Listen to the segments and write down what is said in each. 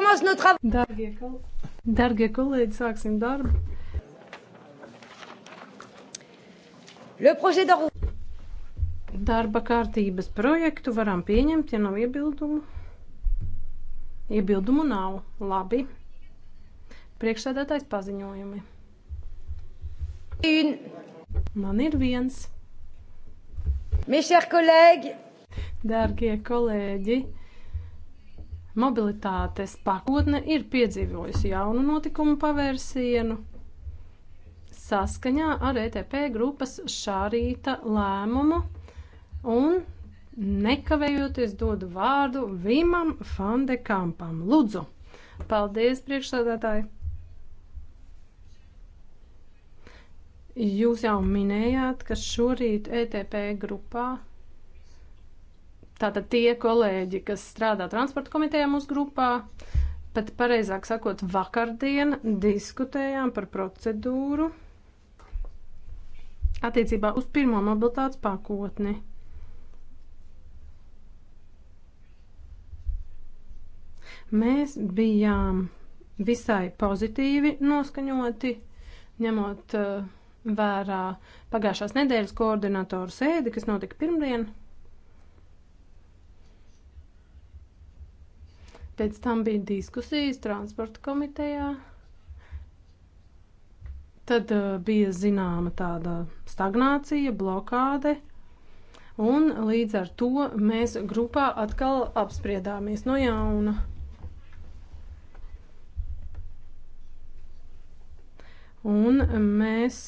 Darbie, kol Darbie kolēģi, sāksim darbu. Darba kārtības projektu varam pieņemt, ja nav iebildumu. Iebildumu nav. Labi. Priekšsēdētājs paziņojumi. Un... Man ir viens. Mes chers collègues. Darbie kolēģi. Mobilitātes pakotne ir piedzīvojusi jaunu notikumu pavērsienu. Saskaņā ar ETP grupas šā rīta lēmumu un nekavējoties dodu vārdu Vimam Fandekampam. Lūdzu! Paldies, priekšsādātāji! Jūs jau minējāt, ka šorīt ETP grupā Tātad tie kolēģi, kas strādā transporta komitejā mūsu grupā, pat pareizāk sakot, vakardien diskutējām par procedūru attiecībā uz pirmo mobilitātes pakotni. Mēs bijām visai pozitīvi noskaņoti, ņemot uh, vērā pagājušās nedēļas koordinatoru sēdi, kas notika pirmdien. Pēc tam bija diskusijas transporta komitejā. Tad uh, bija zināma tāda stagnācija, blokāde. Un līdz ar to mēs grupā atkal apspriedāmies no jauna. Un mēs,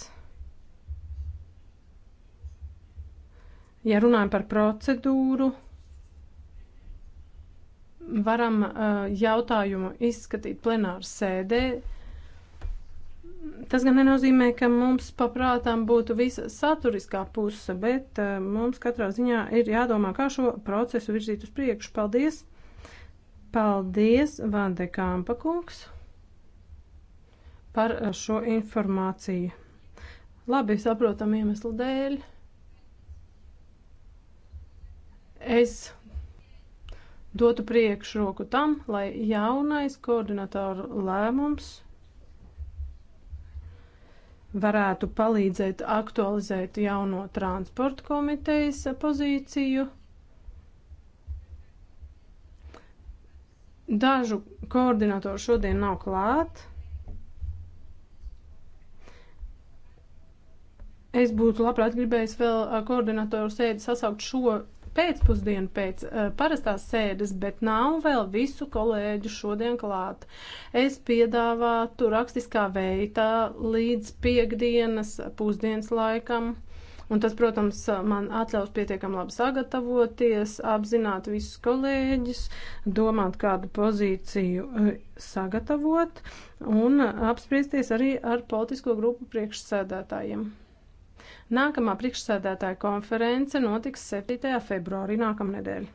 ja runājam par procedūru, varam uh, jautājumu izskatīt plenāru sēdē. Tas gan nenozīmē, ka mums paprātām būtu visa saturiskā puse, bet uh, mums katrā ziņā ir jādomā, kā šo procesu virzīt uz priekšu. Paldies! Paldies, Vande Kāmpa kungs, par eh, šo informāciju. Labi, saprotam iemeslu dēļ. Es dotu priekšroku tam, lai jaunais koordinatoru lēmums varētu palīdzēt aktualizēt jauno transporta komitejas pozīciju. Dažu koordinatoru šodien nav klāt. Es būtu labprāt gribējis vēl koordinatoru sēdi sasaukt šo pēcpusdienu pēc uh, parastās sēdes, bet nav vēl visu kolēģu šodien klāt. Es piedāvātu rakstiskā veidā līdz piekdienas pusdienas laikam. Un tas, protams, man atļaus pietiekami labi sagatavoties, apzināt visus kolēģis, domāt, kādu pozīciju eh, sagatavot un apspriesties arī ar politisko grupu priekšsēdētājiem. Nākamā priekšsēdētāja konference notiks 7. februārī nākamnedēļ.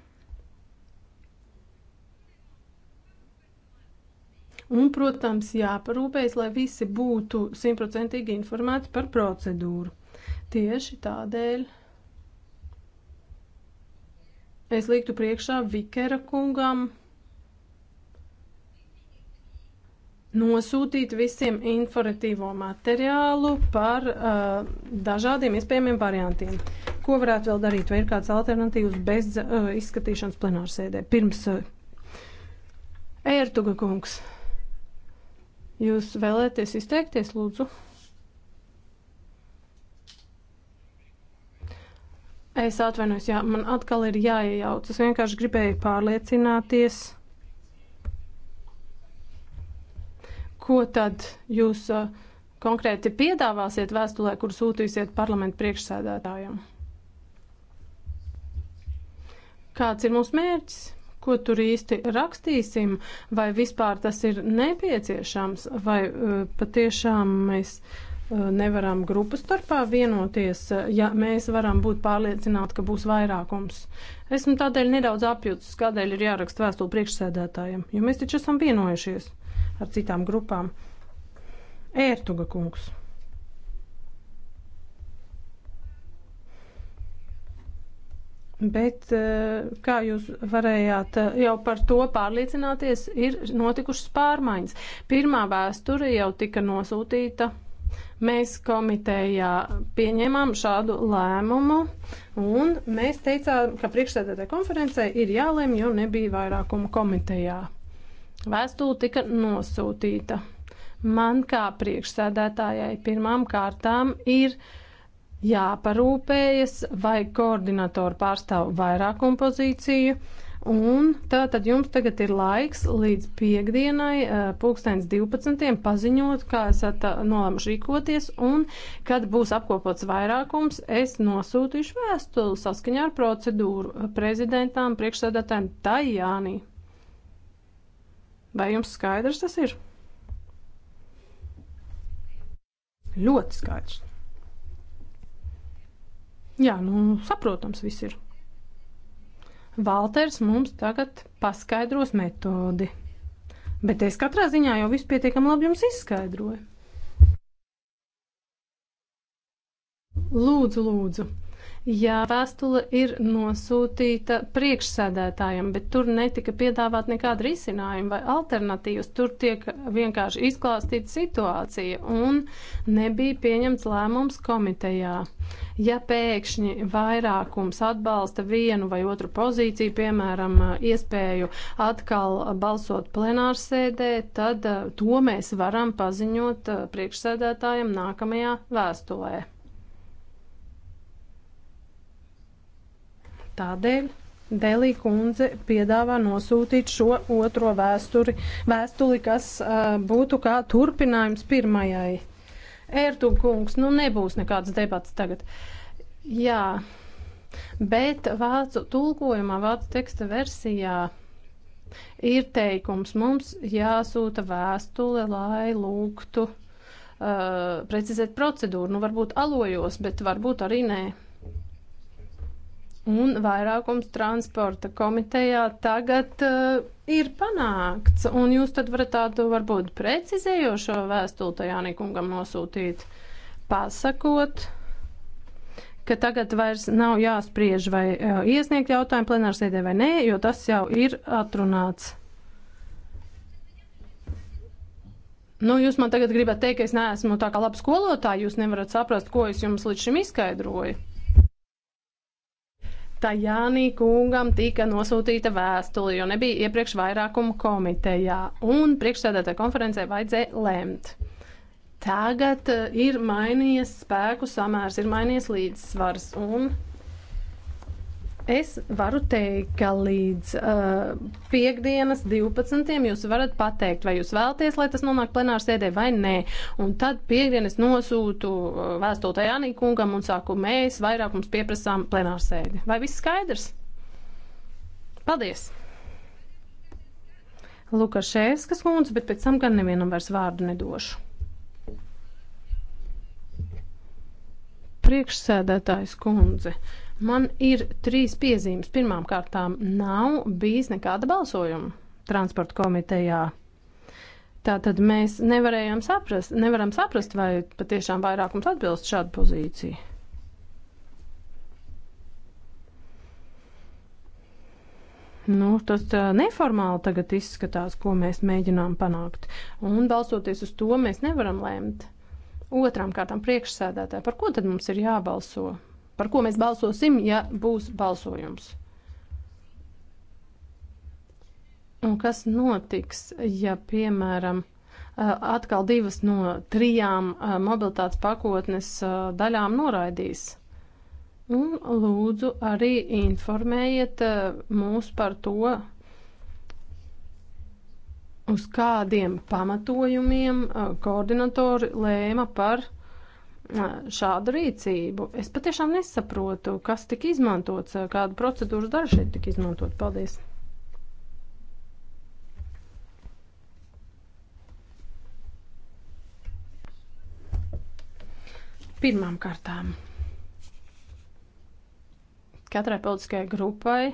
Un, protams, jāparūpējas, lai visi būtu simtprocentīgi informēti par procedūru. Tieši tādēļ es liktu priekšā Vikera kungam nosūtīt visiem informatīvo materiālu par uh, dažādiem iespējamiem variantiem. Ko varētu vēl darīt? Vai ir kāds alternatīvs bez uh, izskatīšanas plenārsēdē? Pirms uh, Ērtuga kungs, jūs vēlēties izteikties, lūdzu? Es atvainojos, jā, man atkal ir jāiejaucas. Vienkārši gribēju pārliecināties Ko tad jūs uh, konkrēti piedāvāsiet vēstulē, kur sūtīsiet parlamentu priekšsēdētājiem? Kāds ir mūsu mērķis? Ko tur īsti rakstīsim? Vai vispār tas ir nepieciešams? Vai uh, patiešām mēs uh, nevaram grupas starpā vienoties, ja mēs varam būt pārliecināti, ka būs vairākums. Esmu tādēļ nedaudz apjūts, kādēļ ir jāraksta vēstule priekšsēdētājiem, jo mēs taču esam vienojušies ar citām grupām. Ērtuga kungs. Bet, eh, kā jūs varējāt eh, jau par to pārliecināties, ir notikušas pārmaiņas. Pirmā vēsture jau tika nosūtīta. Mēs komitējā pieņēmām šādu lēmumu, un mēs teicām, ka priekšsēdētāja konferencē ir jālēm, jo nebija vairākumu komitejā. Vēstule tika nosūtīta. Man kā priekšsēdētājai pirmām kārtām ir jāparūpējas, vai koordinatori pārstāv vairākumu pozīciju, un tā tad jums tagad ir laiks līdz piekdienai, eh, pulkstens 12. paziņot, kā esat eh, nolēmuši rīkoties, un kad būs apkopots vairākums, es nosūtīšu vēstuli saskaņā ar procedūru prezidentām, priekšsēdētājiem Tajānī. Vai jums skaidrs tas ir? Ļoti skaidrs. Jā, nu, saprotams, viss ir. Valters mums tagad paskaidros metodi. Bet es katrā ziņā jau visu pietiekami labi jums izskaidroju. Lūdzu, lūdzu. Jā, vēstule ir nosūtīta priekšsēdētājiem, bet tur netika piedāvāt nekāda risinājuma vai alternatīvas. Tur tiek vienkārši izklāstīta situācija un nebija pieņemts lēmums komitejā. Ja pēkšņi vairākums atbalsta vienu vai otru pozīciju, piemēram, iespēju atkal balsot plenārsēdē, tad to mēs varam paziņot priekšsēdētājiem nākamajā vēstulē. Tādēļ Delī kundze piedāvā nosūtīt šo otro vēsturi, vēstuli, kas uh, būtu kā turpinājums pirmajai. Ērtu kungs, nu nebūs nekādas debats tagad. Jā, bet vācu tulkojumā, vācu teksta versijā ir teikums, mums jāsūta vēstule, lai lūgtu uh, precizēt procedūru. Nu varbūt alojos, bet varbūt arī nē un vairākums transporta komitejā tagad uh, ir panākts. Un jūs tad varat tādu varbūt precizējošo vēstuli tajā nekungam nosūtīt, pasakot, ka tagad vairs nav jāspriež vai uh, iesniegt jautājumu plenārsēdē vai nē, jo tas jau ir atrunāts. Nu, jūs man tagad gribat teikt, ka es neesmu tā kā laba skolotāja, jūs nevarat saprast, ko es jums līdz šim izskaidroju. Tajānī kungam tika nosūtīta vēstuli, jo nebija iepriekš vairākumu komitejā, un priekšsēdētāja konferencē vajadzēja lemt. Tagad eh, ir mainījies spēku samērs, ir mainījies līdzsvars, un es varu teikt, ka līdz uh, piekdienas 12. jūs varat pateikt, vai jūs vēlaties, lai tas nonāk plenāru sēdē vai nē. Un tad piekdienas nosūtu eh, vēstulē Jānī kungam un saku, mēs vairāk mums pieprasām plenāru sēdi. Vai viss skaidrs? Paldies! Lukašēskas kundze, bet pēc tam gan nevienam vairs vārdu nedošu. Priekšsēdētājs kundze. Uh, Man ir trīs piezīmes. Pirmām kārtām nav bijis nekāda balsojuma transporta komitejā. Tātad mēs nevarējām saprast, nevaram saprast, vai patiešām vairākums atbilst šādu pozīciju. Nu, tas uh, neformāli tagad izskatās, ko mēs mēģinām panākt. Un balstoties uz to, mēs nevaram lēmt. Otrām kārtām priekšsēdētāji, par ko tad mums ir jābalso? par ko mēs balsosim, ja būs balsojums. Un kas notiks, ja, piemēram, atkal divas no trijām mobilitātes pakotnes daļām noraidīs? Un nu, lūdzu arī informējiet mūs par to, uz kādiem pamatojumiem koordinatori lēma par šādu rīcību. Es patiešām nesaprotu, kas tika izmantots, kāda procedūras dara šeit tika izmantot. Paldies! Pirmām kārtām. Katrai politiskajai grupai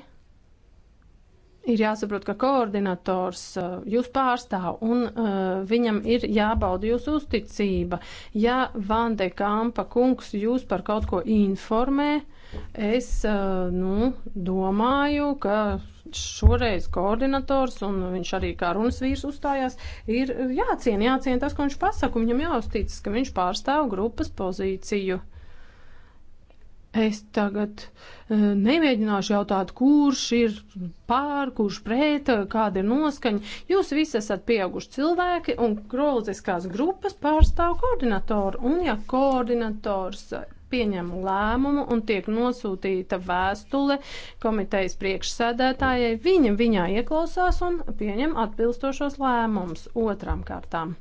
ir jāsaprot, ka koordinators uh, jūs pārstāv un uh, viņam ir jābauda jūsu uzticība. Ja Vande Kampa kungs jūs par kaut ko informē, es uh, nu, domāju, ka šoreiz koordinators un viņš arī kā runas vīrs uzstājās, ir jāciena, jāciena tas, ko viņš pasaka, un viņam jāuzticas, ka viņš pārstāv grupas pozīciju. Es tagad eh, nemēģināšu jautāt, kurš ir pār, kurš pret, eh, kāda ir noskaņa. Jūs visi esat pieauguši cilvēki un kroliskās grupas pārstāv koordinatoru. Un ja koordinators pieņem lēmumu un tiek nosūtīta vēstule komitejas priekšsēdētājai, viņa viņā ieklausās un pieņem atbilstošos lēmumus otram kārtām.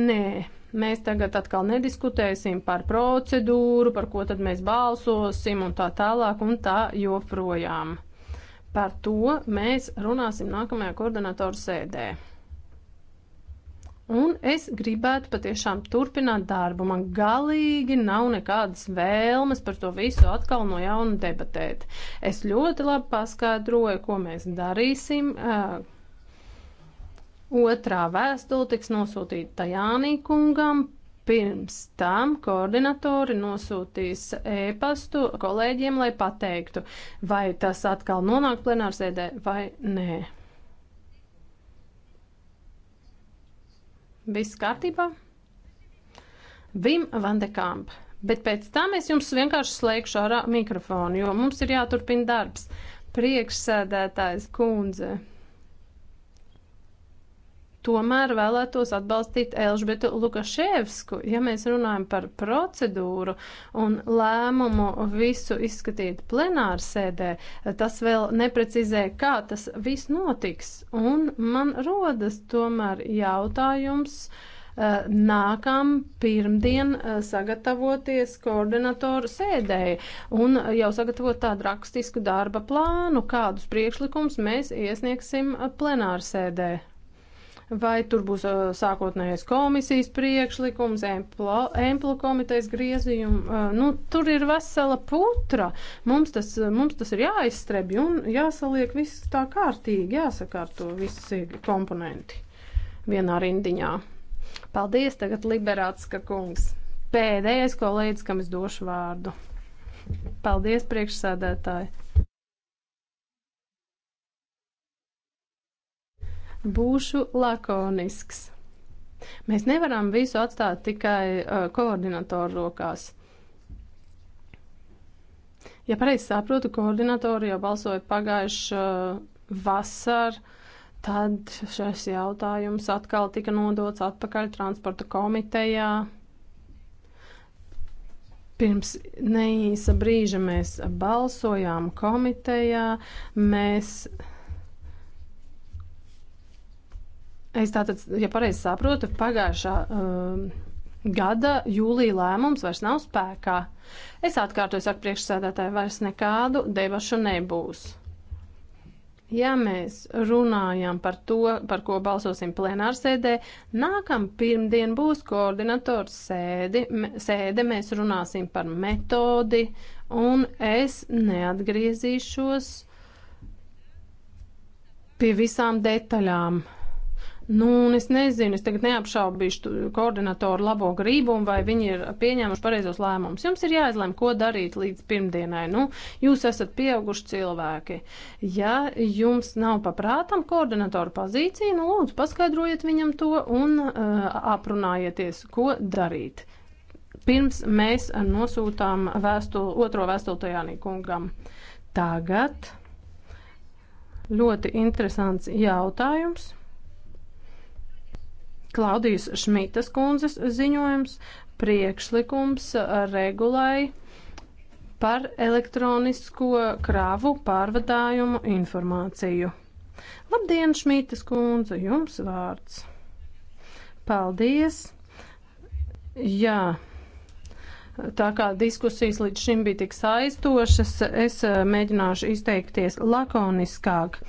Nē Mēs tagad atkal nediskutēsim par procedūru, par ko tad mēs balsosim un tā tālāk un tā joprojām. Par to mēs runāsim nākamajā koordinatoru sēdē. Un es gribētu patiešām turpināt darbu. Man galīgi nav nekādas vēlmes par to visu atkal no jauna debatēt. Es ļoti labi paskaidroju, ko mēs darīsim. Uh, Otrā vēstule tiks nosūtīta Tajānī kungam. Pirms tam koordinatori nosūtīs ēpastu e kolēģiem, lai pateiktu, vai tas atkal nonāk plenārsēdē vai nē. Viss kārtībā? Vim Vandekamp. Bet pēc tam es jums vienkārši slēgšu ārā mikrofonu, jo mums ir jāturpina darbs. Priekšsēdētājs kundze tomēr vēlētos atbalstīt Elžbetu Lukaševsku. Ja mēs runājam par procedūru un lēmumu visu izskatīt plenārsēdē, tas vēl neprecizē, kā tas viss notiks. Un man rodas tomēr jautājums eh, nākam pirmdien eh, sagatavoties koordinatoru sēdēji un jau sagatavot tādu rakstisku darba plānu, kādus priekšlikums mēs iesniegsim eh, plenārsēdē vai tur būs uh, sākotnējais komisijas priekšlikums, emplu komitejas griezījumi. Uh, nu, tur ir vesela putra. Mums tas, uh, mums tas ir jāizstrebj un jāsaliek viss tā kārtīgi, jāsakārto visi komponenti vienā rindiņā. Paldies, tagad Liberātska kungs. Pēdējais kolēģis, kam es došu vārdu. Paldies, priekšsēdētāji! Būšu lakonisks. Mēs nevaram visu atstāt tikai uh, koordinatoru rokās. Ja pareizi saprotu, koordinatori jau balsoja pagājuši uh, vasar, tad šis jautājums atkal tika nodots atpakaļ transporta komitejā. Pirms neīsa brīža mēs balsojām komitejā, mēs Es tātad, ja pareizi saprotu, pagājušā um, gada jūlija lēmums vairs nav spēkā. Es atkārtoju, saku priekšsēdētāji, vairs nekādu debašu nebūs. Ja mēs runājam par to, par ko balsosim plenārsēdē, nākam pirmdien būs koordinators sēdi, sēde, mēs runāsim par metodi, un es neatgriezīšos pie visām detaļām. Nu, un es nezinu, es tagad neapšaubīšu koordinatoru labo gribu un vai viņi ir pieņēmuši pareizos lēmumus. Jums ir jāizlem, ko darīt līdz pirmdienai. Nu, jūs esat pieauguši cilvēki. Ja jums nav paprātam koordinatoru pozīcija, nu, lūdzu, paskaidrojiet viņam to un uh, aprunājieties, ko darīt. Pirms mēs nosūtām vēstuli, otro vēstuli Tajānī kungam. Tagad ļoti interesants jautājums. Klaudijas Šmitas kundzes ziņojums priekšlikums regulai par elektronisko krāvu pārvadājumu informāciju. Labdien, Šmītas kundze, jums vārds. Paldies. Jā. Tā kā diskusijas līdz šim bija tik saistošas, es eh, mēģināšu izteikties lakoniskāk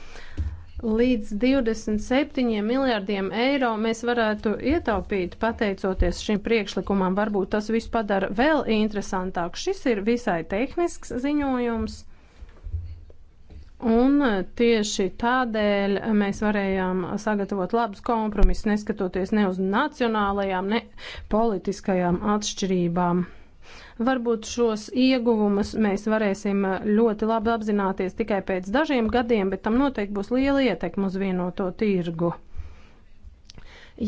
līdz 27 miljārdiem eiro mēs varētu ietaupīt pateicoties šim priekšlikumam. Varbūt tas viss padara vēl interesantāk. Šis ir visai tehnisks ziņojums. Un e, tieši tādēļ mēs varējām sagatavot labus kompromisus, neskatoties ne uz nacionālajām, ne politiskajām atšķirībām. Varbūt šos ieguvumus mēs varēsim eh, ļoti labi apzināties tikai pēc dažiem gadiem, bet tam noteikti būs liela ietekma uz vienoto tirgu.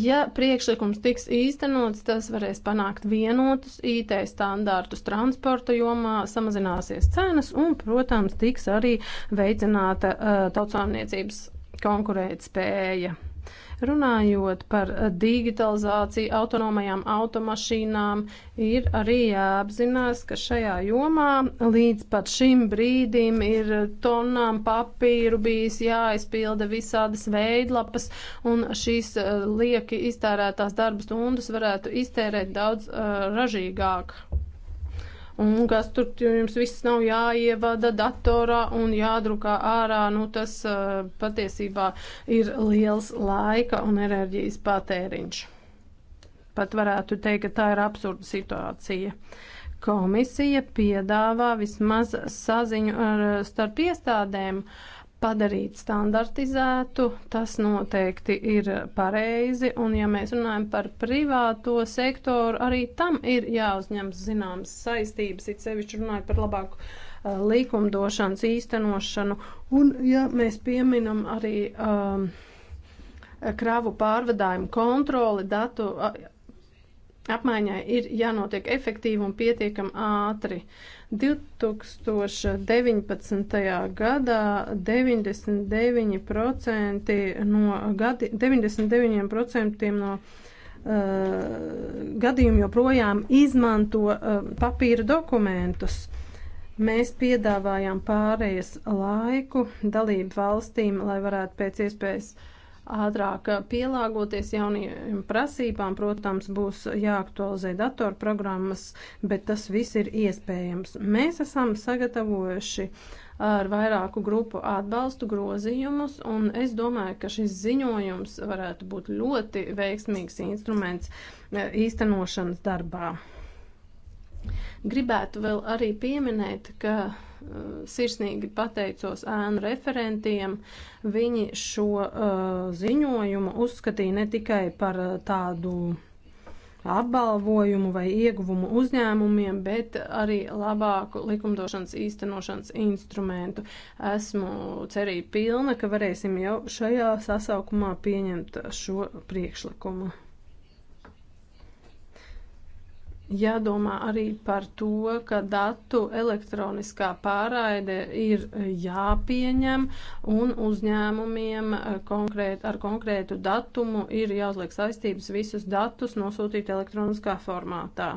Ja priekšlikums tiks īstenots, tas varēs panākt vienotus IT standārtus transporta jomā, samazināsies cenas un, protams, tiks arī veicināta uh, tautsāmniecības konkurētspēja. spēja. Runājot par digitalizāciju, autonomajām automašīnām, ir arī jāapzinās, ka šajā jomā līdz pat šim brīdim ir tonām papīru bijis jāizpilda visādas veidlapas, un šīs eh, lieki iztērētās darba stundas varētu iztērēt daudz uh, ražīgāk un kas tur jums viss nav jāievada datorā un jādrukā ārā, nu tas uh, patiesībā ir liels laika un enerģijas patēriņš. Pat varētu teikt, ka tā ir absurda situācija. Komisija piedāvā vismaz saziņu ar, starp iestādēm. Uh, padarīt standartizētu, tas noteikti ir pareizi, un ja mēs runājam par privāto sektoru, arī tam ir jāuzņems zināmas saistības, it sevišķi runājot par labāku uh, likumdošanas īstenošanu, un ja mēs pieminam arī um, kravu pārvadājumu kontroli, datu Apmaiņai ir jānotiek efektīvi un pietiekam ātri. 2019. gadā 99% no, gadi, 99% no uh, gadījumu joprojām izmanto uh, papīra dokumentus. Mēs piedāvājām pārējas laiku dalību valstīm, lai varētu pēc iespējas uh, ātrāk pielāgoties jaunajām prasībām. Protams, būs jāaktualizē datorprogrammas, bet tas viss ir iespējams. Mēs esam sagatavojuši ar vairāku grupu atbalstu grozījumus, un es domāju, ka šis ziņojums varētu būt ļoti veiksmīgs instruments e, īstenošanas darbā. Gribētu vēl arī pieminēt, ka sirsnīgi pateicos ēnu referentiem. Viņi šo uh, ziņojumu uzskatīja ne tikai par uh, tādu apbalvojumu vai ieguvumu uzņēmumiem, bet arī labāku likumdošanas īstenošanas instrumentu. Esmu cerība pilna, ka varēsim jau šajā sasaukumā pieņemt šo priekšlikumu. Jādomā arī par to, ka datu elektroniskā pārraide ir jāpieņem un uzņēmumiem eh, konkrēt, ar konkrētu datumu ir jāuzliek saistības visus datus nosūtīt elektroniskā formātā.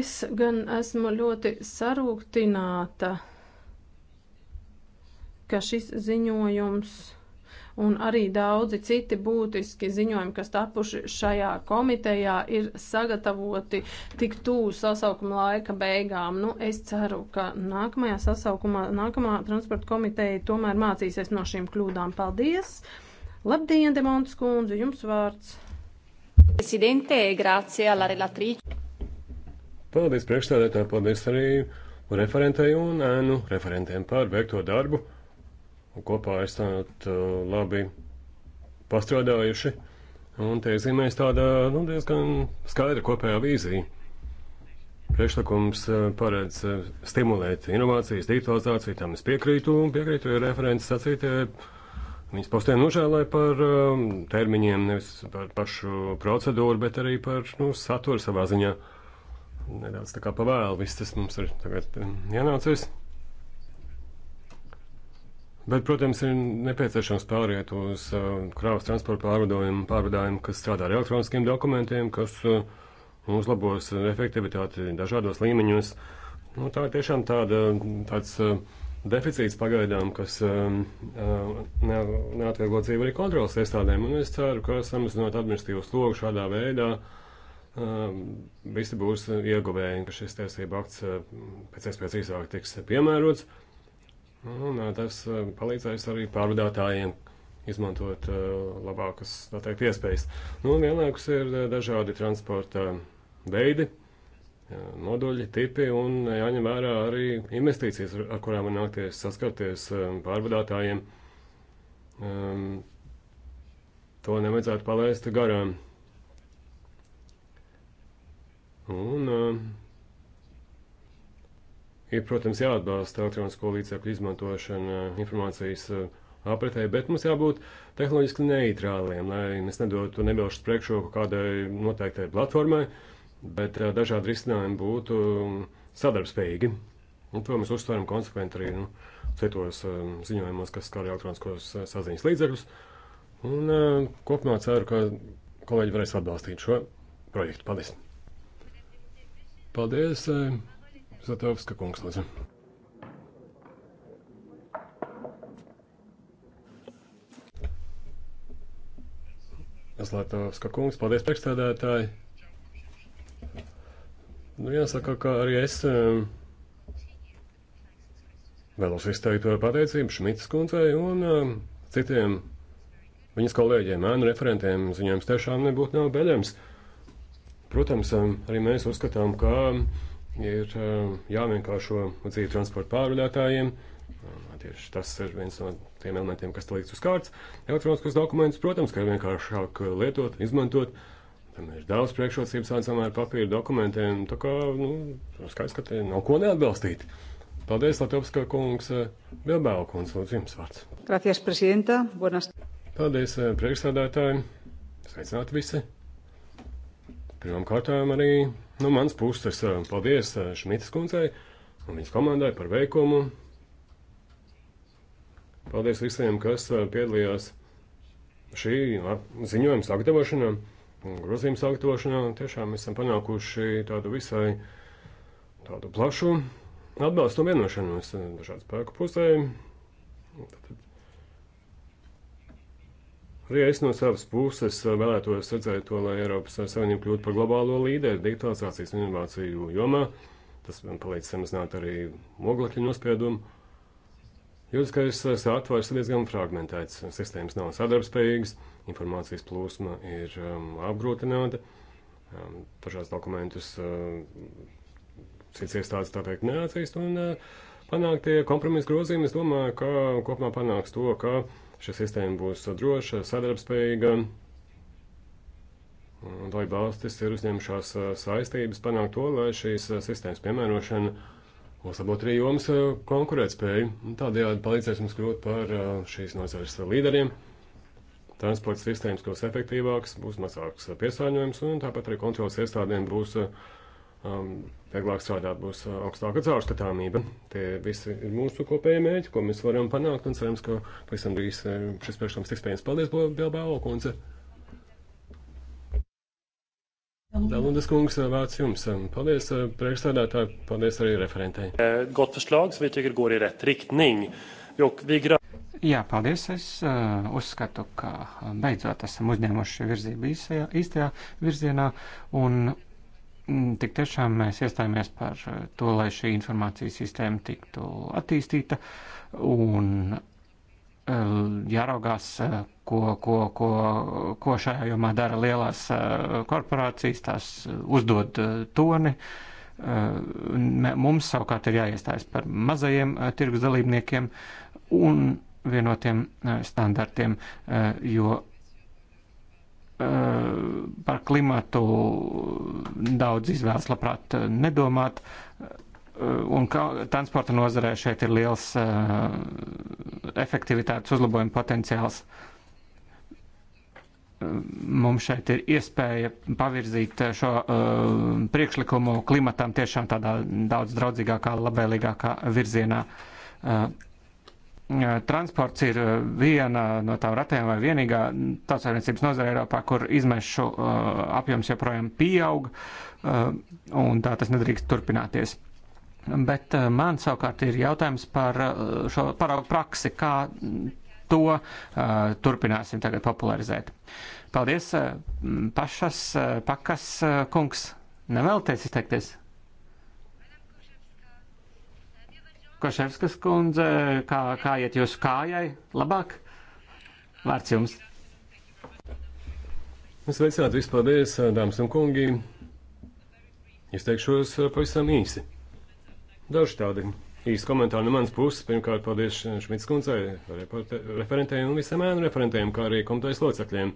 Es gan esmu ļoti sarūktināta, ka šis ziņojums un arī daudzi citi būtiski ziņojumi, kas tapuši šajā komitejā, ir sagatavoti tik tūlu sasaukuma laika beigām. Nu, es ceru, ka nākamajā sasaukumā, nākamā transporta komiteja tomēr mācīsies no šīm kļūdām. Paldies! Labdien, Demons kundze, jums vārds! Presidente, grazie alla relatrice. Paldies priekšstādētājai, paldies arī referentei un ēnu referentiem par veikto darbu kopā esat uh, labi pastrādājuši. Un te zīmēs tāda nu, diezgan skaidra kopējā vīzija. Priekšlikums uh, paredz uh, stimulēt inovācijas, digitalizāciju, tam es piekrītu, piekrītu, jo referents sacītie viņas postē nožēlē par um, termiņiem, nevis par pašu procedūru, bet arī par nu, saturu savā ziņā. Nedaudz tā kā pavēlu, viss tas mums ir tagad um, ienācis. Ja Bet, protams, ir nepieciešams pāriet uz uh, kravas transporta pārvadājumu, pārvadājumu, kas strādā ar elektroniskiem dokumentiem, kas uh, uzlabos efektivitāti dažādos līmeņos. Nu, tā ir tiešām tāda, tāds uh, deficīts pagaidām, kas um, uh, ne, neatvieglo dzīvi arī kontrolas iestādēm. Un es ceru, ka samazinot administratīvu slogu šādā veidā, um, visi būs ieguvēji, ka šis tiesība akts uh, pēc iespējas īsāk tiks piemērots. Un nu, tas eh, palīdzēs arī pārvadātājiem izmantot eh, labākas, tā teikt, iespējas. Nu, vienlaikus ir eh, dažādi transporta veidi, moduļi, tipi un jāņem vērā arī investīcijas, ar kurām man nākties saskarties pārvadātājiem. Um, to nevajadzētu palaist garām. Un um, Ir, protams, jāatbalsta elektronisko līdzekļu izmantošana informācijas eh, apritē, bet mums jābūt tehnoloģiski neitrāliem, lai mēs nedotu nebaušas priekšroku kādai noteiktai platformai, bet eh, dažādi risinājumi būtu mm, sadarbspējīgi. Un to mēs uztveram konsekventi arī nu, citos eh, ziņojumos, kas skar elektroniskos saziņas līdzekļus. Un kopumā ceru, ka kolēģi varēs atbalstīt šo projektu. Paldies! Paldies! Zatovska kungs, lūdzu. Zatovska kungs, paldies priekšstādātāji. Nu, jāsaka, ka arī es um, vēlos izteikt pateicību Šmitas kundzei un uh, citiem viņas kolēģiem, ēnu referentiem. Ziņojums tiešām nebūtu nav beļams. Protams, um, arī mēs uzskatām, ka ir eh, jāvienkāršo dzīvi transporta pārvadātājiem. Tieši tas ir viens no tiem elementiem, kas liekts uz kārtas. Elektroniskus dokumentus, protams, ka ir vienkāršāk lietot, izmantot. Tam ir daudz priekšrocības aizsamē ar papīra dokumentiem. Tā kā, nu, skaidrs, ka te nav ko neatbalstīt. Paldies, Latvijā, kungs, Bilbao kungs, lūdzu jums vārds. Gracias, prezidenta. Buenas. Paldies, eh, priekšsādātāji. Sveicināti visi. Pirmkārtām arī Nu, mans puses eh, paldies eh, Šmitas kundzei un viņas komandai par veikumu. Paldies visiem, kas eh, piedalījās šī ziņojuma sagatavošanā, grozījuma sagatavošanā. Tiešām esam panākuši tādu visai tādu plašu atbalstu un vienošanos dažādu spēku pusēm. Tātad Arī es no savas puses eh, vēlētos redzēt to, lai Eiropas Savienība kļūtu par globālo līderi digitalizācijas un inovāciju jomā. Tas man palīdz samazināt arī oglekļu nospiedumu. Jūtiskais eh, satvars ir diezgan fragmentēts, sistēmas nav sadarbspējīgas, informācijas plūsma ir um, apgrūtināta, um, pašās dokumentus um, cits iestādes tā teikt neatzīst, un uh, panāktie kompromisa grozījumi, es domāju, ka kopumā panāks to, ka uh, Šī sistēma būs droša, sadarbspējīga. Dalība valstis ir uzņemšās uh, saistības panākt to, lai šīs uh, sistēmas piemērošana uzlabotu arī jomas uh, konkurētspēju. Tādējādi palīdzēs mums kļūt par šīs nozares līderiem. Transporta sistēmas kļūs efektīvāks, būs mazāks piesārņojums, un tāpat arī kontrolas iestādēm būs um, vieglāk strādāt, būs augstāka caurskatāmība. Tie visi ir mūsu kopējie mēģi, ko mēs varam panākt, un cerams, ka pavisam drīz šis priekšlikums tiks pieņemts. Paldies, Bilbao kundze! Dalundas kungs, vārds jums. Paldies priekšstādātāji, paldies arī referentei. Gott förslag, som vi tycker går i rätt riktning. Jok, vi gra... Jā, paldies. Es uh, uzskatu, ka beidzot esam uzņēmuši virzību īsajā, īstajā virzienā un Mm, tik tiešām mēs iestājāmies par eh, to, lai šī informācijas sistēma tiktu attīstīta un eh, jāraugās, eh, ko, ko, ko, ko šajā jomā dara lielās korporācijas, tās uzdod toni. Mums savukārt ir jāiestājas par mazajiem tirgus dalībniekiem un vienotiem standartiem, jo par klimatu daudz izvēlas labprāt nedomāt, un kā transporta nozarē šeit ir liels eh, efektivitātes uzlabojuma potenciāls. Mums šeit ir iespēja pavirzīt šo uh, priekšlikumu klimatam tiešām tādā daudz draudzīgākā, labvēlīgākā virzienā. Uh, transports ir viena no tām ratēm vai vienīgā tautsārniecības nozara Eiropā, kur izmešu apjoms joprojām pieaug, un tā tas nedrīkst turpināties. Bet man savukārt ir jautājums par šo paraugu praksi, kā to uh, turpināsim tagad popularizēt. Paldies, uh, pašas, uh, pakas uh, kungs, nevēlaties izteikties? Koševskas kundze, kā, kā iet jūsu kājai? Labāk? Vārds jums. Es veicinātu vispārējais, dāmas un kungi. Es teikšos eh, pavisam īsi. Daži tādi īsti komentāri no manas puses. Pirmkārt, paldies Šmits kundzei, referentēm un visiem ēnu referentēm, kā arī komitejas locekļiem.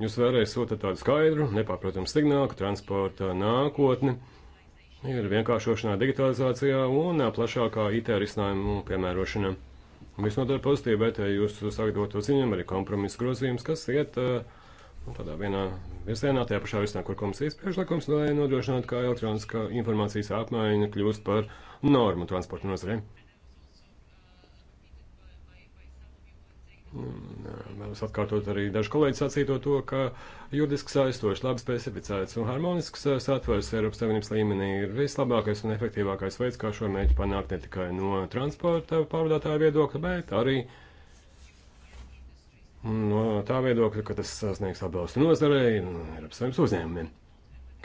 Jūs vēlreiz sūtat tādu skaidru, nepārprotamu signālu, transporta nākotni ir vienkāršošanā, digitalizācijā un plašākā IT risinājumu piemērošanā. Visnotaļ pozitīvi vērtēju jūsu sagatavoto ziņojumu, arī kompromisu grozījumus, kas iet nu, tādā vienā virzienā, tajā pašā virzienā, kur komisijas priekšlikums, lai nodrošinātu, ka elektroniskā informācijas apmaiņa kļūst par normu transporta nozarei. Uh, vēlos atkārtot arī dažu kolēģi sacīto to, ka juridiski saistoši, labi specificēts un harmonisks uh, satvers Eiropas Savienības līmenī ir vislabākais un efektīvākais veids, kā šo mērķi panākt ne tikai no transporta pārvadātāja viedokļa, bet arī no tā viedokļa, ka tas sasniegs atbalstu nozarei un Eiropas Savienības uzņēmumiem.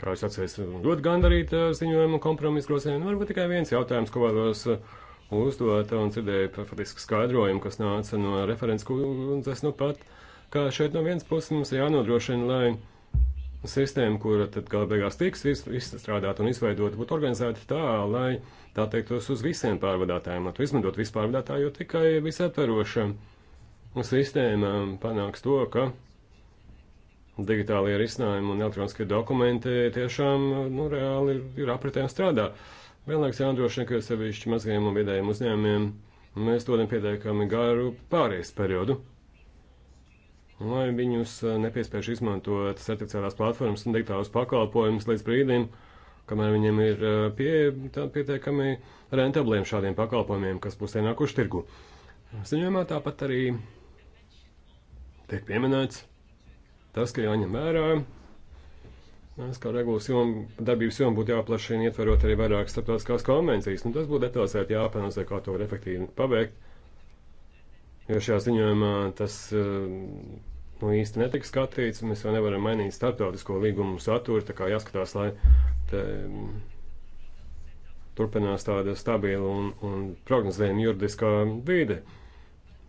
Kā jūs atceries, ļoti gandarīt ziņojumu kompromisu grozījumu, nu, varbūt tikai viens jautājums, ko vēlos. Uh, uzdota un dzirdēju faktiski skaidrojumu, kas nāca no referents kundzes nu pat, kā šeit no vienas puses mums ir jānodrošina, lai sistēma, kura tad gala beigās tiks izstrādāta un izveidota, būtu organizēta tā, lai tā teiktos uz visiem pārvadātājiem, lai tu izmantot visu pārvadātāju, jo tikai visaptveroša sistēma panāks to, ka digitālie risinājumi un elektroniskie dokumenti tiešām nu, reāli ir apritē un strādā. Uh, Vienlaiks jānodrošina, ka sevišķi mazajiem un vidējiem uzņēmumiem mēs dodam pietiekami garu pārējais periodu, lai viņus eh, nepiespiež izmantot certificētās platformas un digitālus pakalpojumus līdz brīdim, kamēr viņiem ir eh, pie, tā, pietiekami rentabliem šādiem pakalpojumiem, kas būs ienākuši tirgu. Ziņojumā tāpat arī tiek pieminēts tas, ka jāņem vērā Mēs kā regulas jom, darbības jom būtu jāplašina, ietverot arī vairākas starptautiskās konvencijas. Nu, tas būtu detalizēti jāpanāca, kā to var efektīvi pabeigt. Jo šajā ziņojumā tas eh, nu, īsti netika skatīts, un mēs jau nevaram mainīt starptautisko līgumu saturu. Tā kā jāskatās, lai te, mm, turpinās tāda stabila un, un prognozējama juridiskā vīde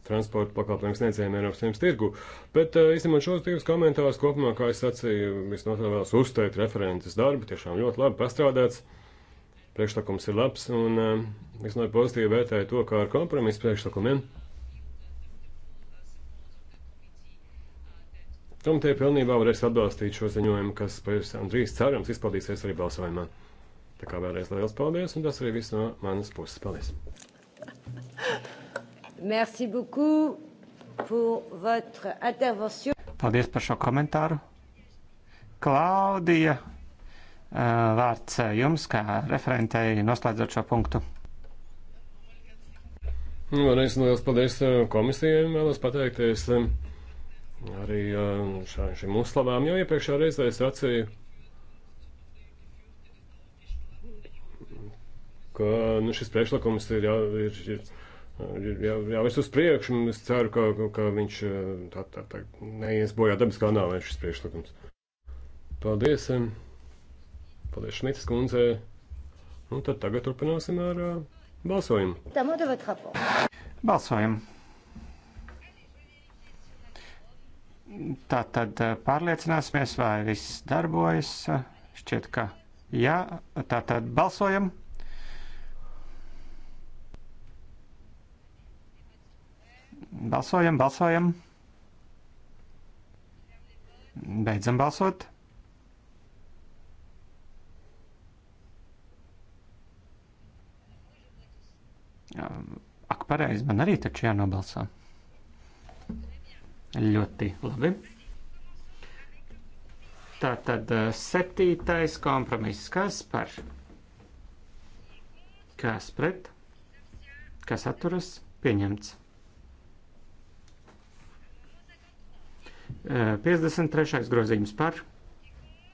transporta pakalpojumu sniedzējiem Eiropas Savienības tirgu. Bet, eh, izņemot šos divus komentārus, kopumā, kā es sacīju, es noteikti vēlos uzteikt referentes darbu, tiešām ļoti labi pastrādāts. Priekšlikums ir labs, un eh, es ļoti pozitīvi vērtēju to, kā ar kompromisu priekšlikumiem. Komiteja pilnībā varēs atbalstīt šo ziņojumu, kas pavisam drīz cerams izpildīsies arī balsojumā. Tā kā vēlreiz liels paldies, un tas arī viss no manas puses. Paldies! Merci beaucoup pour votre intervention. Paldies par šo komentāru. Klaudija, eh, vārds eh, jums kā referentei noslēdzot šo punktu. Vēlreiz nu, liels paldies eh, komisijai un vēlos pateikties arī šā, šim uzslavām, jo iepriekšā reizē es sacīju, ka nu, šis priekšlikums ir, jā, ir, ir jā, jāvirs uz priekšu, un es ceru, ka, ka viņš eh, tā, tā, tā neies bojā dabiskā nāvē šis priekšlikums. Paldies! Paldies Šmitas kundzē! Un nu, tad tagad turpināsim ar uh, balsojumu. Balsojam! Tā tad eh, pārliecināsimies, vai viss darbojas. Šķiet, ka jā, tā tad balsojam! Balsojam, balsojam. Beidzam balsot. Ak, pareizi, man arī taču jānobalsā. Ļoti labi. Tā tad septītais kompromiss. Kas par? Kas pret? Kas atturas? Pieņemts. 53. grozījums par,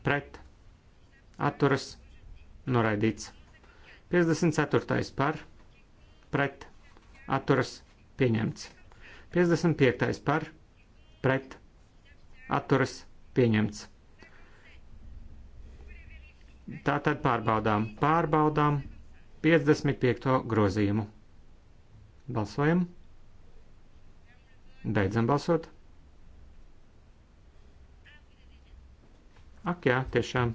pret, atturas, noraidīts. 54. par, pret, atturas, pieņemts. 55. par, pret, atturas, pieņemts. Tā tad pārbaudām, pārbaudām 55. grozījumu. Balsojam. Beidzam balsot. Ak jā, tiešām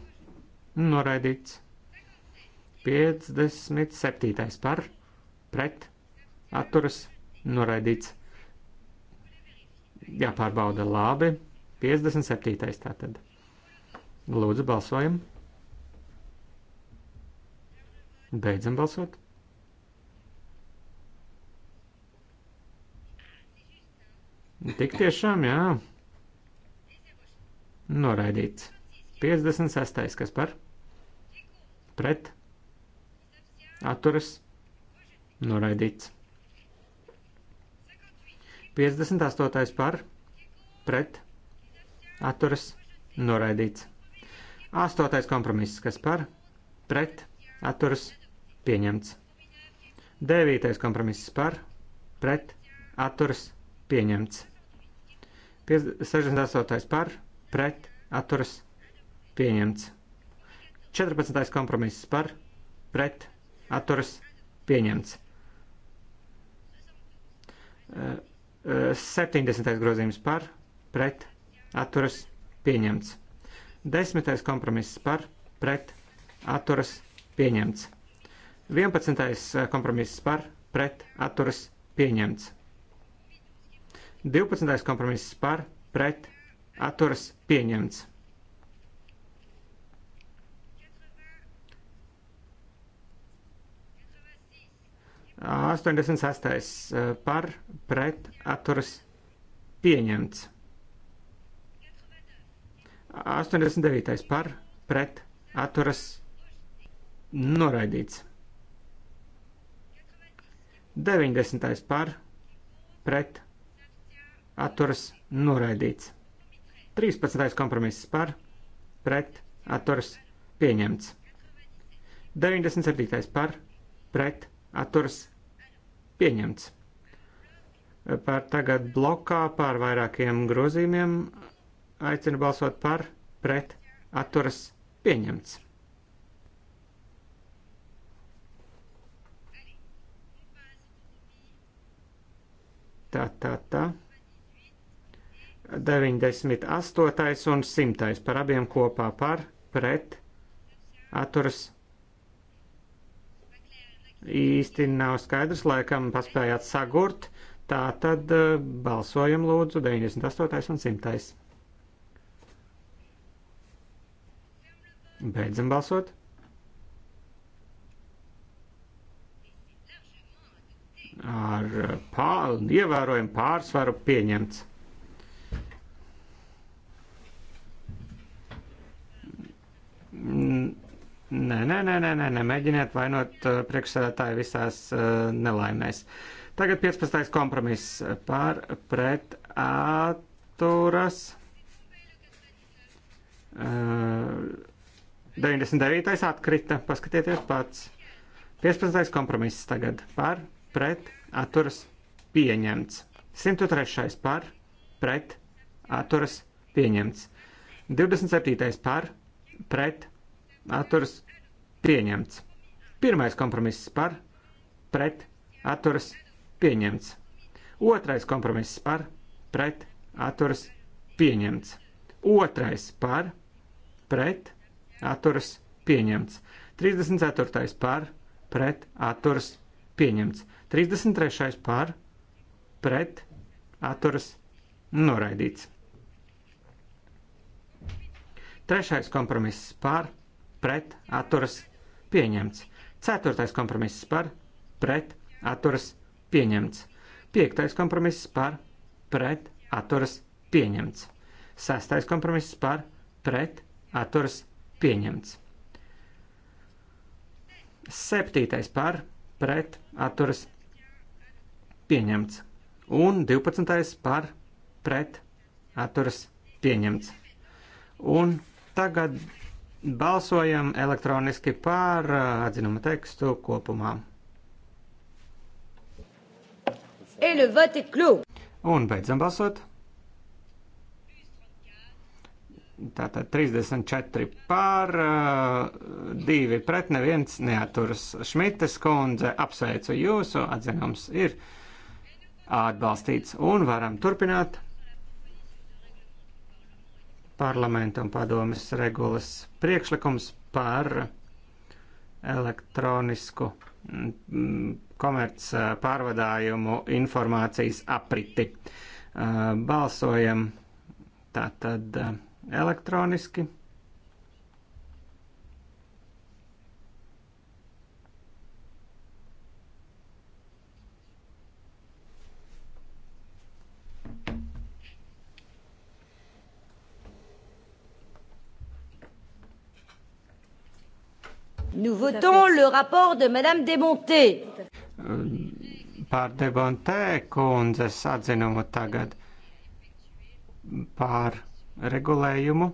noraidīts. 57. par pret atturas noraidīts. Jāpārbauda labi. 57. tātad. Lūdzu, balsojam. Beidzam balsot. Tik tiešām, jā. Noraidīts. 56. kas par? Pret. Atturas. Noraidīts. 58. par? Pret. Atturas. Noraidīts. 8. kompromiss, kas par? Pret. Atturas. Pieņemts. 9. kompromiss par? Pret. Atturas. Pieņemts. 68. par? Pret. Atturas. Pieņemts pieņemts. 14. kompromiss par, pret, atturas, pieņemts. 70. Eh, eh, grozījums par, pret, atturas, pieņemts. 10. kompromiss par, pret, atturas, pieņemts. 11. Eh, kompromiss par, pret, atturas, pieņemts. 12. kompromiss par, pret, atturas, pieņemts. 86. par pret atturas pieņemts. 89. par pret atturas noraidīts. 90. par pret atturas noraidīts. 13. kompromiss par pret atturas pieņemts. 97. par pret atturas pieņemts. Par tagad blokā par vairākiem grozījumiem aicinu balsot par, pret, atturas pieņemts. Tā, tā, tā. 98. un 100. par abiem kopā par, pret, atturas pieņemts īsti nav skaidrs, laikam paspējāt sagurt. Tā tad eh, balsojam lūdzu 98. un 100. Beidzam balsot. ar eh, pār, ievērojumu pārsvaru pieņemts. Mm. Nē, nē, nē, nē, nē, nē. mēģiniet vainot uh, priekšsēdētāju visās uh, nelaimēs. Tagad 15. kompromiss par pret atturas. 99. Uh, atkrita, paskatieties pats. 15. kompromiss tagad par pret atturas pieņemts. 103. par pret atturas pieņemts. 27. par pret atturas pieņemts atturas pieņemts. Pirmais kompromiss par, pret, atturas pieņemts. Otrais kompromiss par, pret, atturas pieņemts. Otrais par, pret, atturas pieņemts. 34. par, pret, atturas pieņemts. 33. par, pret, atturas noraidīts. Trešais kompromiss par, pret atturas pieņemts. Ceturtais kompromiss par pret atturas pieņemts. Piektais kompromiss par pret atturas pieņemts. Sestais kompromiss par pret atturas pieņemts. Septītais par pret atturas pieņemts. Un 12. par pret atturas pieņemts. Un tagad Balsojam elektroniski par uh, atzinuma tekstu kopumā. Un beidzam balsot. Tātad 34 pār, 2 pret, neviens neaturas. Šmites kundze, apsveicu jūsu, atzinums ir atbalstīts un varam turpināt parlamenta un padomes regulas priekšlikums par elektronisku mm, komerc pārvadājumu informācijas apriti. Balsojam tātad elektroniski. Nous votons le rapport de Madame Demonté. Euh, par Demontē kundzes atzinumu tagad par regulējumu uh,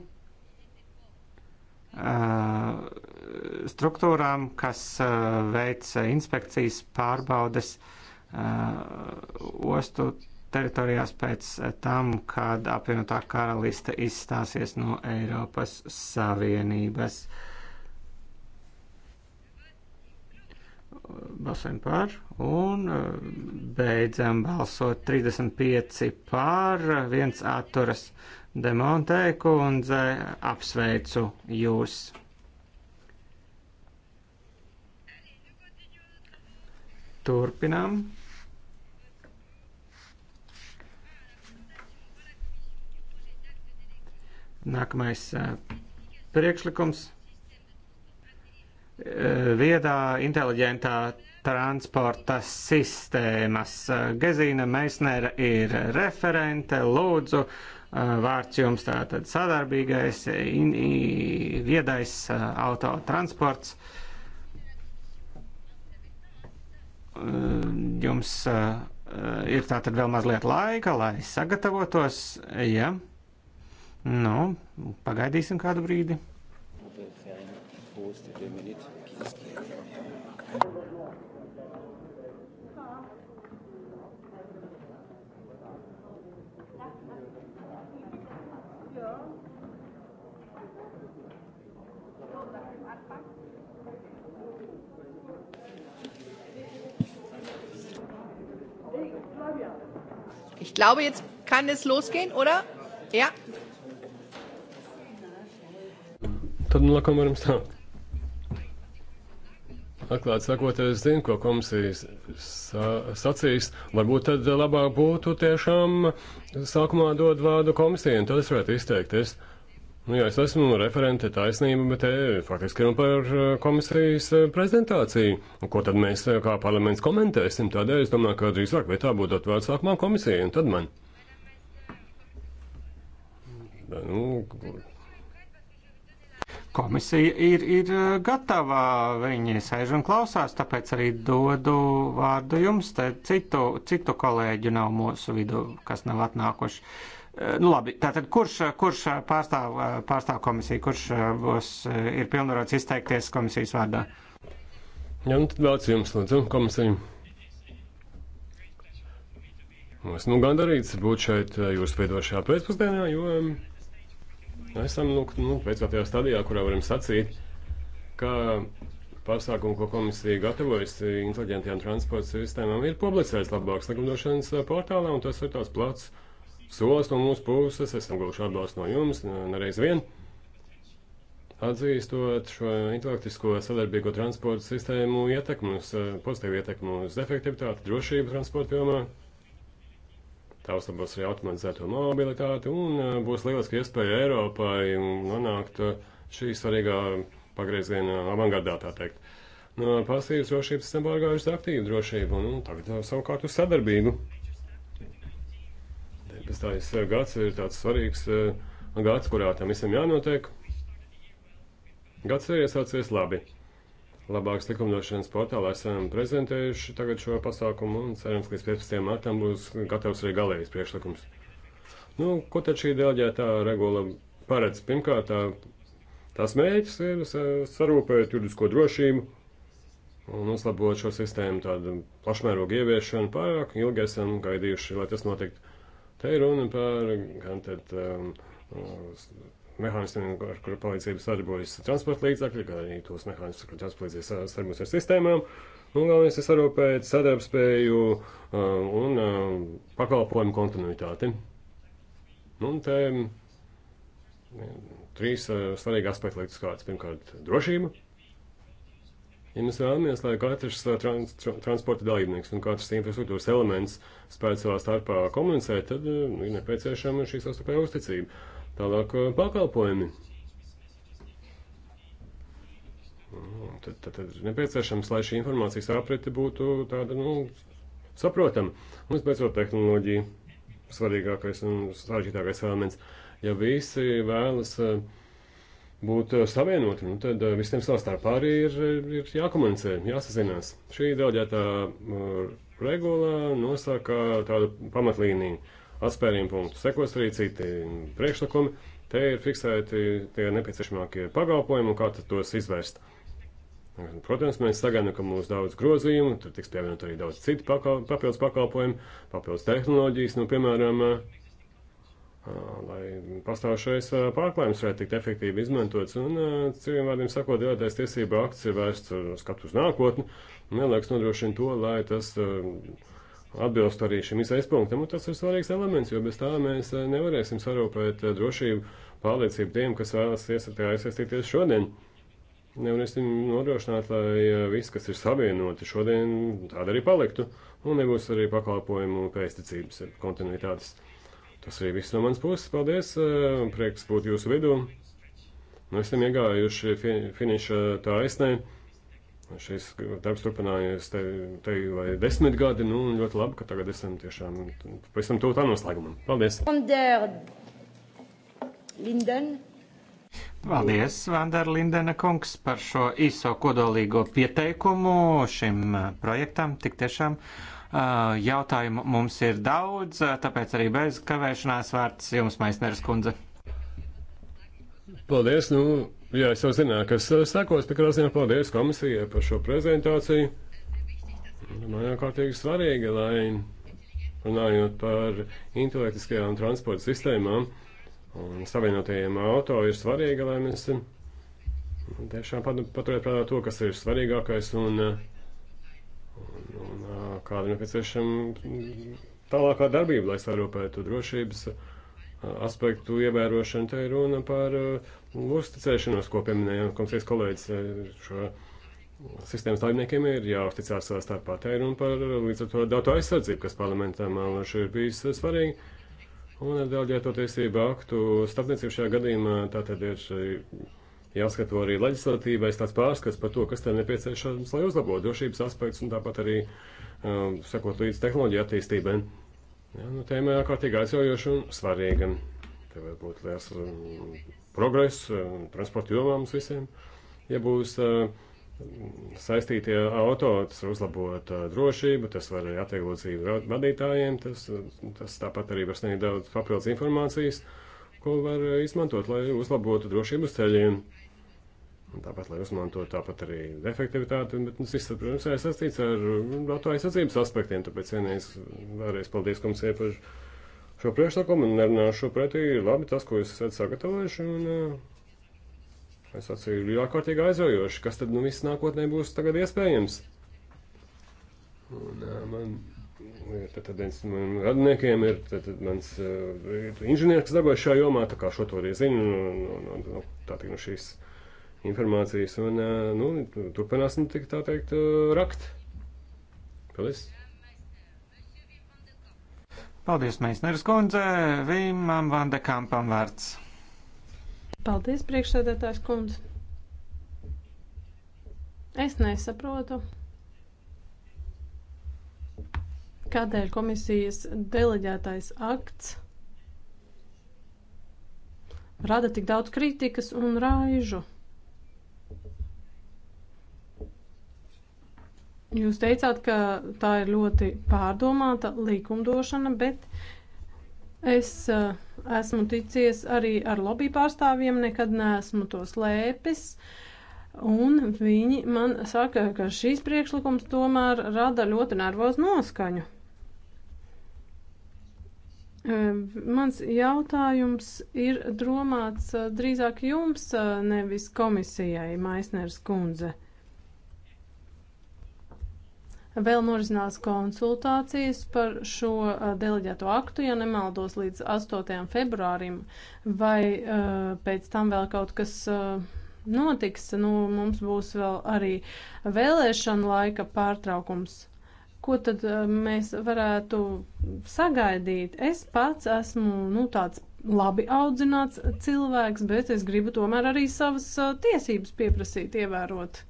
struktūrām, kas uh, veic inspekcijas pārbaudes uh, ostu teritorijās pēc tam, kad apvienotā karaliste izstāsies no Eiropas Savienības. Uh, balsojam par un eh, beidzam balsot 35 par, viens atturas demontē kundze, apsveicu jūs. Turpinām. Nākamais eh, priekšlikums Eh, viedā, inteliģentā transporta sistēmas. Eh, Gezīna Meisnera ir referente, lūdzu, eh, vārds jums tātad sadarbīgais, in, in, viedais autotransports. Jums ir tātad vēl mazliet laika, lai sagatavotos, ja? Nu, pagaidīsim kādu brīdi poste deux minutes. Ich glaube, jetzt kann es losgehen, oder? Ja. Tad nu, laikam varam sākt. Atklāti sakot, es zinu, ko komisijas sa sacīs. Varbūt tad labāk būtu tiešām sākumā dot vārdu komisijai, un tad es varētu izteikties. Nu, jā, es esmu referente taisnība, bet te eh, faktiski runa par eh, komisijas eh, prezentāciju. Un ko tad mēs kā parlaments komentēsim? Tādēļ es domāju, ka drīzāk vietā būtu dot vārdu sākumā komisijai, un tad man. Nu, Komisija ir, ir eh, gatava, viņi sēž un klausās, tāpēc arī dodu vārdu jums, te citu, citu kolēģu nav mūsu vidū, kas nav atnākuši. Eh, nu labi, tātad kurš, kurš pārstāv, eh, pārstāv komisiju, kurš būs, ir pilnvarots izteikties komisijas vārdā? Jā, nu tad vārds jums, lūdzu, komisiju. Esmu nu, nu gandarīts būt šeit jūsu viedošajā pēcpusdienā, jo. Um, Nu, Esam, nu, nu, pēc vēl tajā stadijā, kurā varam sacīt, ka pasākumu, ko komisija gatavojas inteliģentajām transporta sistēmām, ir publicēts labāks likumdošanas portālā, un tas ir tāds plats solis no mūsu puses. Esam gluži atbalstu no jums, nereiz vien. Atzīstot šo intelektisko sadarbīgo transporta sistēmu ietekmi uz, pozitīvu ietekmi uz efektivitāti, drošību transporta jomā. Tā uzlabos arī automatizēto mobilitāti un eh, būs lieliski iespēja Eiropai nonākt eh, šī svarīgā pagrieziena avangardā, tā teikt. No pasīvas drošības esam pārgājuši aktīvu drošību un, un tagad savukārt uz sadarbību. 19. Eh, gads ir tāds svarīgs gads, kurā tam visam jānotiek. Gads ir iesācies labi labākas likumdošanas portālā esam prezentējuši tagad šo pasākumu un cerams, ka līdz 15. martam būs gatavs arī galējais priekšlikums. Nu, ko tad šī dēļģētā regula paredz? Pirmkārt, tā, tās mēģis ir sarūpēt juridisko drošību un uzlabot šo sistēmu tādu plašmērogu ieviešanu. Pārāk ilgi esam gaidījuši, lai tas notiktu. Te ir runa par gan tad um, mehānismiem, ar kuru palīdzību sadarbojas transporta līdzakļi, gan arī tos mehānismus, ar kuru transportlīdzekļi uh, sadarbojas ar sistēmām. Un galvenais ir sarūpēt sadarbspēju um, un um, pakalpojumu kontinuitāti. Un te um, trīs uh, svarīgi aspekti liktas kārtas. Pirmkārt, drošība. Ja mēs vēlamies, lai katrs uh, trans, tra, transporta dalībnieks un katrs infrastruktūras elements spētu savā starpā komunicēt, tad ir nepieciešama šī sastarpējā uzticība. Tālāk uh, pakalpojumi. Nu, tad, tad, tad ir nepieciešams, lai šī informācijas aprite būtu tāda, nu, saprotama. Un, beidzot, tehnoloģija svarīgākais un sarežģītākais elements. Ja visi vēlas uh, būt uh, savienoti, nu, tad visiem savā starpā arī ir, ir jākomunicē, jāsazinās. Šī ideoloģētā regulā nosaka tādu pamatlīniju atspērienu punktu. Sekos arī citi priekšlikumi. Te ir fiksēti tie nepieciešamākie pakalpojumi un kā tos izvērst. Protams, mēs sagaidām, ka mums daudz grozījumu, tur tiks pievienot arī daudz citu pakal, papildus pakalpojumu, papildus tehnoloģijas, nu, piemēram, lai pastāvošais pārklājums varētu tikt efektīvi izmantots. Un, citiem vārdiem sakot, divētais tiesība akts ir vērsts uz skatu uz nākotni, un vienlaiks nodrošina to, lai tas uh, atbilst arī šim izais punktam, un tas ir svarīgs elements, jo bez tā mēs eh, nevarēsim sarūpēt eh, drošību, pārliecību tiem, kas vēlas iesaistīties šodien. Nevarēsim nodrošināt, lai eh, viss, kas ir savienoti šodien, tāda arī paliktu, un nebūs arī pakalpojumu pēsticības kontinuitātes. Tas arī viss no manas puses. Paldies, prieks būt jūsu vidū. Mēs esam iegājuši finiša taisnē. Tā Šis darbs turpinājies te, te vai desmit gadi, nu, ļoti labi, ka tagad esam tiešām pavisam tuvu tā noslēgumam. Paldies! Linden. Paldies, Vandar Lindena kungs, par šo īso kodolīgo pieteikumu šim uh, projektam. Tik tiešām uh, jautājumu mums ir daudz, uh, tāpēc arī bez kavēšanās vārds jums, Maisneres kundze. Paldies, nu, Jā, es jau zināju, kas eh, sekos, tā kā ziņā paldies komisijai par šo prezentāciju. Man jau kārtīgi svarīgi, lai runājot par intelektiskajām transporta sistēmām un savienotajiem auto, ir svarīgi, lai mēs eh, tiešām paturētu prātā to, kas ir svarīgākais un, eh, un, un kāda nepieciešama tālākā darbība, lai sarūpētu drošības aspektu ievērošanu. Te ir runa par uh, uzticēšanos, ko pieminēja komisijas kolēģis eh, šo sistēmas dalībniekiem, ir jāuzticās savā eh, starpā. Te ir runa par eh, līdz ar to datu aizsardzību, kas parlamentam šī ir bijis svarīgi. Un dēļ to tiesību aktu starpniecību šajā gadījumā tātad ir jāskato arī leģislatīvais tāds pārskats par to, kas tam nepieciešams, lai uzlabotu drošības aspektus un tāpat arī um, sekot līdz tehnoloģiju attīstībai. Ja, nu, tēma ir ārkārtīgi aizjaujoša un svarīga. Te var būt liels mm, progress eh, transporta jomā mums visiem. Ja būs eh, saistītie auto, tas var uzlabot eh, drošību, tas var arī atvieglot dzīvi vadītājiem, tas, tas tāpat arī var sniegt daudz papildus informācijas, ko var izmantot, lai uzlabotu drošību uz ceļiem. Tāpat, lai izmantotu tāpat arī efektivitāti, bet tas nu, viss, protams, ir saistīts ar mm, auto aizsardzības aspektiem, tāpēc vienreiz vēlreiz paldies komisijai par šo šo priekšlikumu un nerunāšu pretī. Ir labi tas, ko jūs esat sagatavojuši. Un, eh, es atceru, ir jākārtīgi aizraujoši. Kas tad nu viss nākotnē būs tagad iespējams? Un, eh, man, Tad, tad viens no maniem radniekiem ir tad, tad mans uh, inženieris, kas darbojas šajā jomā. Tā kā šo to arī zinu no, no, no, no, tā, no šīs informācijas. Un, uh, nu, turpināsim tik tā teikt uh, rakt. Paldies! Paldies, Meisneris kundze, Vīmam Vande Kampam vārds. Paldies, priekšsēdētājs kundze. Es nesaprotu, kādēļ komisijas deleģētais akts rada tik daudz kritikas un raižu. Jūs teicāt, ka tā ir ļoti pārdomāta likumdošana, bet es uh, esmu ticies arī ar lobby pārstāvjiem, nekad neesmu to slēpis. Un viņi man saka, ka šīs priekšlikums tomēr rada ļoti nervozu noskaņu. Eh, mans jautājums ir domāts eh, drīzāk jums, nevis komisijai, Maisners kundze. Vēl norisinās konsultācijas par šo uh, deleģēto aktu, ja nemaldos līdz 8. februārim, vai uh, pēc tam vēl kaut kas uh, notiks. Nu, mums būs vēl arī vēlēšana laika pārtraukums. Ko tad uh, mēs varētu sagaidīt? Es pats esmu nu, tāds labi audzināts cilvēks, bet es gribu tomēr arī savas uh, tiesības pieprasīt, ievērot.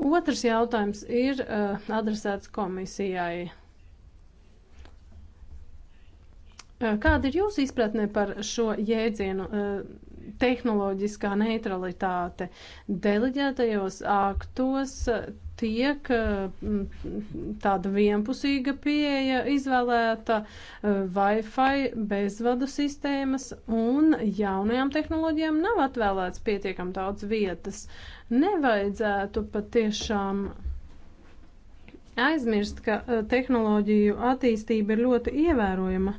Otrs jautājums ir uh, adresēts komisijai. Uh, kāda ir jūsu izpratne par šo jēdzienu uh, tehnoloģiskā neutralitāte? Deliģētajos aktos tiek tāda vienpusīga pieeja izvēlēta Wi-Fi bezvadu sistēmas, un jaunajām tehnoloģijām nav atvēlēts pietiekam daudz vietas. Uh, Nevajadzētu patiešām aizmirst, ka eh, tehnoloģiju attīstība ir ļoti ievērojama.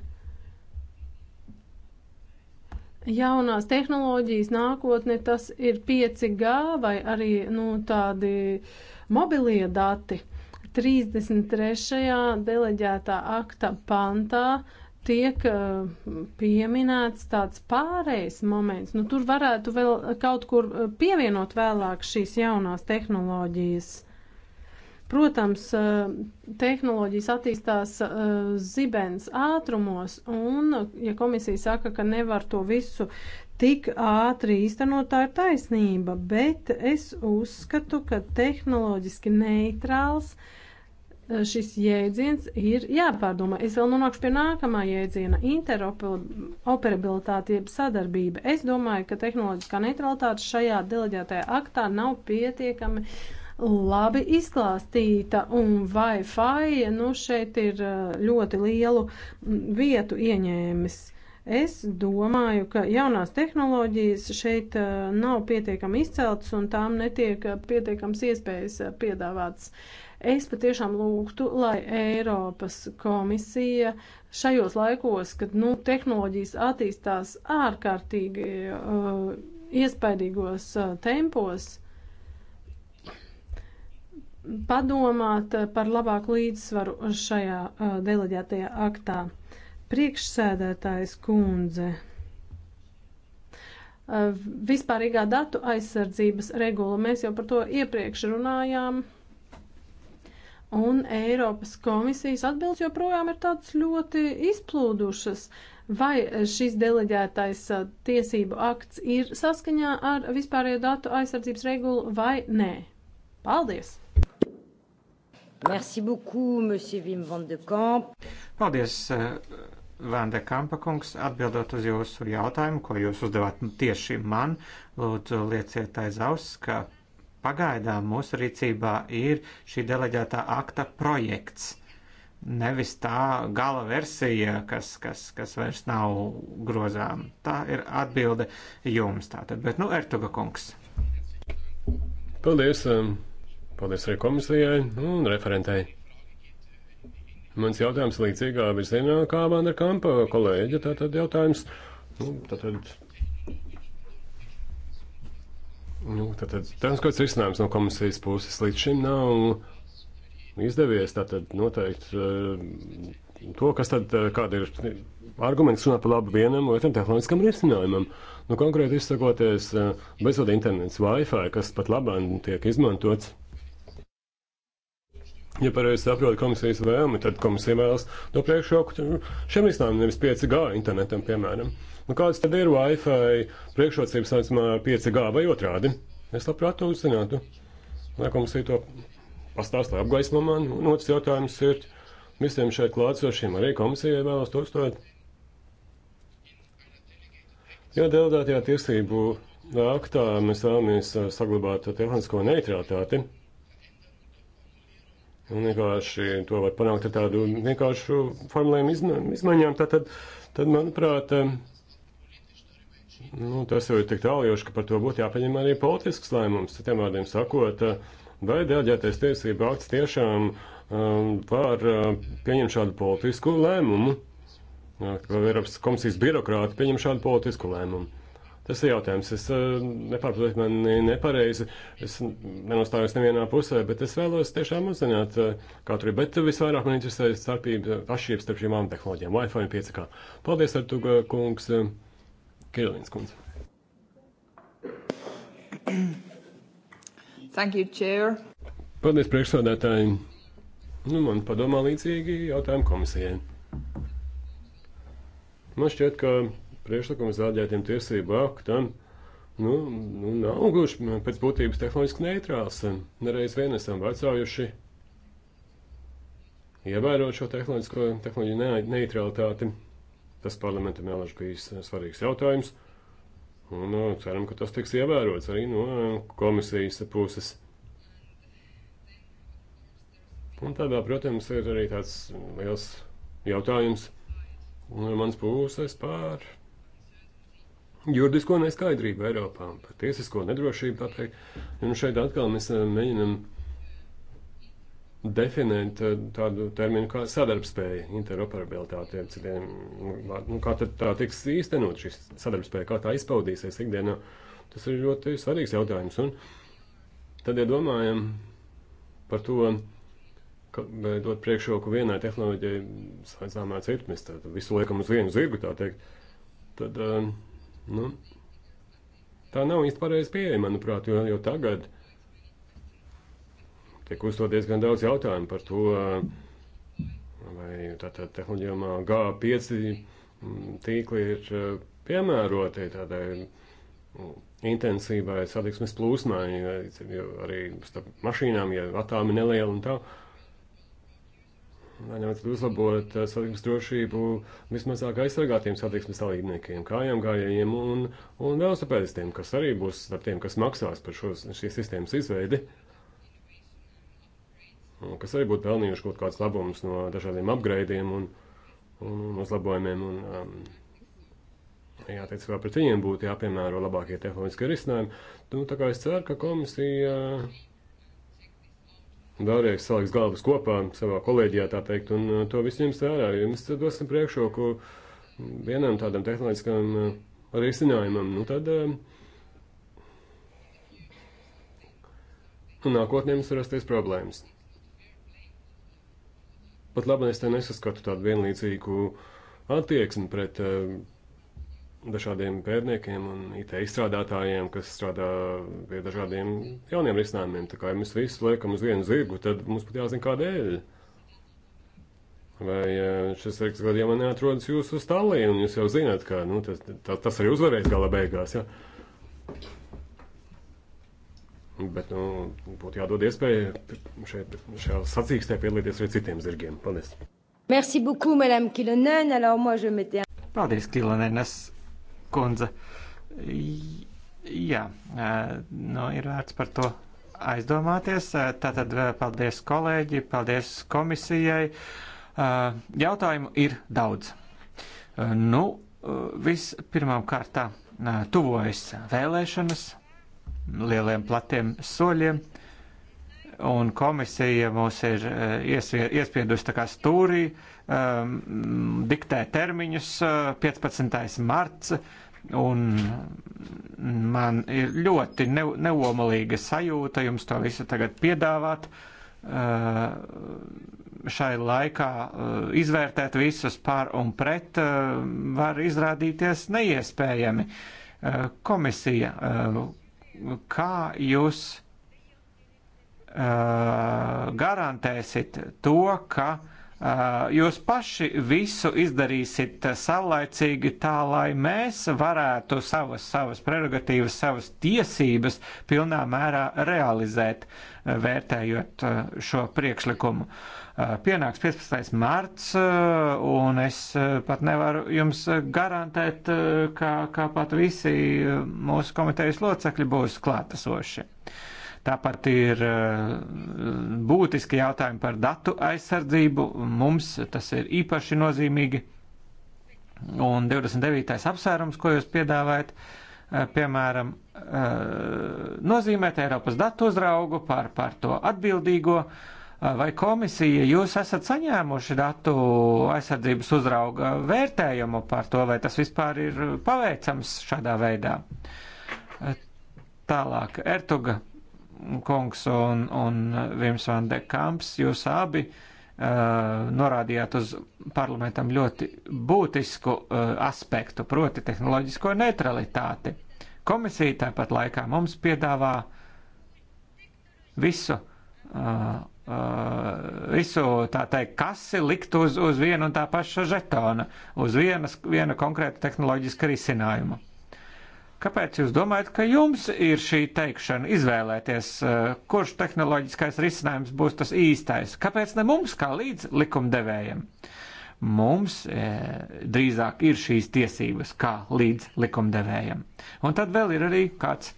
Jaunās tehnoloģijas nākotne tas ir 5G vai arī nu, tādi mobilie dati. 33. deleģētā akta pantā uh, tiek eh, pieminēts tāds pārējais moments. Nu, tur varētu vēl kaut kur eh, pievienot vēlāk šīs jaunās tehnoloģijas. Protams, eh, tehnoloģijas attīstās zibens ātrumos, un, ja komisija saka, ka nevar to visu tik ātri īstenot, tā ir taisnība, bet es uzskatu, ka tehnoloģiski neitrāls uh, Eh, šis jēdziens ir jāpārdomā. Es vēl nonākšu pie nākamā jēdziena - interoperabilitāte, jeb sadarbība. Es domāju, ka tehnoloģiskā neutralitāte šajā deleģētajā aktā nav pietiekami labi izklāstīta, un Wi-Fi nu, šeit ir eh, ļoti lielu mm, vietu ieņēmis. Es domāju, ka jaunās tehnoloģijas šeit eh, nav pietiekami izceltas un tām netiek pietiekams iespējas piedāvāts. Uh, Es patiešām lūgtu, lai Eiropas komisija šajos laikos, kad nu, tehnoloģijas attīstās ārkārtīgi uh, iespaidīgos uh, tempos, padomāt par labāku līdzsvaru šajā uh, deleģētajā aktā. Priekšsēdētājs kundze. Uh, vispārīgā datu aizsardzības regula, mēs jau par to iepriekš runājām un Eiropas komisijas atbildes joprojām ir tādas ļoti izplūdušas. Vai šis deleģētais tiesību akts ir saskaņā ar vispārējo datu aizsardzības regulu vai nē? Paldies! Merci beaucoup, monsieur Wim van de Kamp. Paldies, Vanda Kampa kungs, atbildot uz jūsu jautājumu, ko jūs uzdevāt tieši man, lūdzu lieciet aiz auss, ka Pagaidām mūsu rīcībā ir šī deleģētā akta projekts, nevis tā gala versija, kas, kas, kas vairs nav grozām. Tā ir atbilde jums tātad. Bet, nu, Ertuga kungs. Paldies. Um, paldies arī komisijai un referentai. Mans jautājums līdzīgā virzienā, kā man ir kampa kolēģi, tātad jautājums. Nu, tātad Nu, tātad tāds kāds risinājums no komisijas puses līdz šim nav izdevies tātad noteikt eh, to, kas tad eh, kāda ir arguments runā par labu vienam vai tam tehnoloģiskam risinājumam. Nu, konkrēti izsakoties, eh, bezvada internets Wi-Fi, kas pat labāk tiek izmantots. Ja pareizi saprotu komisijas vēlmi, tad komisija vēlas to priekšroku šiem risinājumiem, nevis 5G internetam, piemēram. Uh, Nu, kādas tad ir Wi-Fi priekšrocības saistībā ar 5G vai otrādi? Es labprāt to uzzinātu. Lai komisija to pastāsta, lai apgaismo mani. Un otrs jautājums ir visiem šeit klātsošiem, arī komisijai vēlos to uzdot. Jā, delegātajā tiesību aktā mēs vēlamies saglabāt tehnisko neutralitāti. Un vienkārši to var panākt ar tādu vienkāršu formulējumu izma izmaiņām. Tad, tad, tad, manuprāt, Nu, tas jau ir tik tālujoši, ka par to būtu jāpieņem arī politisks lēmums. Citiem vārdiem sakot, eh, vai dēļģētais tiesība akts tiešām um, var uh, pieņemt šādu politisku lēmumu, vai Eiropas komisijas birokrāti pieņem šādu politisku lēmumu. Tas ir jautājums. Es uh, nepārprotu, man nepareizi. Es nenostājos nevienā pusē, bet es vēlos tiešām uzzināt, uh, kā tur ir. Bet visvairāk man interesē starpība, atšķirības starp šīm abām tehnoloģijām, Wi-Fi un 5K. Paldies, Artuga kungs! Uh, Kirilīnas kundze. Thank you, Chair. Paldies priekšsādātājiem. Nu, man padomā līdzīgi jautājumu komisijai. Man šķiet, ka priekšlikums zaudētiem tiesību aktam nu, nu, nav gluži pēc būtības tehnoloģiski neitrāls. Nereiz vien esam vecājuši ievērot šo tehnoloģisko tehnoloģiju neitralitāti. Tas parlamentam jālaiž bija eh, svarīgs jautājums. Un nu, ceram, ka tas tiks ievērots arī no eh, komisijas puses. Un tad vēl, protams, ir arī tāds liels jautājums no manas puses par juridisko neskaidrību Eiropā, par tiesisko nedrošību. Tāpēc, ja nu šeit atkal mēs eh, mēģinam definēt eh, tādu terminu kā sadarbspēja, interoperabilitāte, jeb citiem, nu, kā tad tā tiks īstenot šis sadarbspēja, kā tā izpaudīsies ikdienā. Tas ir ļoti svarīgs jautājums. Un tad, ja domājam par to, ka dot priekšroku vienai tehnoloģijai, saistām ar citu, mēs tādu visu liekam uz vienu zirgu, tā teikt, tad, eh, nu, tā nav īsti pareizi pieeja, manuprāt, jo, jo tagad. Uh, tiek uzdot diezgan daudz jautājumu par to, vai tātad tehnoloģijumā G5 mm, tīkli ir eh, piemēroti tādai mm, intensīvai satiksmes plūsmai, jo arī starp mašīnām, ja atāmi neliela un tā. Lai nevajadzētu uzlabot eh, satiksmes drošību vismazāk aizsargātiem satiksmes dalībniekiem, kājām gājējiem un, un velosipēdistiem, kas arī būs starp tiem, kas maksās par šos, šīs sistēmas izveidi. Uh, kas arī būtu pelnījuši kaut kāds labums no dažādiem upgradeiem un, un, un uzlabojumiem. Un, um, jāteic, vēl pret viņiem būtu jāpiemēro labākie tehnoloģiskie risinājumi. Nu, tā kā es ceru, ka komisija uh, vēlreiz saliks galvas kopā savā kolēģijā, tā teikt, un uh, to visu ņems vērā, jo mēs dosim priekšroku vienam tādam tehnoloģiskam uh, risinājumam. Nu, tad, um, Un nu, nākotnē mums var rasties problēmas. Pat labi, es te nesaskatu tādu vienlīdzīgu attieksmi pret eh, dažādiem pētniekiem un IT izstrādātājiem, kas strādā pie dažādiem jauniem risinājumiem. Tā kā ja mēs visus liekam uz vienu zirgu, tad mums pat jāzina, kādēļ. Vai eh, šis veiks gadījumā neatrodas jūsu stāvlī, un jūs jau zināt, ka nu, tas, tas, tas arī uzvarēs gala beigās. Ja? Uh, Bet nu, būtu jādod iespēja šeit, šajā sacīkstē piedalīties arī citiem zirgiem. Paldies! Merci beaucoup, madame Kilonen. Alors, moi, je m'étais... Paldies, Kilonenes kundze. Jā, nu, ir vērts par to aizdomāties. Tātad paldies kolēģi, paldies komisijai. Jautājumu ir daudz. Nu, vispirmām kārtā tuvojas vēlēšanas lieliem platiem soļiem. Un komisija mūs ir eh, iespiedusi tā kā stūrī, um, diktē termiņus 15. Eh, marts, un man ir ļoti ne, neomalīga sajūta jums to visu tagad piedāvāt. Uh, šai laikā uh, izvērtēt visus par un pret uh, var izrādīties neiespējami. Komisija Nu, kā jūs uh, garantēsit to, ka uh, jūs paši visu izdarīsit saulaicīgi tā, lai mēs varētu savas, savas prerogatīvas, savas tiesības pilnā mērā realizēt, vērtējot šo priekšlikumu. Uh, Eh, pienāks 15. marts, eh, un es eh, pat nevaru jums garantēt, ka, ka pat visi mūsu komitejas locekļi būs klātesoši. Tāpat ir būtiski jautājumi par datu aizsardzību. Mums tas ir īpaši nozīmīgi. Un 29. apsvērums, ko jūs piedāvājat, piemēram, nozīmēt Eiropas datu uzraugu par, par to atbildīgo uh, Vai komisija jūs esat saņēmuši datu aizsardzības uzrauga vērtējumu par to, vai tas vispār ir paveicams šādā veidā? Tālāk, Ertuga kungs un, un Vims van de Kamps, jūs abi uh, norādījāt uz parlamentam ļoti būtisku uh, aspektu, proti tehnoloģisko neutralitāti. Komisija tāpat laikā mums piedāvā visu uh, Uh, visu, tā teikt, kasi likt uz, uz vienu un tā paša žetona, uz vienas, viena konkrēta tehnoloģiska risinājuma. Kāpēc jūs domājat, ka jums ir šī teikšana izvēlēties, uh, kurš tehnoloģiskais risinājums būs tas īstais? Kāpēc ne mums, kā līdz likumdevējiem? Mums e, drīzāk ir šīs tiesības kā līdz likumdevējiem. Un tad vēl ir arī kāds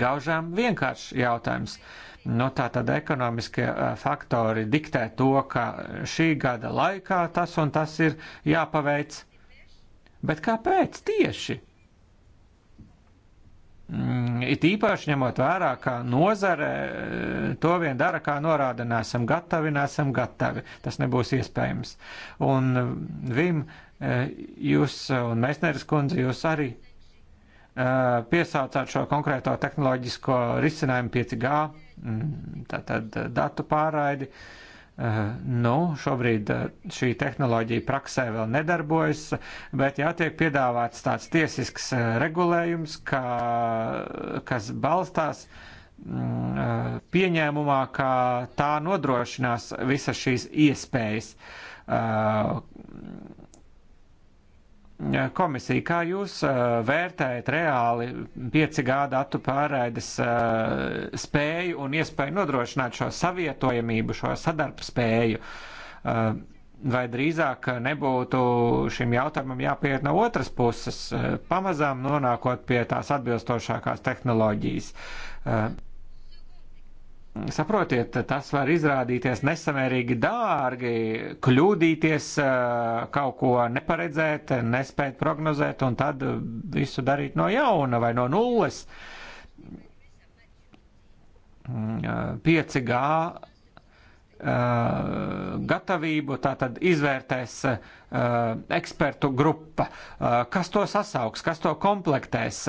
gaužām vienkāršs jautājums. E, Nu, tā tad ekonomiskie faktori diktē to, ka šī gada laikā tas un tas ir jāpaveic. Bet kāpēc tieši? Mm, it īpaši ņemot vērā, ka nozare to vien dara, kā norāda, nesam gatavi, nesam gatavi. Tas nebūs iespējams. Un Vim, jūs un Mēsneris kundze, jūs arī piesaucāt šo konkrēto tehnoloģisko risinājumu 5G Mm, tātad eh, datu pārraidi. Eh, nu, šobrīd eh, šī tehnoloģija praksē vēl nedarbojas, bet jātiek piedāvāts tāds tiesisks regulējums, ka, kas balstās mm, pieņēmumā, ka tā nodrošinās visas šīs iespējas Komisija, kā jūs eh, vērtējat reāli 5G datu pārraides eh, spēju un iespēju nodrošināt šo savietojamību, šo sadarbspēju? Eh, vai drīzāk nebūtu šim jautājumam jāpiet no otras puses, pamazām nonākot pie tās atbilstošākās tehnoloģijas. Saprotiet, tas var izrādīties nesamērīgi dārgi, kļūdīties, eh, kaut ko neparedzēt, nespēt prognozēt un tad visu darīt no jauna vai no nulles. 5G mm, eh, Uh, gatavību, tātad izvērtēs uh, ekspertu grupa. Uh, kas to sasauks, kas to komplektēs?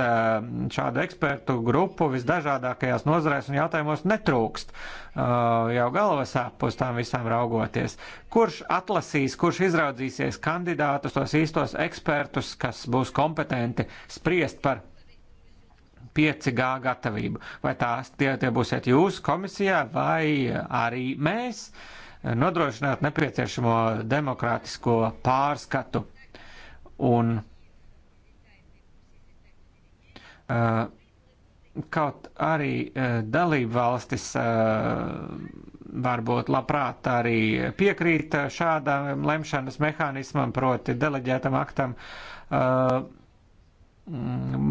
Šādu ekspertu grupu visdažādākajās nozarēs un jautājumos netrūkst. Jau galvas sāp uz tām visām raugoties. Kurš atlasīs, kurš izraudzīsies kandidātus, tos īstos ekspertus, kas būs kompetenti spriest par 5G gatavību. Vai tās tie, tie būsiet jūs komisijā vai arī mēs nodrošināt nepieciešamo demokrātisko pārskatu un uh, kaut arī uh, dalību valstis uh, varbūt labprāt arī piekrīt uh, šādam lemšanas mehānismam, proti deleģētam aktam. Uh,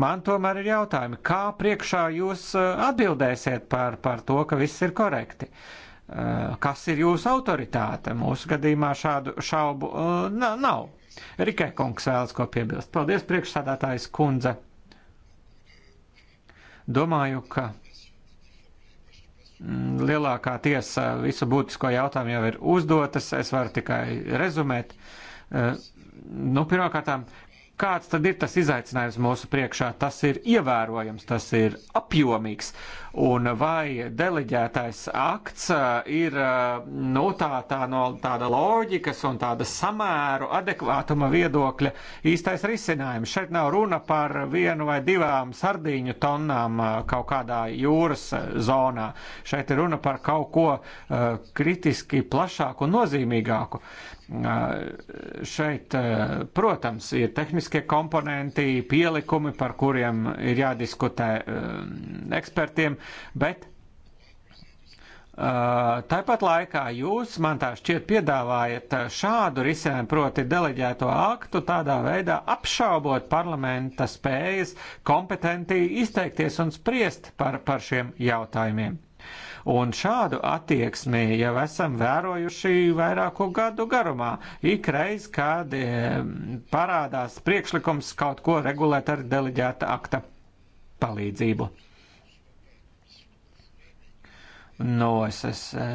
Man tomēr ir jautājumi, kā priekšā jūs uh, atbildēsiet par, par to, ka viss ir korekti? Uh, kas ir jūsu autoritāte? Mūsu gadījumā šādu šaubu uh, nav. Rikai kungs vēlas ko piebilst. Paldies, priekšsādātājs kundze. Domāju, ka mm, lielākā tiesa visu būtisko jautājumu jau ir uzdotas. Es varu tikai rezumēt. Nu, pirmkārtām kāds tad ir tas izaicinājums mūsu priekšā. Tas ir ievērojams, tas ir apjomīgs. Un vai deleģētais akts uh, ir uh, nu, tā, tā no tāda loģikas un tāda samēru adekvātuma viedokļa īstais risinājums? Šeit nav runa par vienu vai divām sardīņu tonnām uh, kaut kādā jūras zonā. Šeit ir runa par kaut ko kritiski plašāku un nozīmīgāku. Šeit, protams, ir tehniskie komponenti, pielikumi, par kuriem ir jādiskutē ekspertiem, bet tāpat laikā jūs man tā šķiet piedāvājat šādu risinājumu, proti deleģēto aktu, tādā veidā apšaubot parlamenta spējas kompetenti izteikties un spriest par, par šiem jautājumiem. Un šādu attieksmi jau esam vērojuši vairāku gadu garumā. Ikreiz, kad e, parādās priekšlikums kaut ko regulēt ar deleģēta akta palīdzību. Nu, es, es e,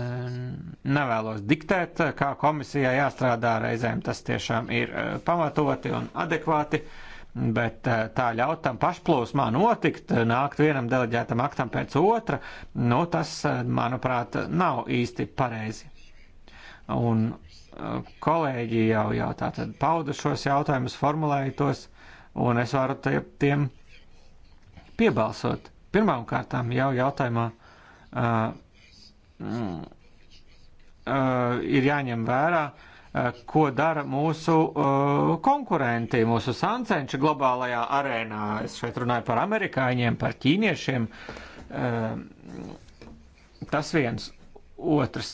nevēlos diktēt, kā komisijai jāstrādā reizēm. Tas tiešām ir e, pamatoti un adekvāti. Uh, bet eh, tā ļaut tam pašplūsmā notikt, eh, nākt vienam deleģētam aktam pēc otra, nu tas, eh, manuprāt, nav īsti pareizi. Un kolēģi jau, jau tātad pauda šos jautājumus, formulēja tos, un es varu tie, tiem piebalsot. Pirmām kārtām jau jautājumā uh, uh, ir jāņem vērā, uh, Eh, ko dara mūsu eh, konkurenti, mūsu sancenči globālajā arēnā. Es šeit runāju par amerikāņiem, par ķīniešiem. Eh, tas viens. Otrs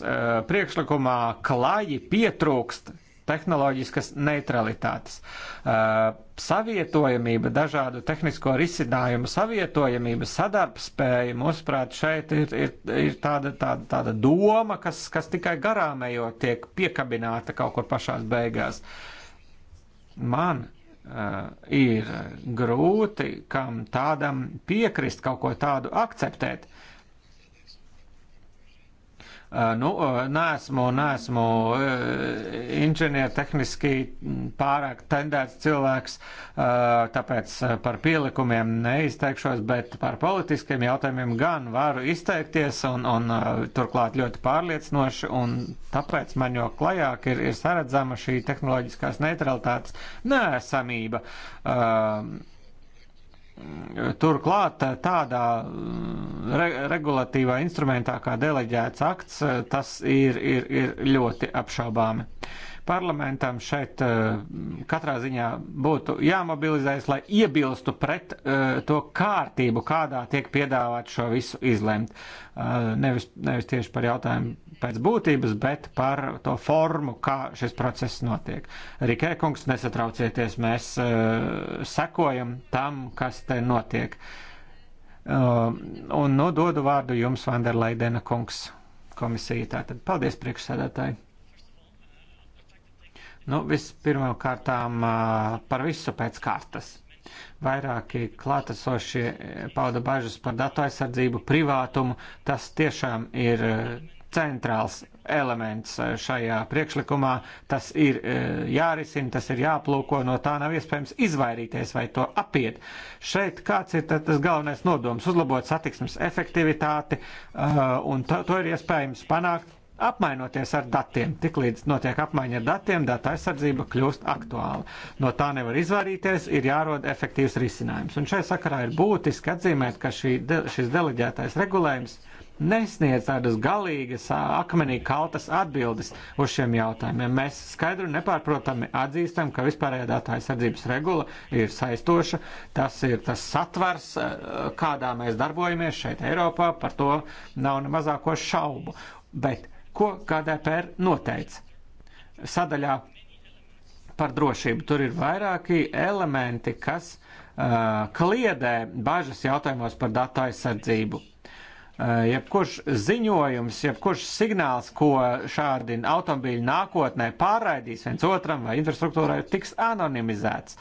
priekšlikumā klāji pietrūkst tehnoloģiskas neutralitātes. Uh, savietojamība, dažādu tehnisko risinājumu savietojamība, sadarbspēja, mūsuprāt, šeit ir, ir, ir tāda, tāda, tāda doma, kas, kas tikai garāmējot tiek piekabināta kaut kur pašās beigās. Man uh, ir grūti kam tādam piekrist, kaut ko tādu akceptēt. Uh, Eh, nu, eh, nesmu, nesmu eh, inženiertehniski pārāk tendēts cilvēks, tāpēc par pielikumiem neizteikšos, bet par politiskiem jautājumiem gan varu izteikties un, un turklāt ļoti pārliecinoši, un tāpēc man jau klajāk ir, ir saredzama šī tehnoloģiskās neutralitātes nēsamība. Uh, Turklāt eh, tādā mm, re, regulatīvā instrumentā kā deleģēts akts, eh, tas ir, ir, ir ļoti apšaubāmi. Parlamentam šeit eh, katrā ziņā būtu jāmobilizējas, lai iebilstu pret uh, to kārtību, kādā tiek piedāvāt šo visu izlemt. Uh, nevis, nevis tieši par jautājumu pēc būtības, bet par to formu, kā šis process notiek. Rikē kungs, nesatraucieties, mēs uh, sekojam tam, kas te notiek. Uh, un nododu nu, vārdu jums, Vanderleidena kungs, komisija. Tātad paldies priekšsēdētāji. Nu, vispirmām kārtām uh, e, par visu pēc kārtas. Vairāki klātesošie pauda bažas par datu aizsardzību, privātumu. Tas tiešām ir centrāls elements eh, šajā priekšlikumā. Tas ir eh, jārisina, tas ir jāplūko, no tā nav iespējams izvairīties vai to apiet. Šeit kāds ir tas galvenais nodoms - uzlabot satiksmes efektivitāti, eh, un to, to ir iespējams panākt apmainoties ar datiem. Tiklīdz notiek apmaiņa ar datiem, data aizsardzība kļūst aktuāla. No tā nevar izvairīties, ir jārod efektīvs risinājums. Un šai sakarā ir būtiski atzīmēt, ka šī, de, šis deleģētais regulējums uh, nesniedz tādas galīgas, akmenī kaltas atbildes uz šiem jautājumiem. Mēs skaidri un nepārprotami atzīstam, ka vispārējā datu aizsardzības regula ir saistoša. Tas ir tas satvers, kādā mēs darbojamies šeit Eiropā, par to nav ne mazāko šaubu. Bet ko GDPR noteica? Sadaļā par drošību tur ir vairāki elementi, kas uh, kliedē bažas jautājumos par datu aizsardzību Eh, jebkurš ziņojums, jebkurš signāls, ko šādi automobīļi nākotnē pārraidīs viens otram vai infrastruktūrai, tiks anonimizēts.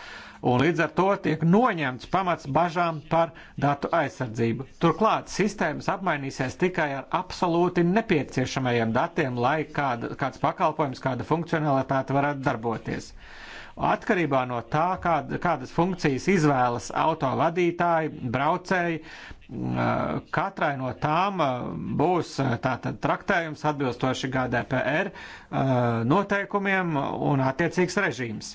Un līdz ar to tiek noņemts pamats bažām par datu aizsardzību. Turklāt sistēmas apmainīsies tikai ar absolūti nepieciešamajiem datiem, lai kāda, kāds pakalpojums, kāda funkcionalitāte varētu darboties. Atkarībā no tā, kāda, kādas funkcijas izvēlas auto vadītāji, braucēji, Katrai no tām uh, būs uh, tātad traktējums atbilstoši GDPR uh, noteikumiem un attiecīgs režīms.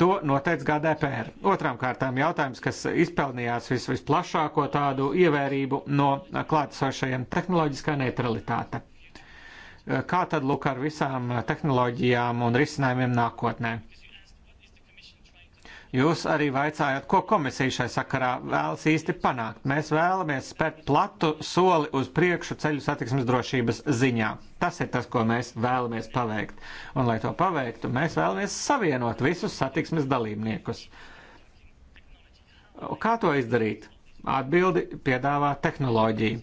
To noteica GDPR. Otrām kārtām jautājums, kas izpelnījās vis, visplašāko tādu ievērību no klātesošajiem - tehnoloģiskā neutralitāte. Kā tad lūk ar visām tehnoloģijām un risinājumiem nākotnē? Jūs arī vaicājat, ko komisija šai sakarā vēlas īsti panākt. Mēs vēlamies spērt platu soli uz priekšu ceļu satiksmes drošības ziņā. Tas ir tas, ko mēs vēlamies paveikt. Un, lai to paveiktu, mēs vēlamies savienot visus satiksmes dalībniekus. Kā to izdarīt? Atbildi piedāvā tehnoloģija,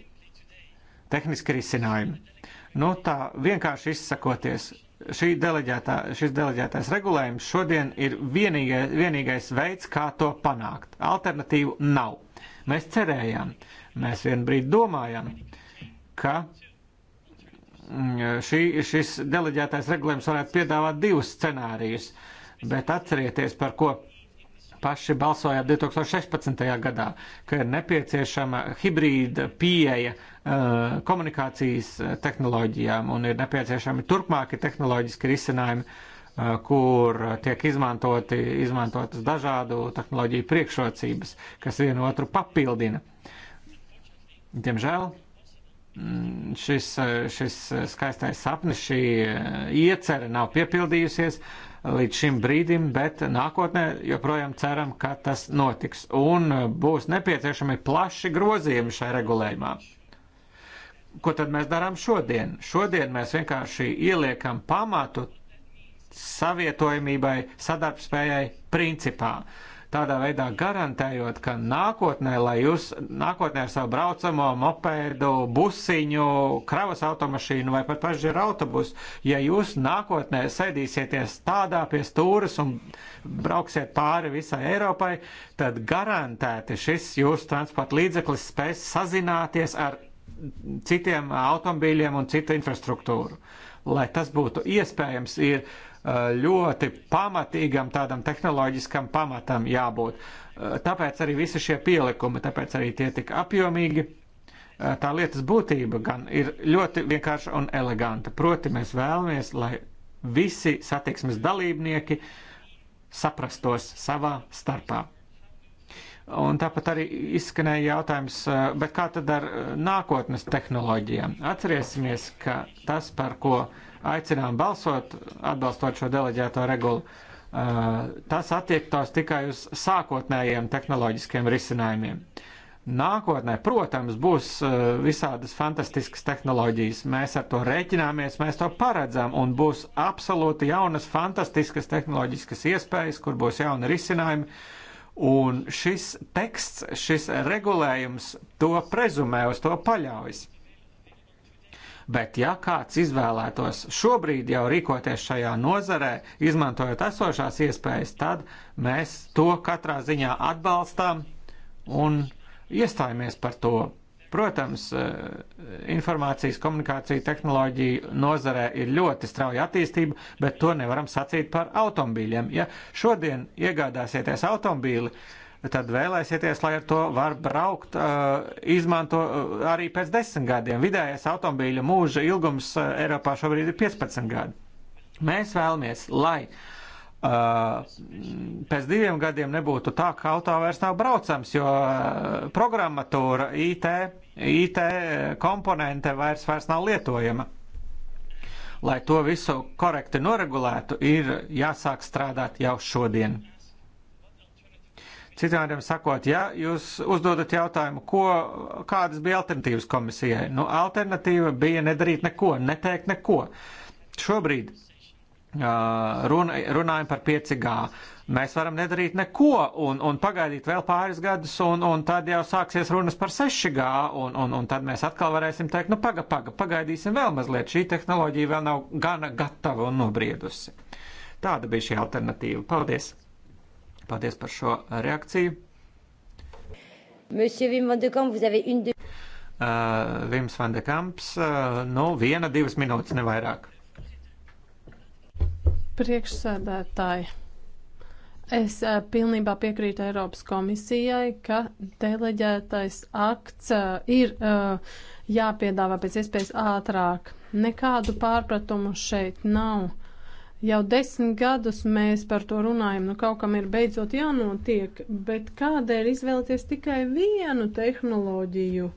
tehniski risinājumi. Nu, tā vienkārši izsakoties, šī deleģētā, šis deleģētais regulējums šodien ir vienīgais, vienīgais veids, kā to panākt. Alternatīvu nav. Mēs cerējām, mēs vien brīdi domājām, ka mm, šī, šis deleģētais regulējums varētu piedāvāt divus scenārijus, bet atcerieties, par ko paši balsojāt 2016. gadā, ka ir nepieciešama hibrīda pieeja uh, komunikācijas uh, tehnoloģijām un ir nepieciešami turpmāki tehnoloģiski risinājumi, uh, kur tiek izmantoti, izmantotas dažādu tehnoloģiju priekšrocības, kas vienu otru papildina. Diemžēl mm, šis, šis skaistais sapnis, šī iecerē nav piepildījusies līdz šim brīdim, bet nākotnē joprojām ceram, ka tas notiks un uh, būs nepieciešami plaši grozījumi šai regulējumā. Ko tad mēs darām šodien? Šodien mēs vienkārši ieliekam pamatu savietojamībai, sadarbspējai principā. Uh, tādā veidā garantējot, ka nākotnē, lai jūs nākotnē ar savu braucamo mopēdu, busiņu, kravas automašīnu vai pat pažģeru autobusu, ja jūs nākotnē sēdīsieties tādā pie stūras un brauksiet pāri visai Eiropai, tad garantēti šis jūsu transporta līdzeklis spēs sazināties ar citiem automobīļiem un citu infrastruktūru. Lai tas būtu iespējams, ir Eh, ļoti pamatīgam tādam tehnoloģiskam pamatam jābūt. Eh, tāpēc arī visi šie pielikumi, tāpēc arī tie tik apjomīgi. Eh, tā lietas būtība gan ir ļoti vienkārša un eleganta. Proti mēs vēlamies, lai visi satiksmes dalībnieki saprastos savā starpā. Un tāpat arī izskanēja jautājums, bet kā tad ar nākotnes tehnoloģijām? Atcerēsimies, ka tas, par ko uh, aicinām balsot, atbalstot šo deleģēto regulu, uh, tas attiektos tikai uz sākotnējiem tehnoloģiskiem risinājumiem. Nākotnē, protams, būs uh, visādas fantastiskas tehnoloģijas. Mēs ar to rēķināmies, mēs to paredzam, un būs absolūti jaunas, fantastiskas tehnoloģiskas iespējas, kur būs jauni risinājumi. Un šis teksts, šis regulējums to prezumē, uz to paļaujas. Bet ja kāds izvēlētos šobrīd jau rīkoties šajā nozarē, izmantojot esošās iespējas, tad mēs to katrā ziņā atbalstām un iestājamies par to. Protams, eh, informācijas komunikācija tehnoloģija nozarē ir ļoti strauja attīstība, bet to nevaram sacīt par automobīļiem. Ja šodien iegādāsieties automobīli, uh, tad vēlēsieties, lai ar to var braukt, uh, izmanto uh, arī pēc desmit gadiem. Vidējais automobīļa mūža ilgums uh, Eiropā šobrīd ir 15 gadi. Mēs vēlamies, lai pēc diviem gadiem nebūtu tā, ka auto vairs nav braucams, jo programmatūra, IT, IT komponente vairs, vairs nav lietojama lai to visu korekti noregulētu, ir jāsāk strādāt jau šodien. Citādiem sakot, ja jūs uzdodat jautājumu, ko, kādas bija alternatīvas komisijai, nu, alternatīva bija nedarīt neko, neteikt neko. Šobrīd uh, runa, runājam par 5G. Mēs varam nedarīt neko un, un pagaidīt vēl pāris gadus, un, un tad jau sāksies runas par 6G, un, un, un tad mēs atkal varēsim teikt, nu, paga, paga, pagaidīsim vēl mazliet. Šī tehnoloģija vēl nav gana gatava un nobriedusi. Tāda bija šī alternatīva. Paldies! Paldies par šo uh, reakciju. Monsieur Wim van de Kamp, vous avez une de... Uh, Vims van de Kamps, uh, nu viena, divas minūtes nevairāk. Priekšsēdētāji, es uh, pilnībā piekrītu Eiropas komisijai, ka deleģētais akts uh, ir uh, jāpiedāvā pēc iespējas ātrāk. Nekādu pārpratumu šeit nav. Jau desmit gadus mēs par to runājam, nu kaut kam ir beidzot jānotiek, bet kādēļ izvēlēties tikai vienu tehnoloģiju?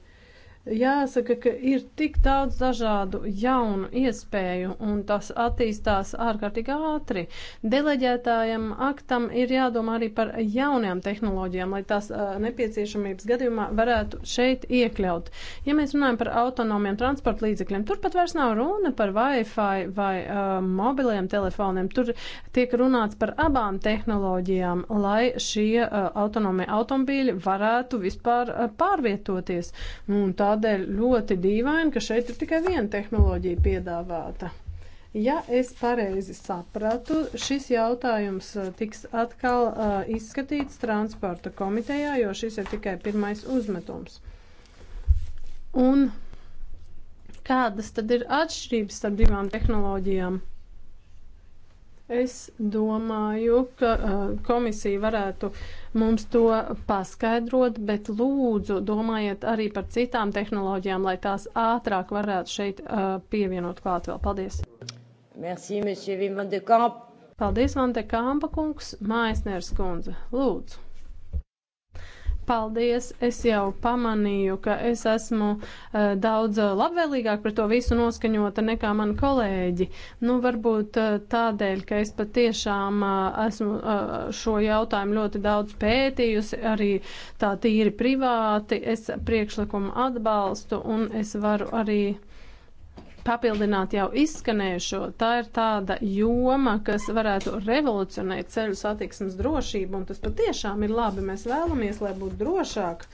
Jāsaka, ka ir tik daudz dažādu jaunu iespēju, un tas attīstās ārkārtīgi ātri. Deleģētājam aktam ir jādomā arī par jaunajām tehnoloģijām, lai tās nepieciešamības gadījumā varētu šeit iekļaut. Ja mēs runājam par autonomiem transporta līdzekļiem, tur pat vairs nav runa par Wi-Fi vai uh, mobiliem telefoniem. Tur tiek runāts par abām tehnoloģijām, lai šie uh, autonomie automobīļi varētu vispār uh, pārvietoties. Un tā Tādēļ ļoti dīvaini, ka šeit ir tikai viena tehnoloģija piedāvāta. Ja es pareizi sapratu, šis jautājums uh, tiks atkal uh, izskatīts transporta komitejā, jo šis ir tikai pirmais uzmetums. Un kādas tad ir atšķirības starp divām tehnoloģijām? Es domāju, ka uh, komisija varētu uh, mums to paskaidrot, bet lūdzu domājiet arī par citām tehnoloģijām, lai tās ātrāk varētu šeit uh, pievienot klāt vēl. Paldies! Merci, Paldies, Vante Kampa kungs, Maisners kundze. Lūdzu! Paldies! Es jau pamanīju, ka es esmu uh, daudz eh, labvēlīgāk par to visu noskaņota nekā mani kolēģi. Nu, varbūt uh, tādēļ, ka es patiešām uh, esmu uh, šo jautājumu ļoti daudz pētījusi, arī tā tīri privāti. Es priekšlikumu atbalstu un es varu arī. Uh, papildināt jau izskanējušo. Tā ir tāda joma, kas varētu revolucionēt ceļu satiksmes drošību, un tas patiešām ir labi. Mēs vēlamies, lai būtu drošāk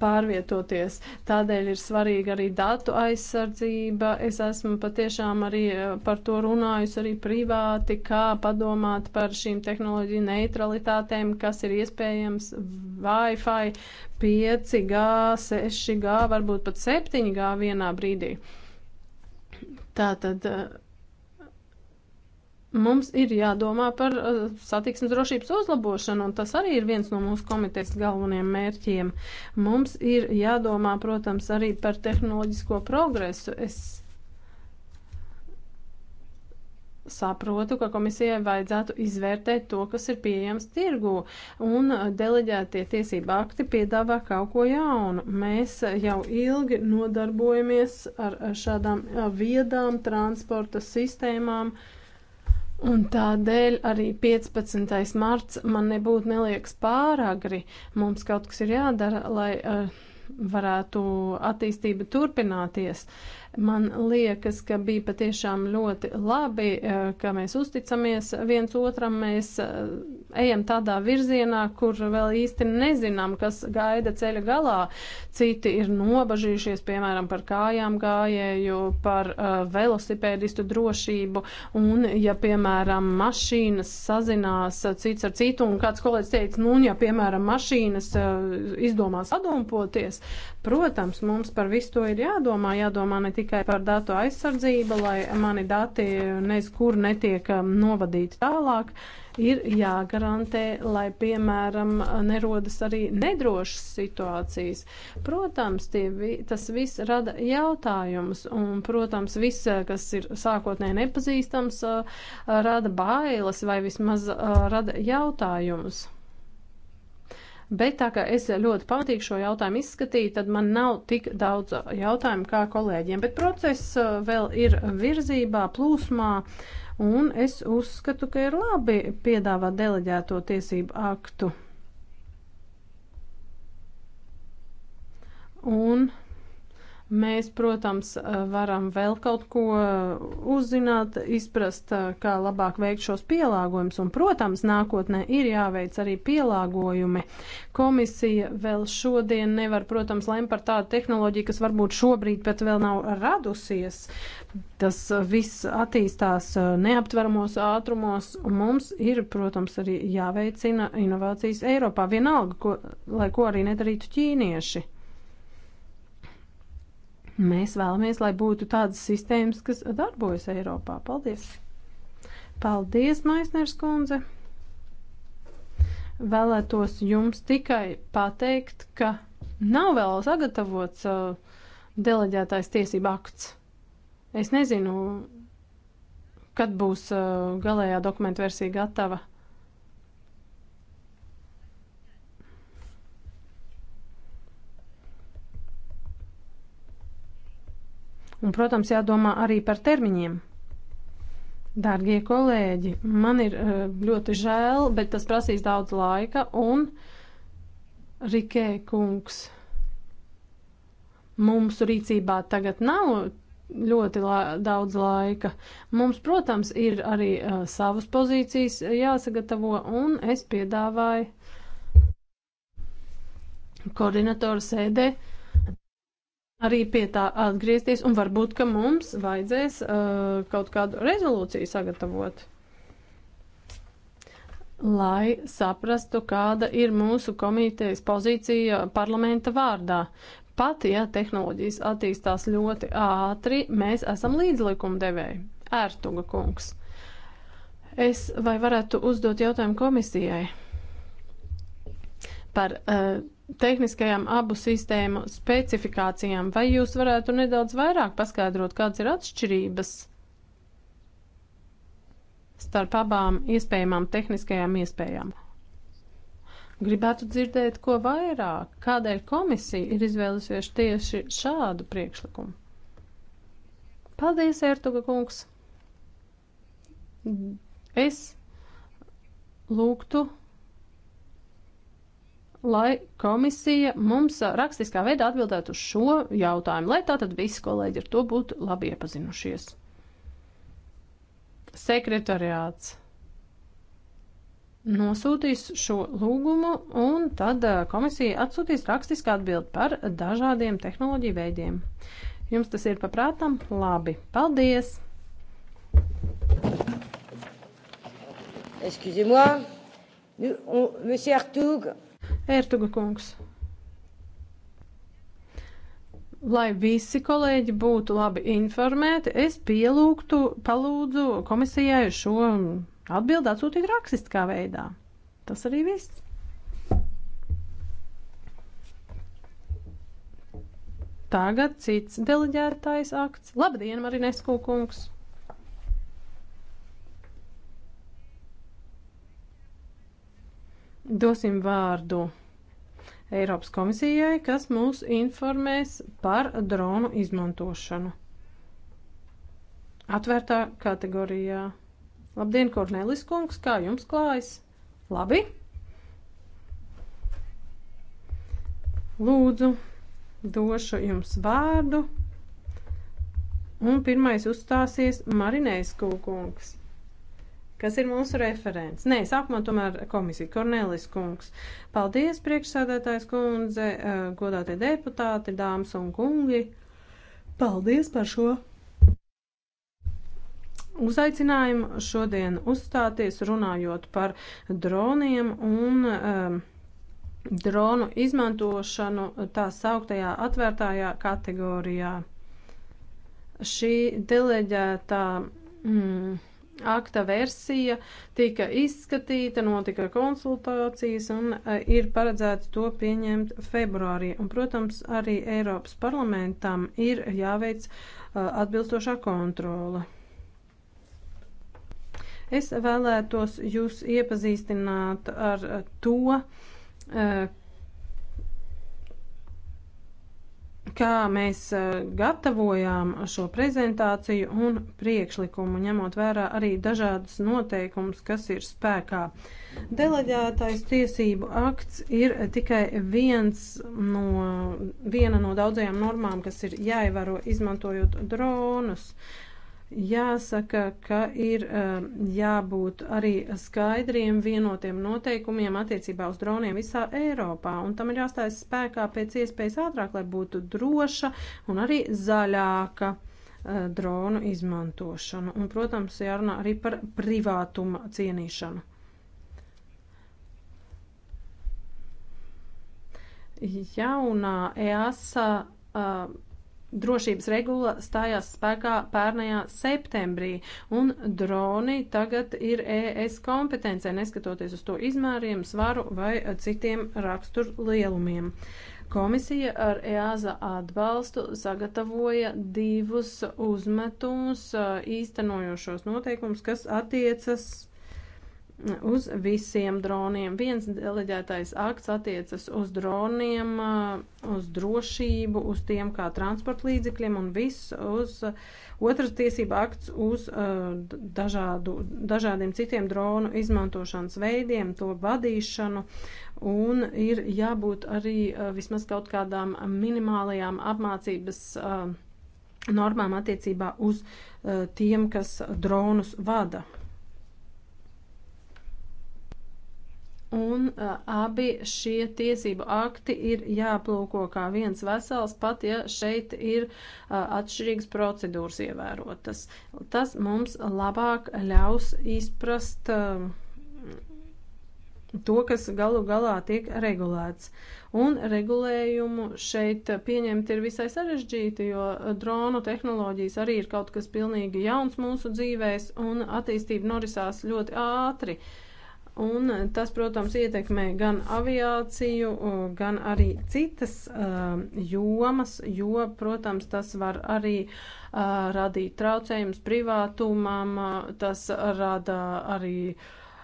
pārvietoties. Tādēļ ir svarīga arī datu aizsardzība. Es esmu patiešām arī eh, par to runājusi arī privāti, kā padomāt par šīm tehnoloģiju neutralitātēm, kas ir iespējams Wi-Fi 5G, 6G, varbūt pat 7G vienā brīdī. Uh, Tātad eh, mums ir jādomā par eh, satiksmes drošības uzlabošanu, un tas arī ir viens no mūsu komitejas galvenajiem mērķiem. Mums ir jādomā, protams, arī par tehnoloģisko progresu. Es saprotu, ka komisijai vajadzētu izvērtēt to, kas ir pieejams tirgū, un deleģētie tiesība akti piedāvā kaut ko jaunu. Mēs jau ilgi nodarbojamies ar šādām viedām transporta sistēmām. Un tādēļ arī 15. marts man nebūtu neliekas pāragri. Mums kaut kas ir jādara, lai uh, varētu attīstība turpināties. Uh, Man liekas, ka bija patiešām ļoti labi, eh, ka mēs uzticamies viens otram, mēs eh, ejam tādā virzienā, kur vēl īsti nezinām, kas gaida ceļa galā. Citi ir nobažījušies, piemēram, par kājām gājēju, par eh, velosipēdistu drošību, un ja, piemēram, mašīnas sazinās cits ar citu, un kāds kolēģis teica, nu, un ja, piemēram, mašīnas izdomās adompoties, Protams, mums par visu to ir jādomā, jādomā ne tikai par datu aizsardzību, lai mani dati nez kur netiek um, novadīti tālāk, ir jāgarantē, lai, piemēram, nerodas arī nedrošas situācijas. Protams, tie, tas viss rada jautājumus, un, protams, viss, uh, kas ir sākotnēji nepazīstams, uh, rada bailes vai vismaz uh, rada jautājumus. Bet tā kā es ļoti patīk šo jautājumu izskatīt, tad man nav tik daudz uh, jautājumu kā kolēģiem. Bet process uh, vēl ir virzībā, plūsmā, un es uzskatu, ka ir labi piedāvāt deleģēto tiesību aktu. Un Mēs, protams, eh, varam vēl kaut ko eh, uzzināt, izprast, eh, kā labāk veikt šos pielāgojumus, un, protams, nākotnē ir jāveic arī pielāgojumi. Komisija vēl šodien nevar, protams, lem par tādu tehnoloģiju, kas varbūt šobrīd pat vēl nav radusies. Tas viss attīstās neaptveramos ātrumos, un mums ir, protams, arī jāveicina inovācijas Eiropā, vienalga, ko, lai ko arī nedarītu ķīnieši. Mēs vēlamies, lai būtu tādas sistēmas, kas darbojas Eiropā. Paldies! Paldies, Maisners kundze! Vēlētos jums tikai pateikt, ka nav vēl sagatavots uh, deleģētais tiesība akts. Es nezinu, kad būs uh, galējā dokumenta versija gatava. Un, protams, jādomā arī par termiņiem. Dārgie kolēģi, man ir eh, ļoti žēl, bet tas prasīs daudz laika un Rikē kungs. Mums rīcībā tagad nav ļoti la daudz laika. Mums, protams, ir arī uh, savas pozīcijas jāsagatavo, un es piedāvāju koordinatoru sēdē uh, arī pie tā atgriezties, un varbūt, ka mums vajadzēs uh, kaut kādu rezolūciju sagatavot, lai saprastu, kāda ir mūsu komitejas pozīcija parlamenta vārdā. Pat, ja tehnoloģijas attīstās ļoti ātri, mēs esam līdzlikumdevēji. Ērtuga kungs. Es vai varētu uzdot jautājumu komisijai? par uh, tehniskajām abu sistēmu specifikācijām. Vai jūs varētu nedaudz vairāk paskaidrot, kādas ir atšķirības starp abām iespējamām tehniskajām iespējām? Gribētu dzirdēt, ko vairāk, kādēļ komisija ir izvēlusies tieši šādu priekšlikumu. Paldies, Ertuga kungs! Es lūgtu lai komisija mums rakstiskā veidā atbildētu uz šo jautājumu, lai tātad visi kolēģi ar to būtu labi iepazinušies. Sekretariāts nosūtīs šo lūgumu, un tad eh, komisija atsūtīs rakstisku atbildi par dažādiem tehnoloģiju veidiem. Jums tas ir paprātam? Labi, paldies! Excusez-moi, monsieur Artug, Ertuga kungs. Lai visi kolēģi būtu labi informēti, es pielūgtu, palūdzu komisijai šo atbildi atsūtīt rakstiskā veidā. Tas arī viss. Tagad cits deleģētājs akts. Labdien, Marinesku kungs! dosim vārdu Eiropas komisijai, kas mūs informēs par dronu izmantošanu. Atvērtā kategorijā. Labdien, Kornelis kungs, kā jums klājas? Labi? Lūdzu, došu jums vārdu. Un pirmais uzstāsies Marinēs Kūkungs kas ir mūsu referents. Nē, sākumā tomēr komisija Kornelis kungs. Paldies, priekšsēdētājs kundze, eh, godātie deputāti, dāmas un kungi. Paldies par šo uzaicinājumu šodien uzstāties runājot par droniem un um, dronu izmantošanu tā sauktajā atvērtājā kategorijā. Šī deleģētā mm, akta versija tika izskatīta, notika konsultācijas un e, ir paredzēts to pieņemt februārī. Un, protams, arī Eiropas parlamentam ir jāveic e, atbilstošā kontrola. Es vēlētos jūs iepazīstināt ar to, e, kā mēs e, gatavojām šo prezentāciju un priekšlikumu, ņemot vērā arī dažādas noteikumus, kas ir spēkā. Deleģētais tiesību akts ir tikai viens no, viena no daudzajām normām, kas ir jāievēro izmantojot dronus. Uh, Jāsaka, ka ir um, jābūt arī skaidriem vienotiem noteikumiem attiecībā uz droniem visā Eiropā, un tam ir jāstājas spēkā pēc iespējas ātrāk, lai būtu droša un arī zaļāka uh, dronu izmantošanu. Un, protams, jārunā arī par privātuma cienīšanu. Jaunā EASA uh, drošības regula stājās spēkā pērnajā septembrī, un droni tagad ir ES kompetencē, neskatoties uz to izmēriem, svaru vai citiem raksturu lielumiem. Komisija ar EASA atbalstu sagatavoja divus uzmetumus īstenojošos noteikumus, kas attiecas uz visiem droniem. Viens deleģētais akts attiecas uz droniem, uh, uz drošību, uz tiem kā transporta līdzekļiem un viss uz uh, otras tiesība akts uz uh, dažādu, dažādiem citiem dronu izmantošanas veidiem, to vadīšanu un ir jābūt arī vismaz kaut kādām minimālajām apmācības normām attiecībā uz tiem, kas dronus vada. Un uh, abi šie tiesību akti ir jāplūko kā viens vesels, pat ja šeit ir uh, atšķirīgas procedūras ievērotas. Tas mums labāk ļaus izprast uh, to, kas galu galā tiek regulēts. Un regulējumu šeit pieņemt ir visai sarežģīti, jo dronu tehnoloģijas arī ir kaut kas pilnīgi jauns mūsu dzīvēs, un attīstība norisās ļoti ātri. Uh, Un eh, tas, protams, ietekmē gan aviāciju, gan arī citas uh, jomas, jo, protams, tas var arī uh, radīt traucējumus privātumam, uh, tas rada arī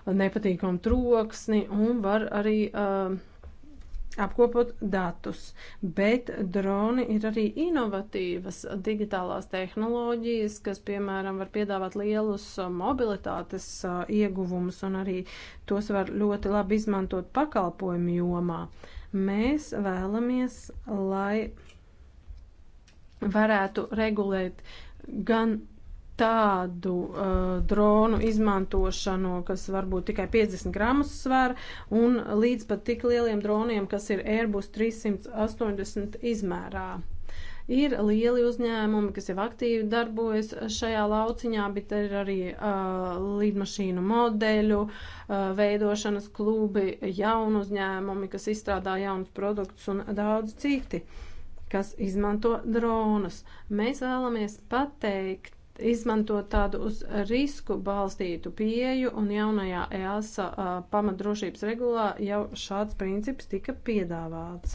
nepatīkamu troksni un var arī. Uh, apkopot datus, bet droni ir arī inovatīvas digitālās tehnoloģijas, kas, piemēram, var piedāvāt lielus mobilitātes ieguvumus un arī tos var ļoti labi izmantot pakalpojumu jomā. Mēs vēlamies, lai varētu regulēt gan tādu uh, dronu izmantošanu, kas varbūt tikai 50 gramus sver, un līdz pat tik lieliem droniem, kas ir Airbus 380 izmērā. Ir lieli uzņēmumi, kas jau aktīvi darbojas šajā lauciņā, bet ir arī uh, līdmašīnu modeļu, uh, veidošanas klubi, jaunu uzņēmumi, kas izstrādā jaunus produktus un daudz citi, kas izmanto dronus. Mēs vēlamies pateikt, izmantot tādu uz risku balstītu pieju, un jaunajā EASA pamatdrošības regulā jau šāds princips tika piedāvāts.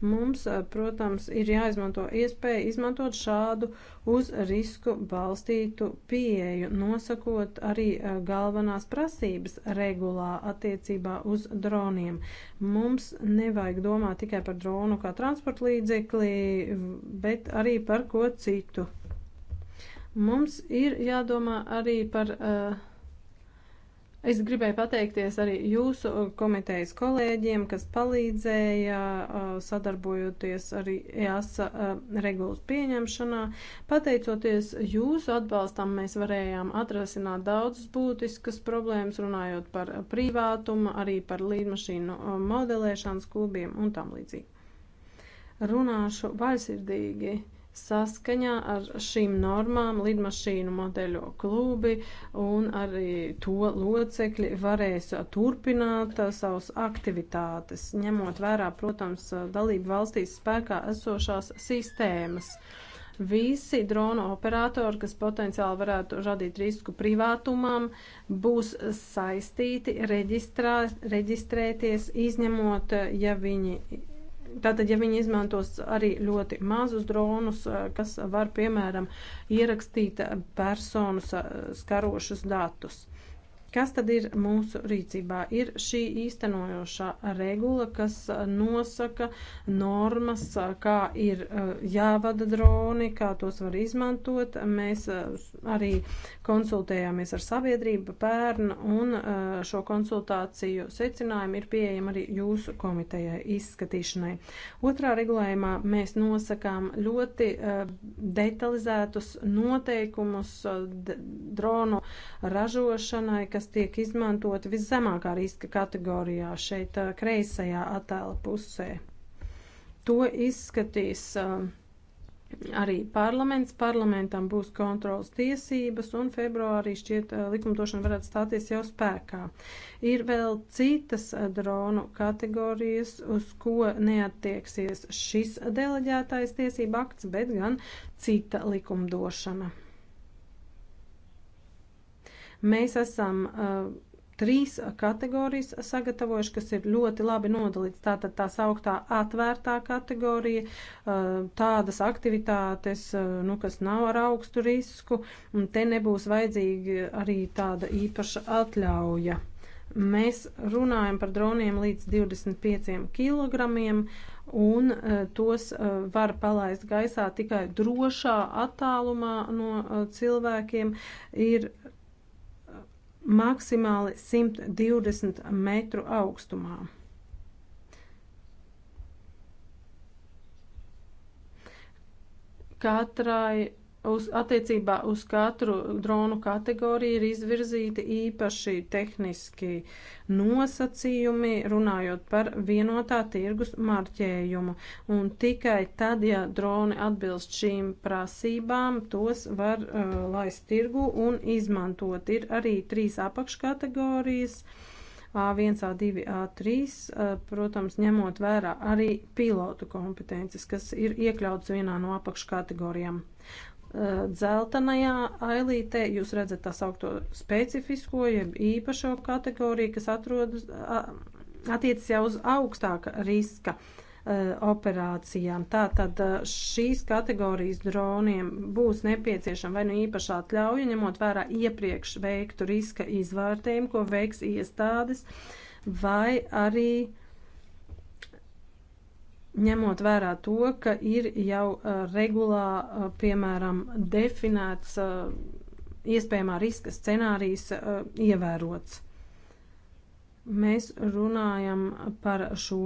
Mums, protams, ir jāizmanto iespēja izmantot šādu uz risku balstītu pieeju, nosakot arī galvenās prasības regulā attiecībā uz droniem. Mums nevajag domāt tikai par dronu kā transportlīdzekli, bet arī par ko citu. Mums ir jādomā arī par. Uh, Es gribēju pateikties arī jūsu eh, komitejas kolēģiem, kas palīdzēja eh, sadarbojoties arī EASA regulas pieņemšanā. Pateicoties jūsu atbalstam, mēs varējām atrasināt daudzas būtiskas problēmas, runājot par privātumu, arī par līdmašīnu modelēšanas klubiem un tam līdzīgi. Runāšu vaļsirdīgi. Uh, Saskaņā ar šīm normām lidmašīnu modeļu klubi un arī to locekļi varēs turpināt savas aktivitātes, ņemot vērā, protams, dalību valstīs spēkā esošās sistēmas visi drona operatori, kas potenciāli varētu radīt risku privātumam, būs saistīti reģistrēties, izņemot, ja viņi Tātad, ja viņi izmantos arī ļoti mazus dronus, eh, kas var, piemēram, ierakstīt eh, personas eh, skarošus datus. Kas tad ir mūsu rīcībā? Ir šī īstenojošā regula, kas uh, nosaka normas, uh, kā ir uh, jāvada droni, kā tos var izmantot. Mēs arī konsultējāmies ar sabiedrību pērnu un šo konsultāciju secinājumu ir pieejama arī jūsu komitejai izskatīšanai. Otrā regulējumā mēs nosakām ļoti detalizētus noteikumus dronu ražošanai, kas tiek izmantoti viszemākā riska kategorijā, šeit kreisajā attēla pusē. To izskatīs arī parlaments. Parlamentam būs kontrols tiesības, un februārī šķiet likumdošana varētu stāties jau spēkā. Ir vēl citas dronu kategorijas, uz ko neattieksies šis deleģētais tiesība akts, bet gan cita likumdošana. Mēs esam uh, trīs kategorijas sagatavojuši, kas ir ļoti labi nodalīts. Tātad tā sauktā atvērtā kategorija, uh, tādas aktivitātes, uh, nu, kas nav ar augstu risku, un te nebūs vajadzīga arī tāda īpaša atļauja. Mēs runājam par droniem līdz 25 kilogramiem, un uh, tos var palaist gaisā tikai drošā attālumā no cilvēkiem. Ir maksimāli 120 metru augstumā. Katrai Uz attiecībā uz katru dronu kategoriju ir izvirzīti īpaši tehniski nosacījumi, runājot par vienotā tirgus marķējumu. Un tikai tad, ja droni atbilst šīm prasībām, tos var uh, laist tirgu un izmantot. Ir arī trīs apakškategorijas. A1, A2, A3, protams, ņemot vērā arī pilotu kompetences, kas ir iekļauts vienā no apakškategorijām. Dzeltenajā ailītē jūs redzat tā saukto specifisko, jeb īpašo kategoriju, kas atrodas, attiecas jau uz augstāka riska e, operācijām. Tātad e, šīs kategorijas droniem būs nepieciešama vai nu īpašā atļauja, ņemot vērā iepriekš veiktu riska izvērtējumu, ko veiks iestādes, vai arī ņemot vērā to, ka ir jau regulā, piemēram, definēts iespējamā riska scenārijs ievērots. Mēs runājam par šo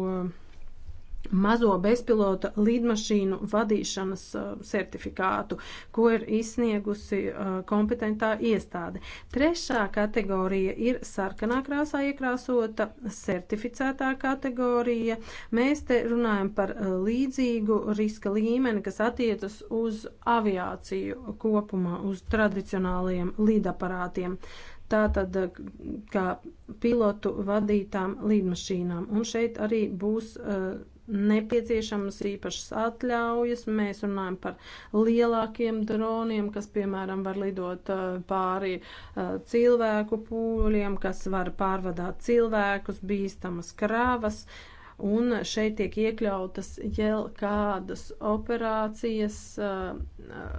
mazo bezpilota lidmašīnu vadīšanas uh, certifikātu, ko ir izsniegusi uh, kompetentā iestāde. Trešā kategorija ir sarkanā krāsā iekrāsota certificētā kategorija. Mēs te runājam par uh, līdzīgu riska līmeni, kas attiecas uz aviāciju kopumā, uz tradicionālajiem lidaparātiem tātad kā pilotu vadītām līdmašīnām. Un šeit arī būs uh, nepieciešamas īpašas atļaujas. Mēs runājam par lielākiem droniem, kas, piemēram, var lidot uh, pāri uh, cilvēku pūļiem, kas var pārvadāt cilvēkus, bīstamas kravas. Un šeit tiek iekļautas jau kādas operācijas, uh,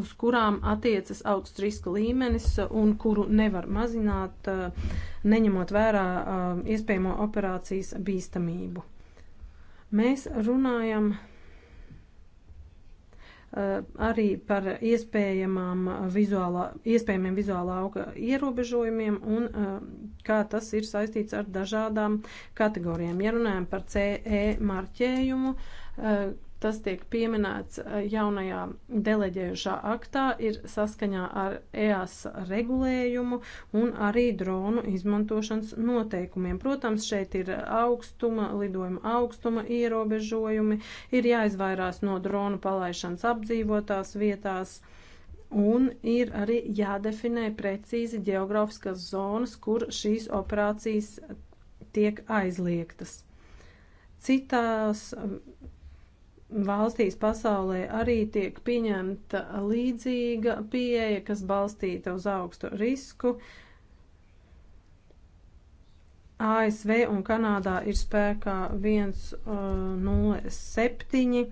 uz kurām attiecas augsts riska līmenis un kuru nevar mazināt, neņemot vērā iespējamo operācijas bīstamību. Mēs runājam eh, arī par iespējamām vizuālā, iespējamiem vizuālā auga ierobežojumiem un eh, kā tas ir saistīts ar dažādām kategorijām. Ja runājam par CE marķējumu, eh, Tas tiek pieminēts e, jaunajā deleģējušā aktā, ir saskaņā ar EAS regulējumu un arī dronu izmantošanas noteikumiem. Protams, šeit ir augstuma, lidojuma augstuma ierobežojumi, ir jāizvairās no dronu palaišanas apdzīvotās vietās. Un ir arī jādefinē precīzi geogrāfiskās zonas, kur šīs operācijas tiek aizliegtas. Citās valstīs pasaulē arī tiek pieņemta līdzīga pieeja, kas balstīta uz augstu risku. ASV un Kanādā ir spēkā 107 uh,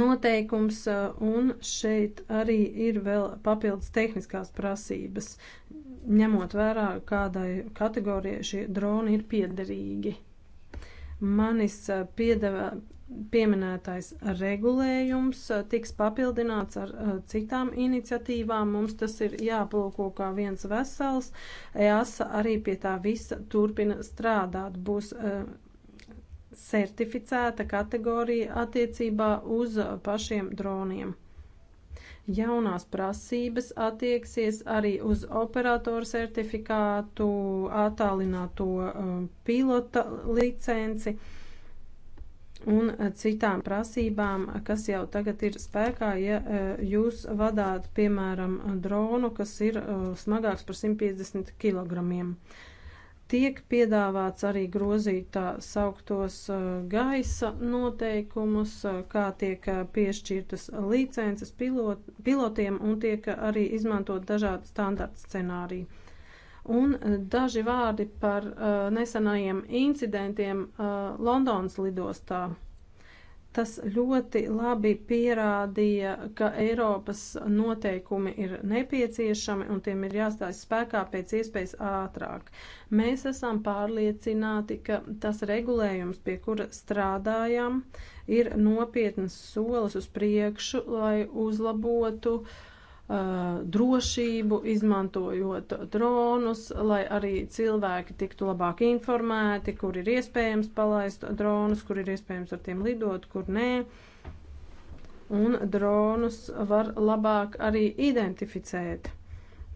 noteikums, uh, un šeit arī ir vēl papildus tehniskās prasības, ņemot vērā, kādai kategorijai šie droni ir piederīgi. Manis uh, piedevā, pieminētais regulējums eh, tiks papildināts ar eh, citām iniciatīvām. Mums tas ir jāplūko kā viens vesels. EASA arī pie tā visa turpina strādāt. Būs eh, certificēta kategorija attiecībā uz pašiem droniem. Jaunās prasības attieksies arī uz operatoru certifikātu, attālināto pilota licenci. Uh, un citām prasībām, kas jau tagad ir spēkā, ja e, jūs vadāt, piemēram, dronu, kas ir e, smagāks par 150 kg. Tiek piedāvāts arī grozīt tā sauktos e, gaisa noteikumus, kā tiek piešķirtas licences pilot, pilotiem un tiek arī izmantot dažādi standarta scenāriji. Un eh, daži vārdi par uh, nesenajiem incidentiem uh, Londonas lidostā. Tas ļoti labi pierādīja, ka Eiropas noteikumi ir nepieciešami un tiem ir jāstājas spēkā pēc iespējas ātrāk. Mēs esam pārliecināti, ka tas regulējums, pie kura strādājam, ir nopietnas solis uz priekšu, lai uzlabotu uh, Uh, drošību, izmantojot dronus, lai arī cilvēki tiktu labāk informēti, kur ir iespējams palaist dronus, kur ir iespējams ar tiem lidot, kur nē. Un dronus var labāk arī identificēt.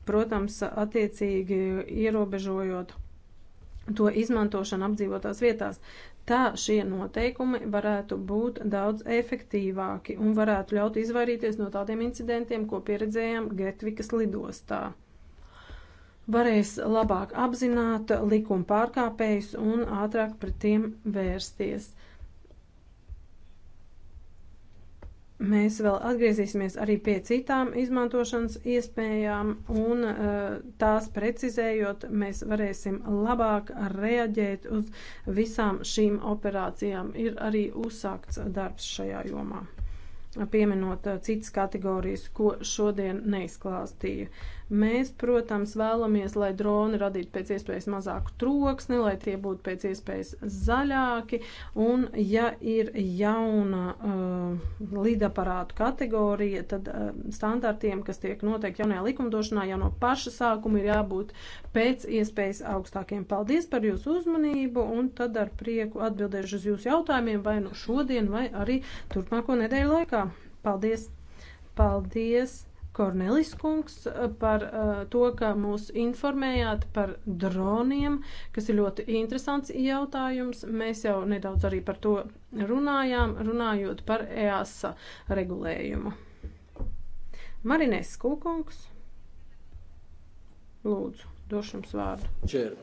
Protams, attiecīgi ierobežojot to izmantošanu apdzīvotās vietās. Tā šie noteikumi varētu būt daudz efektīvāki un varētu ļaut izvairīties no tādiem incidentiem, ko pieredzējām Getvikas lidostā. Varēs labāk apzināt likuma pārkāpējus un ātrāk pret tiem vērsties. Mēs vēl atgriezīsimies arī pie citām izmantošanas iespējām, un e, tās precizējot, mēs varēsim labāk reaģēt uz visām šīm operācijām. Ir arī uzsākts darbs šajā jomā, pieminot citas kategorijas, ko šodien neizklāstīju. Mēs, protams, vēlamies, lai droni radītu pēc iespējas mazāku troksni, lai tie būtu pēc iespējas zaļāki, un ja ir jauna uh, lidaparātu kategorija, tad uh, standartiem, kas tiek noteikti jaunajā likumdošanā, jau no paša sākuma ir jābūt pēc iespējas augstākiem. Paldies par jūsu uzmanību, un tad ar prieku atbildēšu uz jūsu jautājumiem vai nu no šodien, vai arī turpmāko nedēļu laikā. Paldies! Paldies! Kornelis kungs eh, par uh, to, ka mūs informējāt par droniem, kas ir ļoti interesants jautājums. Mēs jau nedaudz arī par to runājām, runājot par EASA regulējumu. Marinēs Kūkungs, lūdzu, došu jums vārdu. Čēr.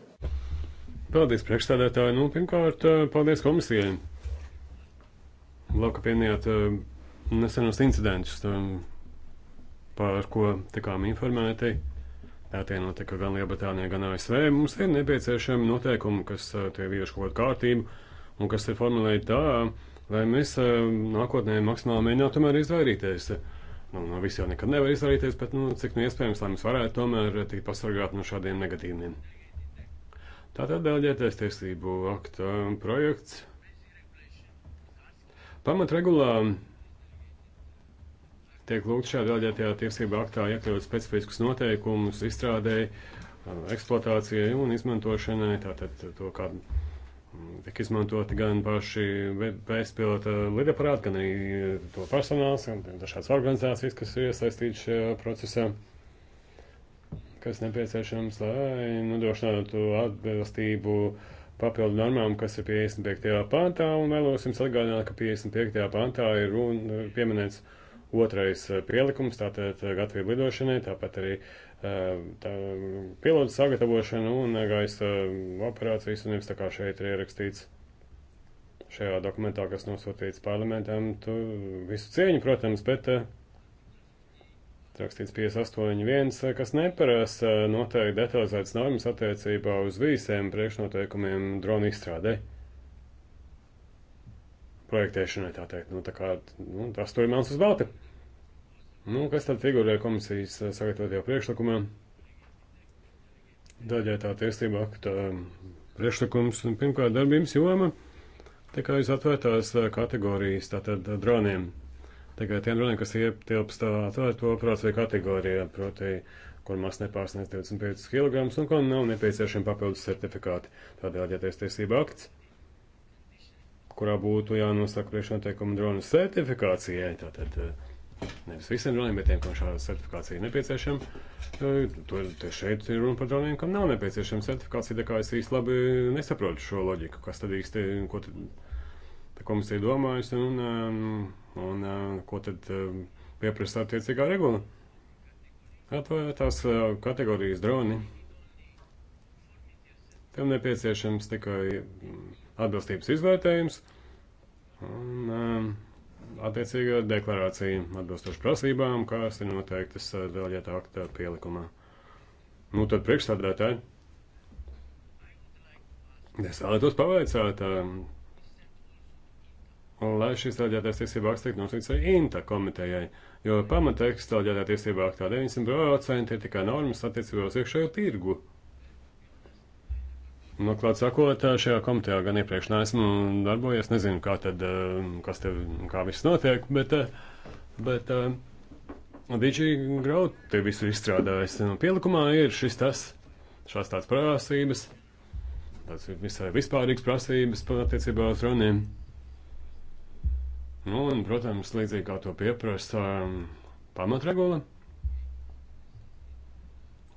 Paldies, priekšstādētāji. Nu, pirmkārt, eh, paldies komisijai. Labi, ka pieminējāt nesenos incidentus. Tā, par ko tikām informēti. Pētījā notika gan Lielbritānijā, gan ASV. Mums ir nepieciešami noteikumi, kas eh, tie vīrušu kaut kārtību un kas ir formulēti tā, lai mēs eh, nākotnē maksimāli mēģinātu tomēr izvairīties. Nu, no visiem nekad nevar izvairīties, bet nu, cik nu iespējams, lai mēs varētu tomēr tikt pasargāti no šādiem negatīviem. Tātad Beļģētais tiesību akta projekts pamatregulā tiek lūgts šajā daļētajā tiesība aktā iekļaut specifiskus noteikumus izstrādēji, um, eksploatācijai un izmantošanai, tātad to, kā mm, tiek izmantoti gan paši bezpilota lidaparāti, gan arī eh, to personāls, gan dažādas organizācijas, kas ir iesaistītas šajā procesā, kas nepieciešams, lai nodrošinātu atbilstību papildu normām, kas ir 55. pantā, un vēlos jums atgādināt, ka 55. pantā ir runa pieminēts otrais eh, pielikums, tātad eh, gatavība lidošanai, tāpat arī eh, tā, pilotu sagatavošana un gaisa operācijas, un jums tā kā šeit ir ierakstīts šajā dokumentā, kas nosūtīts parlamentam, tu visu cieņu, protams, bet rakstīts 581, kas neparasa noteikti detalizētas normas attiecībā uz visiem priekšnoteikumiem drona izstrādē. Projektēšanai tā teikt, nu tā kā, nu, tas tur ir melns uz balti. Nu, kas tad figurē komisijas eh, sagatavotajā priekšlikumā? Daļai tā tiesība akta eh, priekšlikums un pirmkārt darbības joma tikai uz atvērtās eh, kategorijas, tātad droniem. Tikai tiem droniem, kas ietilpst atvērto operāciju kategorijā, proti, kur maz nepārsniedz 25 kg un kam nav nepieciešami papildus certifikāti. Tādēļ jāties tiesība akts kurā būtu jānosaka priekšnoteikumi drona certifikācijai. Tātad, uh, nevis visiem droniem, bet tiem, kam šāda certifikācija ir nepieciešama. Tur šeit ir runa par droniem, kam nav nepieciešama certifikācija. Tā kā es īsti labi nesaprotu šo loģiku, kas tad īsti, ko tad tā komisija domājusi un, um, un, un uh, ko tad um, pieprasa attiecīgā regula. Atvēlētās uh, kategorijas droni. Tam nepieciešams tikai atbilstības izvērtējums. Un, um, attiecīgā deklarācija atbilstoši prasībām, kas ir noteiktas eh, dēļietā akta pielikumā. Nu, tad priekšstādātāji, es vēlētos pavaicāt, eh, lai šis dēļietās tiesība akts tiek nosūtīts arī INTA komitejai, jo pamateksts dēļietā tiesība aktā 90% ir tikai normas attiecībā uz iekšējo tirgu. Nu, klāt sakot, šajā komitejā gan iepriekš neesmu darbojies, nezinu, kā tad, eh, kas te, kā viss notiek, bet, eh, bet eh, Digi Graut te visu izstrādājas. Nu, pielikumā ir šis tas, šās tāds prasības, tāds visai vispārīgs prasības attiecībā uz runiem. Nu, un, protams, līdzīgi kā to pieprasa mm, pamatregula. Um,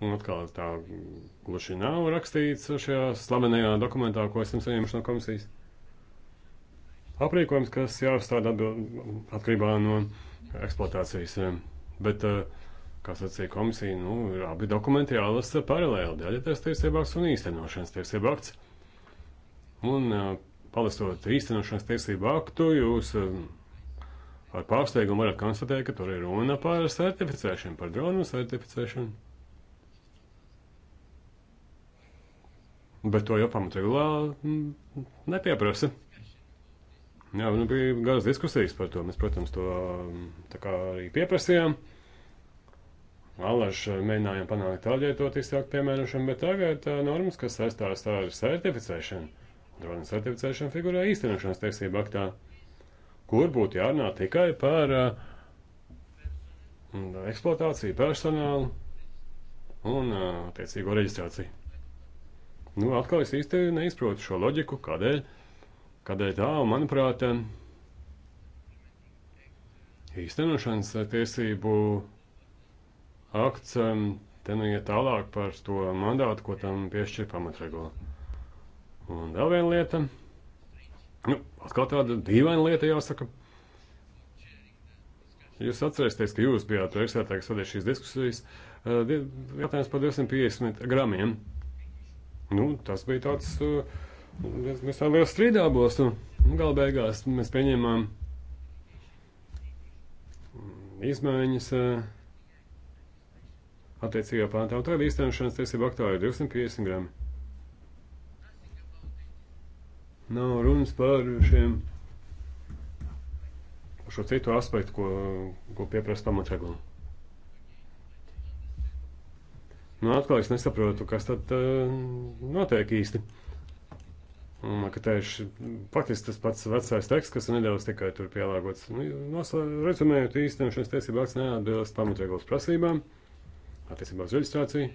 Un atkal tā gluži nav rakstīts šajā slavenajā dokumentā, ko esam saņēmuši no komisijas. Aprīkojums, kas jāuzstāda atkarībā no eksploatācijas. Bet, eh, kā sacīja komisija, nu, ir abi dokumenti jālasa paralēli. Daļaties tiesībāks un īstenošanas tiesībāks. Un eh, palasot īstenošanas tiesību aktu, jūs eh, ar pārsteigumu varat konstatēt, ka tur ir runa par certificēšanu, par dronu certificēšanu. bet to jau pamatīgā mm, nepieprasa. Jā, nu bija garas diskusijas par to. Mēs, protams, to mm, tā kā arī pieprasījām. Alaži eh, mēģinājām panākt tālģētot izsākt piemērošanu, bet tagad tā eh, normas, kas saistās ar certificēšanu, drona certificēšanu figurē īstenošanas tiesību aktā, kur būtu jārunā tikai par uh, eksploatāciju personālu un, attiecīgo uh, reģistrāciju. Nu, atkal es īsti neizprotu šo loģiku, kādēļ, kādēļ tā, un manuprāt, īstenošanas tiesību akts te nu iet tālāk par to mandātu, ko tam piešķir pamatregula. Un vēl viena lieta, nu, atkal tāda dīvaina lieta jāsaka. Jūs atcerēsieties, ka jūs bijāt priekšsēdētājs vadīt šīs diskusijas. Eh, jautājums par 250 gramiem. Nu, tas bija tāds diezgan eh, liels strīdābos. Un nu, gala beigās mēs pieņēmām mm, izmaiņas eh, attiecīgā pāntā. Un tagad īstenošanas tiesība aktā ir 250 gramu. Nav runas par šiem par šo citu aspektu, ko, ko pieprasa pamatregula. Nu, atkal es nesaprotu, kas tad uh, notiek īsti. Un, ka tieši faktiski tas pats vecais teksts, kas ir nedaudz tikai tur pielāgots. Nu, Rezumējot, īstenošanas tiesību akts neatbilst pamatregulas prasībām attiecībā uz reģistrāciju.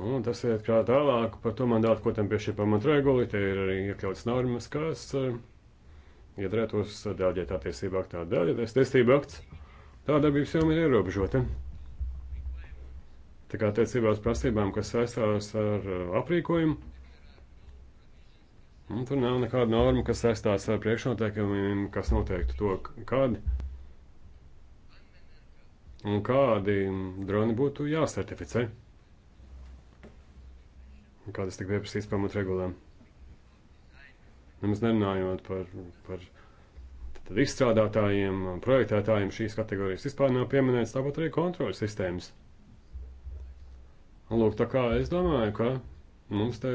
Un tas iet kā tālāk par to mandātu, ko tam piešķir pamatreguli. Te ir arī iekļauts normas, kas uh, iedarētos dēļģētā tiesība aktā. Dēļģētais tiesība akts tā darbības joma ir ierobežota. Ja? Tā kā attiecībā uz prasībām, kas saistās ar uh, aprīkojumu, un nu, tur nav nekāda norma, kas saistās ar priekšnoteikumiem, kas noteiktu to, kad un kādi droni būtu jāsertificē. Kādas tika pieprasītas pamatregulām. Nemaz nerunājot par, par tad izstrādātājiem, projektētājiem šīs kategorijas vispār nav pieminēts, tāpat arī kontrolas sistēmas. Un nu, lūk, tā kā es domāju, ka mums te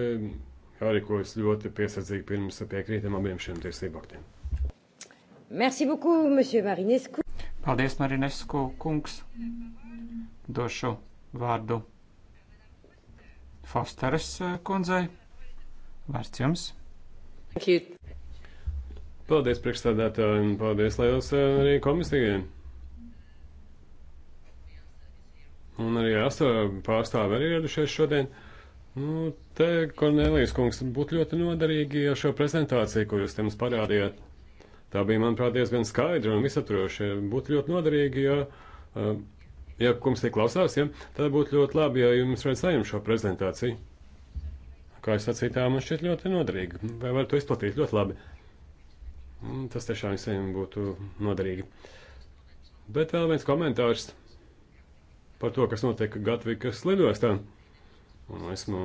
jārīkojas ļoti piesardzīgi pirms piekrītam abiem šiem tiesību aktiem. Merci beaucoup, monsieur Marinescu. Paldies, Marinescu kungs. Došu vārdu Fosteres eh, kundzei. Vārds jums. Thank you. Paldies priekšstādātājiem, paldies Lielas eh, arī komisijai. Un arī ASV pārstāvi arī ieradušies šodien. Nu, te, Kornelijas kungs, būtu ļoti noderīgi, ja šo prezentāciju, ko jūs te mums parādījāt, tā bija, manuprāt, diezgan skaidra un visaptroša. Būtu ļoti noderīgi, ja, eh, ja kungs te klausās, ja, tad būtu ļoti labi, ja jums redzējām šo prezentāciju. Kā es sacīju, tā man šķiet ļoti noderīga. Vai varat to izplatīt ļoti labi? Mm, tas tiešām visiem būtu noderīgi. Bet vēl viens komentārs par to, kas notiek Gatvikas lidostā. Un esmu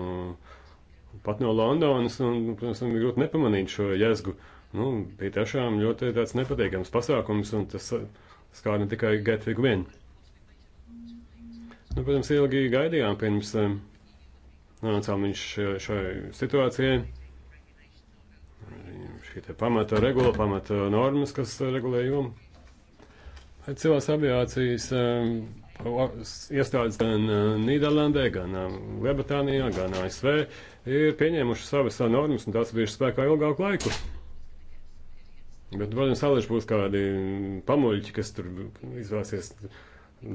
pat no Londonas, un, protams, man bija grūti nepamanīt šo jēzgu. Nu, bija tiešām ļoti tāds nepatīkams pasākums, un tas skāra ne tikai Gatviku vien. Nu, protams, ilgi gaidījām pirms eh, nonācām viņš šai situācijai. Šī te pamata regula, pamata normas, kas regulē jomu. Cilvēks aviācijas eh, Iestādes gan uh, Nīderlandē, gan uh, Lielbritānijā, gan ASV ir pieņēmušas savas uh, normas, un tās bijušas spēkā ilgāku laiku. Bet, protams, salīdz būs kādi pamuļķi, kas tur izvēlēsies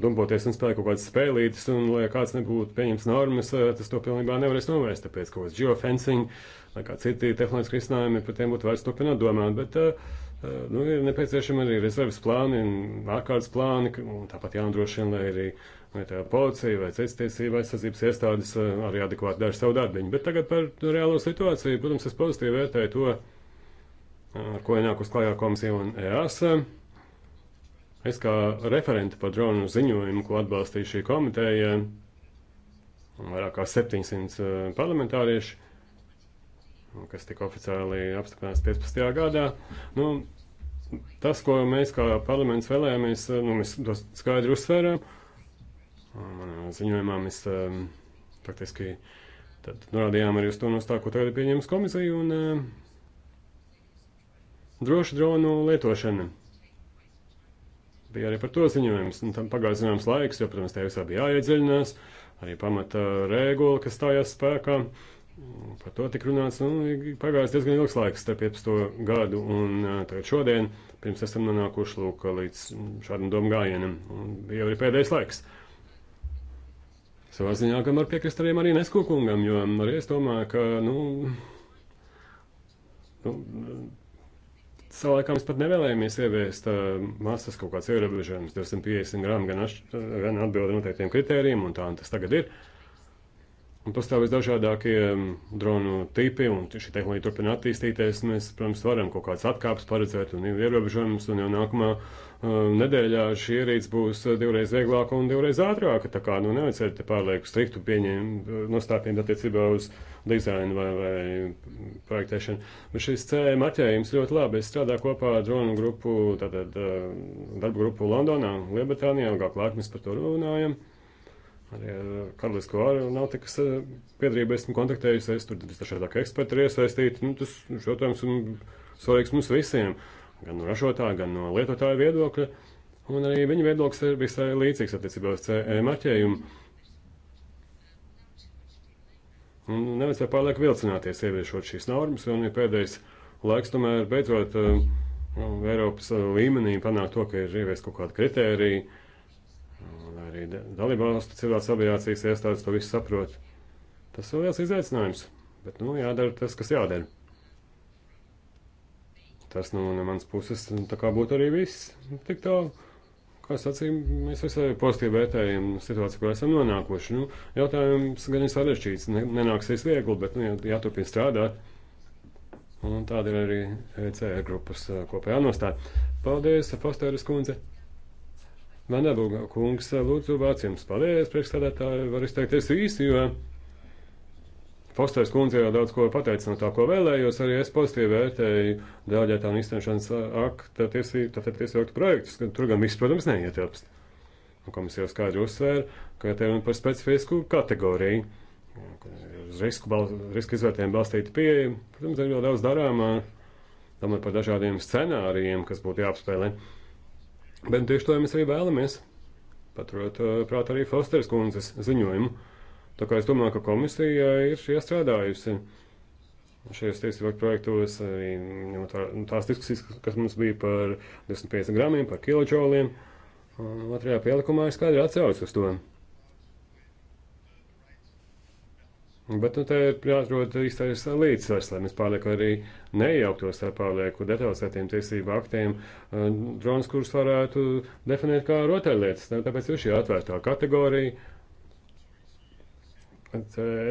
dumboties un spēlēt kaut kādas spēlītas, un lai kāds nebūtu pieņems normas, tas to pilnībā nevarēs novērst, tāpēc kaut kāds geofencing, lai kā citi tehnoloģiski risinājumi par tiem būtu vairs turpināt domāt. Bet, uh, Nu, ir nepieciešami arī rezerves plāni, ārkārtas plāni, un tāpat jānodrošina, lai arī vai tā policija vai cestiesība aizsardzības iestādes arī adekvāti dara savu darbiņu. Bet tagad par reālo situāciju. Protams, es pozitīvi vērtēju to, ar ko ienāk uz klājā komisija un EASA. Es kā referenti par dronu ziņojumu, ko atbalstīja šī komiteja, vairāk kā 700 parlamentārieši, kas tika oficiāli apstiprināts 15. gadā. Nu, tas, ko mēs kā parlaments vēlējāmies, nu, mēs to skaidri uzsvērām. Manā ziņojumā mēs um, faktiski tad norādījām arī uz to nostā, ko tagad ir pieņēmusi komisija un uh, drošu dronu lietošana. Bija arī par to ziņojums, un nu, tam pagāja zināms laiks, jo, protams, tajā visā bija jāiedziļinās, arī pamata regula, kas stājās spēkā. Uh, Par to tik runāts, nu, pagājis diezgan ilgs laiks, starp 15 gadu un tagad šodien, pirms esam nonākuši lūk līdz šādam domu gājienam, un bija arī pēdējais laiks. Savā ziņā, kam var piekrist arī arī neskūkungam, jo arī es domāju, ka, nu, nu savā laikā mēs pat nevēlējāmies ieviest uh, masas kaut kāds ierobežojums, 250 gramu, gan, gan atbildi noteiktiem kritērijiem, un tā un tas tagad ir. Uh, Un pastāv visdažādākie mm, dronu tipi, un šī tehnoloģija turpina attīstīties. Mēs, protams, varam kaut kādas atkāpes paredzēt un ierobežojumus, un jau nākamā uh, nedēļā šī ierīce būs eh, divreiz vieglāka un divreiz ātrāka. Tā kā nu, nevajadzētu te pārlieku striktu pieņemt eh, nostāpījumu attiecībā uz dizainu vai, vai projektēšanu. Bet šis C maķējums ļoti labi. Es strādāju kopā ar dronu grupu, tātad uh, darba grupu Londonā, Lielbritānijā, un kā klāt mēs par to runājam. Uh, Arī ar Karalisko arī nav tikas piedarība, eh, esmu kontaktējusies, tur dažādākie eksperti ir iesaistīti. Nu, tas, protams, ir svarīgs mums visiem, gan no ražotāja, gan no lietotāja viedokļa. Un arī viņa viedoklis ir visai līdzīgs attiecībā uz CE marķējumu. Un nevajadzētu pārlieku vilcināties, ieviešot šīs normas, un ir pēdējais laiks tomēr beidzot uh, Eiropas eh, līmenī panākt to, ka ir ievies kaut kāda kritērija un arī dalībvalstu civilās aviācijas iestādes to visu saprot. Tas ir liels izaicinājums, bet nu, jādara tas, kas jādara. Tas nu, no manas puses nu, būtu arī viss. Tik tālu, kā sacīja, mēs visai pozitīvi vērtējam situāciju, kur esam nonākuši. Nu, jautājums gan ir sarežģīts, nenāksies viegli, bet nu, jā, jāturpina strādāt. Un tāda ir arī ECR e grupas kopējā nostāja. Paldies, Fosteris kundze! Vanabūga kungs, lūdzu, vārds jums paldies, priekšstādātāji, var izteikties īsi, jo Fosters kundze jau daudz ko pateica no tā, ko vēlējos, arī es pozitīvi vērtēju dēļētā un iztenšanas akta tiesību aktu projektus, tur gan viss, protams, neietilpst. Un komisija skaidri uzsvēra, ka te runa par specifisku kategoriju uz risku, risku izvērtējumu balstīta pieeja. Protams, ir vēl daudz darāmā. Domāju par dažādiem scenārijiem, kas būtu jāapspēlē. Bet tieši to mēs arī vēlamies, paturot uh, prāt arī Fosteras kundzes ziņojumu. Tā kā es domāju, ka komisija ir iestrādājusi šajos tiesību projektos, arī ņemot vērā nu, tās diskusijas, kas mums bija par 25 gramiem, par kiloģoliem. Otrajā pielikumā ir skaidri atcaucis uz to. Bet nu, te ir jāatrod īstais līdzsvars, lai mēs pārlieku arī nejauktos ar pārlieku detalizētiem tiesību aktiem, drons, kurus varētu definēt kā rotaļlietas. Tāpēc ir šī atvērtā kategorija.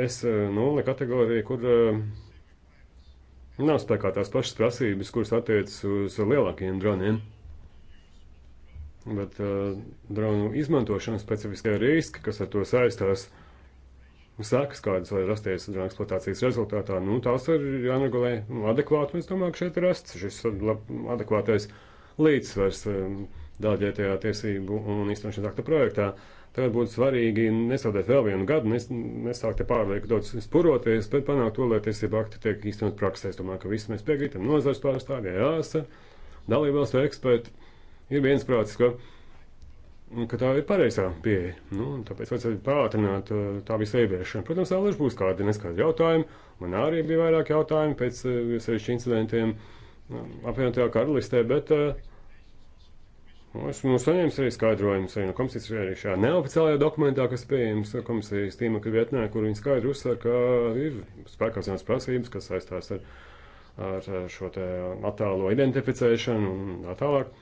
Es nulle kategorija, kur nav spēkā tās pašas prasības, kuras attiecas uz lielākiem droniem. Bet uh, dronu izmantošana specifiskie riski, kas ar to saistās, uh, sekas, kādas var rasties eksploatācijas rezultātā, nu, tās ir jāregulē adekvāti. Es domāju, ka šeit ir rasts šis lab, adekvātais līdzsvars um, dāļietajā tiesību un īstenošanas akta projektā. Tagad būtu svarīgi nesaudēt vēl vienu gadu, nes, nesākt te pārlieku daudz spuroties, bet panākt to, lai tiesība akti tiek īstenot praksē. Es domāju, ka visi mēs piekrītam nozars pārstāvjā, jāsa, e dalībvalstu eksperti. Ir viensprātis, ka ka tā ir pareizā pieeja. Nu, tāpēc vajadzētu pātrināt uh, tā visu ieviešanu. Protams, vēl būs kādi neskaidri jautājumi. Man arī bija vairāk jautājumu pēc uh, sevišķi incidentiem um, apvienotajā karalistē, bet uh, nu, esmu nu, saņēmis arī skaidrojumus arī no komisijas arī šajā neoficiālajā dokumentā, kas pieejams komisijas tīmekļa vietnē, kur viņi skaidri uzsver, ka ir spēkā zināmas prasības, kas saistās ar, ar šo te attēlo identificēšanu un tā tālāk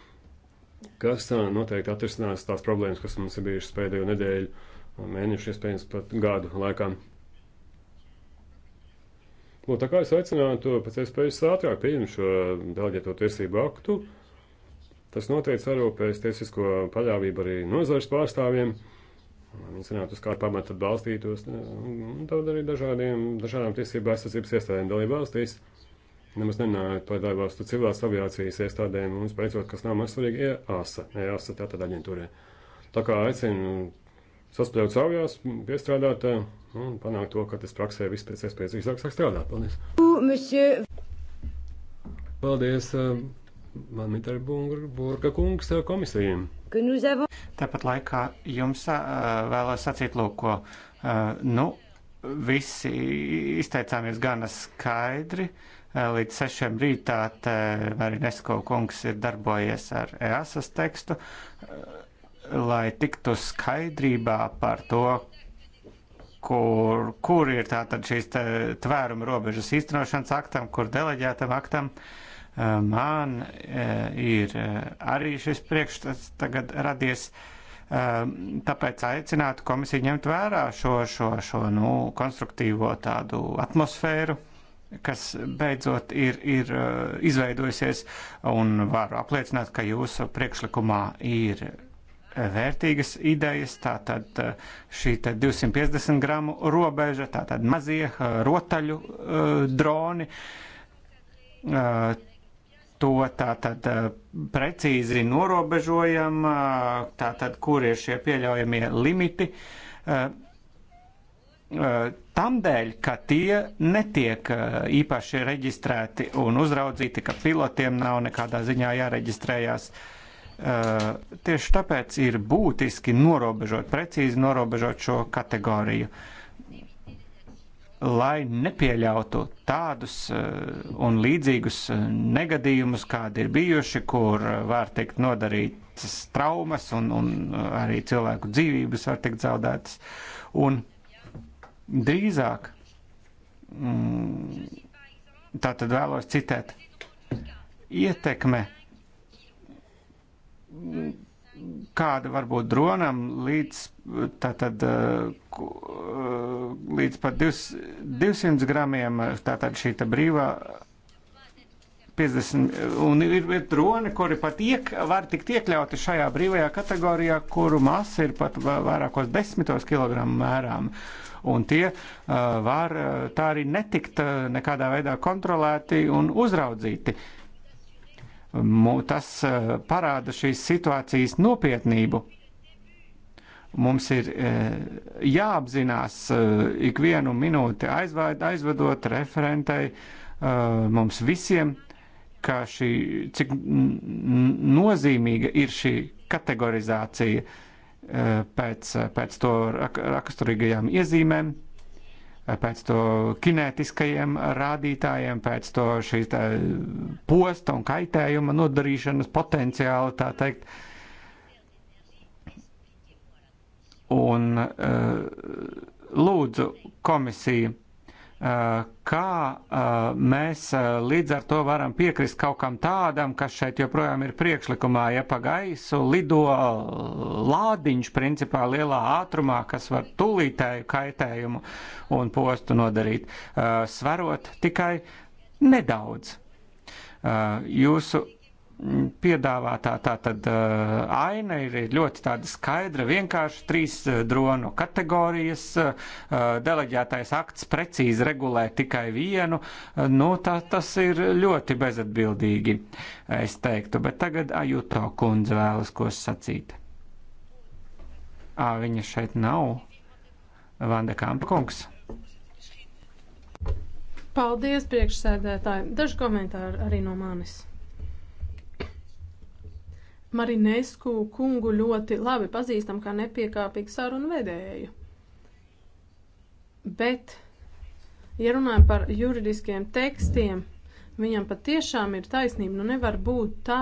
kas noteikti atrisinās tās problēmas, kas mums ir bijušas pēdējo nedēļu, mēnešu, iespējams, pat gadu laikā. Lūk, tā kā es aicinātu pēc iespējas ātrāk pieņemt šo deleģēto tiesību aktu, tas noteikti sarūpēs tiesisko paļāvību arī nozares pārstāvjiem. Viņi zinātu, uz kādu pamatu balstītos, un tad arī dažādiem, dažādām tiesību aizsardzības iestādēm dalību valstīs. Nemaz nerunājot par atbalstu civilās aviācijas iestādēm un, beidzot, kas nav maz svarīgi, EASA, EASA tātad aģentūrē. Tā kā aicinu saspļaut savjās, piestrādāt eh, un panākt to, ka tas praksē viss pēc iespējas īsāk sāk strādāt. Paldies! Paldies, eh, man ir Burga kungs eh, komisijiem. Tāpat laikā jums vēlos sacīt lūk, ko, nu, visi izteicāmies gana skaidri. Uh, Eh, līdz sešiem rītā Marinesko kungs ir darbojies ar EASAS tekstu, eh, lai tiktu skaidrībā par to, kur, kur ir tātad šīs tvēruma robežas īstenošanas aktam, kur deleģētam aktam. Eh, man ir arī šis priekšstats tagad radies. Tāpēc aicinātu komisiju ņemt vērā šo, šo, šo nu, konstruktīvo tādu atmosfēru, kas beidzot ir, ir uh, izveidojusies, un varu apliecināt, ka jūsu priekšlikumā ir vērtīgas idejas, tātad uh, šī 250 gramu robeža, tātad mazie uh, rotaļu droni. To tātad precīzi norobežojam, tātad kur ir šie pieļaujamie limiti tam dēļ, ka tie netiek īpaši reģistrēti un uzraudzīti, ka pilotiem nav nekādā ziņā jāreģistrējās. Tieši tāpēc ir būtiski norobežot, precīzi norobežot šo kategoriju, lai nepieļautu tādus un līdzīgus negadījumus, kādi ir bijuši, kur var tikt nodarītas traumas un, un arī cilvēku dzīvības var tikt zaudētas. Un Drīzāk, mm, tā tad vēlos citēt, ietekme, kāda var būt dronam, līdz, tātad, eh, eh, līdz pat 200 gramiem, tātad šī tā brīvā 50, un ir, ir droni, kuri pat iek, var tikt iekļauti šajā brīvajā kategorijā, kuru masa ir pat vairākos desmitos kilogramu mērām. Uh, un tie eh, var eh, tā arī netikt eh, nekādā veidā kontrolēti un uzraudzīti. Tas parāda šīs situācijas nopietnību. Mums ir jāapzinās ikvienu minūti aizved, aizvedot referentei, mums visiem, ka šī, cik nozīmīga ir šī kategorizācija. Uh, pēc, pēc to raksturīgajām iezīmēm, pēc to kinētiskajiem rādītājiem, pēc to šīs tā, posta un kaitējuma nodarīšanas potenciāli, tā teikt. Un eh, lūdzu komisiju Eh, kā eh, mēs eh, līdz ar to varam piekrist kaut kam tādam, kas šeit joprojām ir priekšlikumā, ja pa gaisu lido lādiņš principā lielā ātrumā, kas var tūlītēju kaitējumu un postu nodarīt, svarot tikai nedaudz. Jūsu piedāvātā tā tad uh, eh, aina ir ļoti tāda skaidra, vienkārši trīs uh, dronu kategorijas, uh, deleģētais akts precīzi regulē tikai vienu, uh, nu tā tas ir ļoti bezatbildīgi, es teiktu, bet tagad Ajuto kundze vēlas ko sacīt. Ā, viņa šeit nav. Vanda Kampakungs. Paldies, priekšsēdētāji. Daži komentāri arī no manis. Marinesku kungu ļoti labi pazīstam kā nepiekāpīgu sarunu vedēju. Bet, ja runājam par juridiskiem tekstiem, viņam patiešām ir taisnība. Nu nevar būt tā,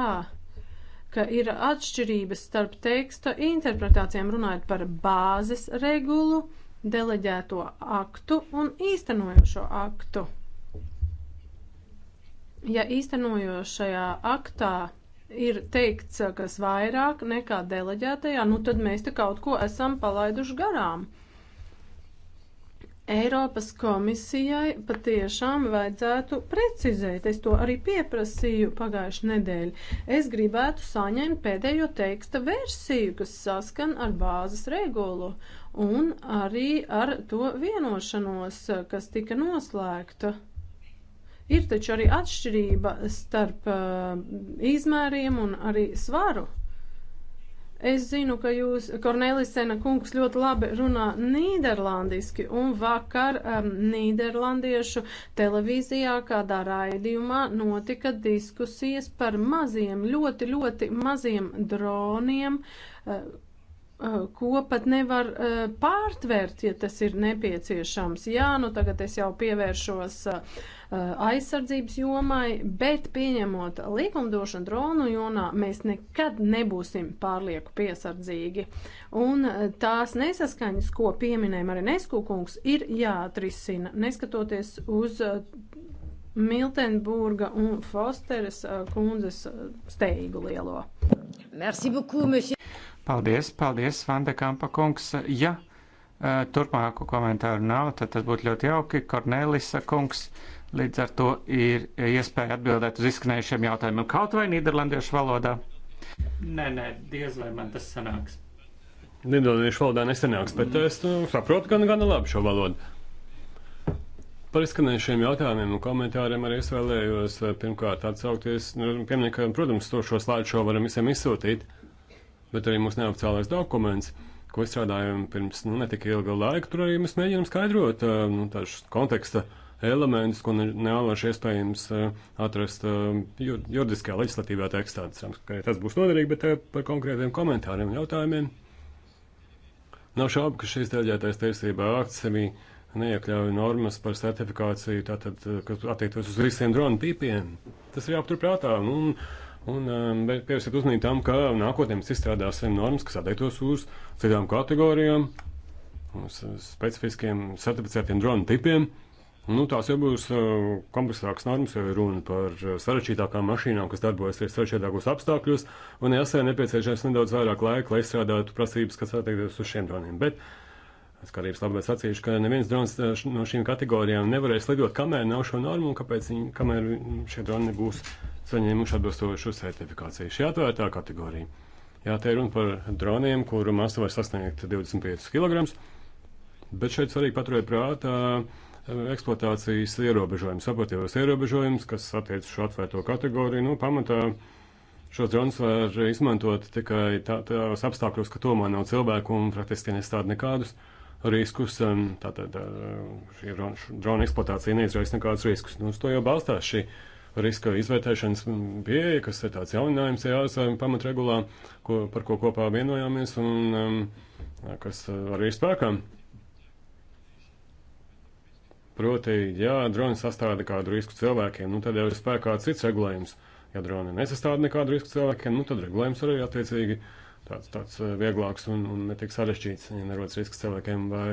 ka ir atšķirības starp teksta interpretācijām runājot par bāzes regulu, deleģēto aktu un īstenojošo aktu. Ja īstenojošajā aktā ir teikts, kas vairāk nekā deleģētajā, nu tad mēs te kaut ko esam palaiduši garām. Eiropas komisijai patiešām vajadzētu precizēt. Es to arī pieprasīju pagājušajā nedēļā. Es gribētu saņemt pēdējo teksta versiju, kas saskan ar bāzes regulu un arī ar to vienošanos, kas tika noslēgta. Ir taču arī atšķirība starp uh, izmēriem un arī svaru. Es zinu, ka jūs, Kornelisena kungs, ļoti labi runā nīderlandiski, un vakar um, nīderlandiešu televīzijā kādā raidījumā notika diskusijas par maziem, ļoti, ļoti maziem droniem, uh, Eh, ko pat nevar eh, pārtvērt, ja tas ir nepieciešams. Jā, nu tagad es jau pievēršos eh, aizsardzības jomai, bet pieņemot likumdošanu dronu jomā, mēs nekad nebūsim pārlieku piesardzīgi. Un tās nesaskaņas, ko pieminēja arī Neskūkungs, ir jāatrisina, neskatoties uz Miltenburga un Fosteres kundzes steigu lielo. Merci beaucoup, monsieur. Paldies, paldies, Vanda Kampa kungs. Ja eh, turpmāku komentāru nav, tad tas būtu ļoti jauki. Kornelisa kungs līdz ar to ir iespēja atbildēt uz izskanējušiem jautājumiem kaut vai nīderlandiešu valodā. Nē, nē, diez vai man tas sanāks. Nīderlandiešu valodā nesanāks, bet es nu, saprotu gan, gan labi šo valodu. Par izskanējušiem jautājumiem un komentāriem arī es vēlējos eh, pirmkārt atsaukties. Nu, Piemēram, protams, to šo slāņu varam visiem izsūtīt. Uh, bet arī mūsu neoficiālais dokuments, ko izstrādājam pirms nu, netika ilga laika. Tur arī mēs mēģinām skaidrot nu, tādus konteksta elementus, ko neālaši iespējams atrast juridiskajā leģislatīvā tekstā. Cerams, ka tas būs noderīgi, bet par konkrētiem komentāriem un jautājumiem. Nav šaubu, ka šīs dēļētais tiesība akts arī neiekļauj normas par certifikāciju, tātad, kas attiektos uz visiem dronu tipiem. Tas ir jāaptur prātā. Nu, un, nu, Un um, pievērsiet uzmanību tam, ka nākotnē mēs izstrādāsim normas, kas attiektos uz citām kategorijām, uz specifiskiem certificētiem dronu tipiem. Nu, tās jau būs uh, kompleksākas normas, jo ir runa par uh, sarežģītākām mašīnām, kas darbojas sarežģītākos apstākļos, un jāsaka, nepieciešams nedaudz vairāk laika, lai izstrādātu prasības, kas attiektos uz šiem droniem. Bet skatības labāk sacījuši, ka neviens drons uh, no šīm kategorijām nevarēs lidot, kamēr nav šo normu un kāpēc viņi, kamēr šie droni nebūs saņēmuši atbilstošu certifikāciju. Šī atvērtā kategorija. Jā, te ir runa par droniem, kuru masa var sasniegt 25 kg, bet šeit svarīgi paturēt prātā e, eksploatācijas ierobežojumus, saprotīvos ierobežojumus, kas attiec uz šo atvērto kategoriju. Nu, pamatā šos dronus var izmantot tikai tā, tādos apstākļos, ka tomēr nav cilvēku un praktiski nestāda nekādus riskus. Tātad e, šī drona eksploatācija neizraisa nekādus riskus. Nu, uz to jau balstās šī riska izvērtēšanas pieeja, kas ir tāds jauninājums EASA pamatregulā, ko, par ko kopā vienojāmies un um, kas uh, arī ir spēkā. Proti, ja droni sastāda kādu risku cilvēkiem, nu tad jau ir spēkā cits regulējums. Ja droni nesastāda nekādu risku cilvēkiem, nu tad regulējums arī attiecīgi tāds, tāds uh, vieglāks un, un netik sarežģīts, ja nerodas risks cilvēkiem vai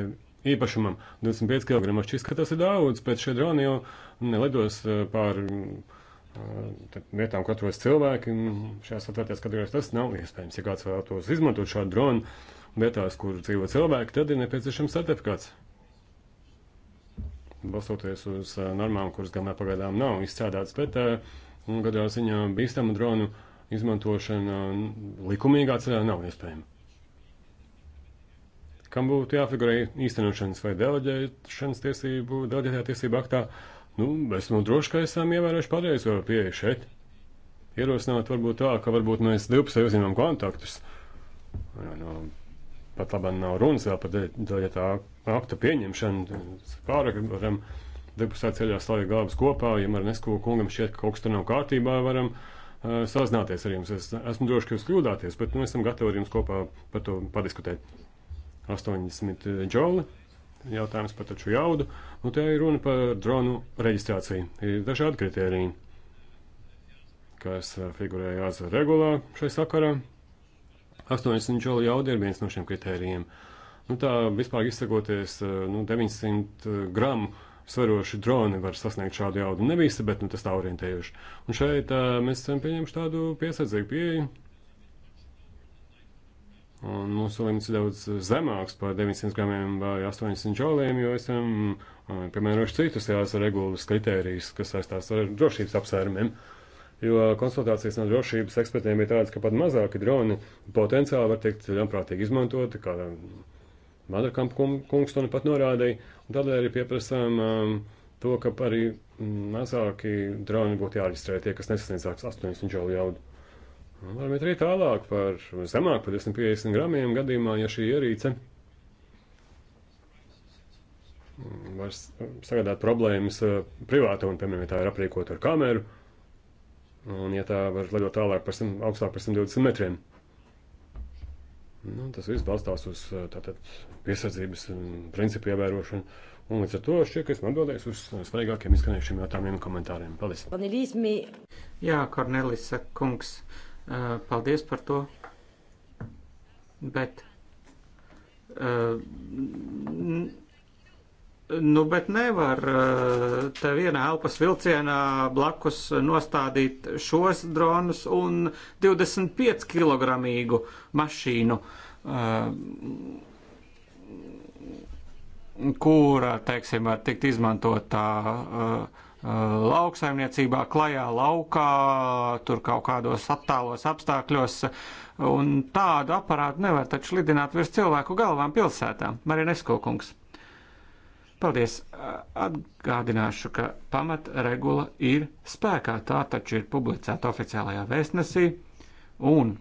īpašumam. 25 kg izskatās daudz, bet šeit runa jau nelidos e, pār e, vietām, kur atrodas cilvēki. Šajās atvērtās kategorijās tas nav iespējams. Ja kāds vēlētos izmantot šādu dronu vietās, kur dzīvo cilvēki, tad ir nepieciešams certifikāts. Balstoties uz e, normām, kuras gan pagaidām nav izstrādātas, bet gadā ziņā bīstamu dronu izmantošana likumīgā ceļā nav iespējama kam būtu jāfigurē īstenošanas vai deleģēšanas tiesību, deleģētajā tiesību aktā. Nu, esmu droši, ka esam ievērojuši pareizo pieeju šeit. Ierosināt varbūt tā, ka varbūt mēs divpusēji uzņemam kontaktus. Ja, no, nu, pat labi nav runas vēl par deleģētā akta pieņemšanu. Pārāk varam divpusē ceļā stāvēt galvas kopā, ja ar Nesko kungam šķiet, ka kaut kas tur nav kārtībā, varam uh, sazināties ar jums. Es esmu droši, ka jūs kļūdāties, bet nu, esam gatavi ar jums kopā par to padiskutēt. 80 eh, džoli. Jautājums par taču jaudu. Nu, te ir runa par dronu reģistrāciju. Ir dažādi kriteriji, kas eh, figurēja ASV regulā šai sakarā. 80 džoli jauda ir viens no šiem kritērijiem. Nu, tā vispār izsakoties, eh, nu, 900 gramu svaroši droni var sasniegt šādu jaudu. Ne visi, bet nu, tas tā orientējuši. Un šeit tā, mēs esam pieņemši tādu piesardzīgu pieeju. Un mūsu limits ir daudz zemāks par 900 gramiem vai 800 džoliem, jo esam um, piemērojuši citus jās regulas kritērijus, kas saistās ar drošības apsvērumiem. Jo konsultācijas no drošības ekspertiem bija tādas, ka pat mazāki droni potenciāli var tikt ļaunprātīgi izmantoti, kā Madarkampa kungs to nu pat norādīja. Tādēļ arī pieprasām um, to, ka arī mm, mazāki droni būtu jāreģistrē tie, kas nesasniedzāks 800 džolu jaudu. Un nu, varam iet arī tālāk par zemāk par 250 gramiem gadījumā, ja šī ierīce var sagādāt problēmas eh, privātu un, piemēram, ja tā ir aprīkota ar kameru, un ja tā var lidot tālāk par 100, augstāk par 120 metriem. Nu, tas viss balstās uz eh, tātad piesardzības eh, principu ievērošanu. Un līdz ar to šķiet, ka esmu atbildējis uz svarīgākiem izskanējušiem jautājumiem un komentāriem. Paldies! Jā, Kornelis kungs. Uh, Eh, paldies par to. Bet. Eh, nu, bet nevar eh, te vienā elpas vilcienā blakus nostādīt šos dronus un 25 kg mašīnu. Uh, kura, teiksim, var tikt izmantotā uh, lauksaimniecībā, klajā laukā, tur kaut kādos attālos apstākļos, un tādu aparātu nevar taču lidināt virs cilvēku galvām pilsētām. Marinesko kungs. Paldies! Atgādināšu, ka pamatregula ir spēkā. Tā taču ir publicēta oficiālajā vēstnesī un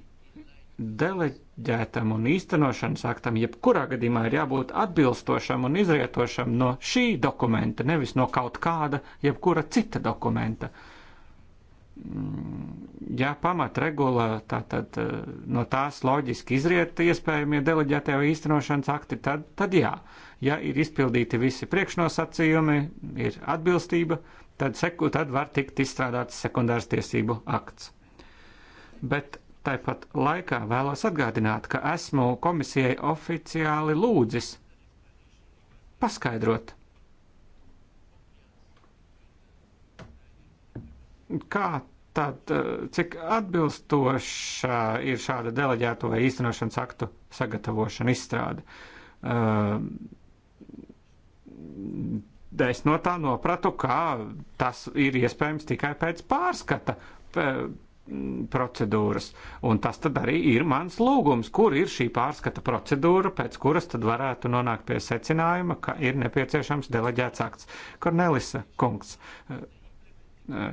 deleģēta dētam un īstenošanas aktam jebkurā gadījumā ir jābūt atbilstošam un izrietošam no šī dokumenta, nevis no kaut kāda jebkura cita dokumenta. Mm, ja pamatregula tātad eh, no tās loģiski izriet iespējamie deleģētie vai īstenošanas akti, tad, tad jā. Ja ir izpildīti visi priekšnosacījumi, ir atbilstība, tad, seku, tad var tikt izstrādāts sekundārs tiesību akts. Bet Tāpat laikā vēlos atgādināt, ka esmu komisijai oficiāli lūdzis paskaidrot, kā tad, eh, cik atbilstoša ir šāda deleģēto vai īstenošanas aktu sagatavošana izstrāde. Eh, es no tā nopratu, ka tas ir iespējams tikai pēc pārskata Mm, procedūras. Un tas tad arī ir mans lūgums, kur ir šī pārskata procedūra, pēc kuras tad varētu nonākt pie secinājuma, ka ir nepieciešams deleģēts akts. Kornelisa kungs, eh, eh, eh,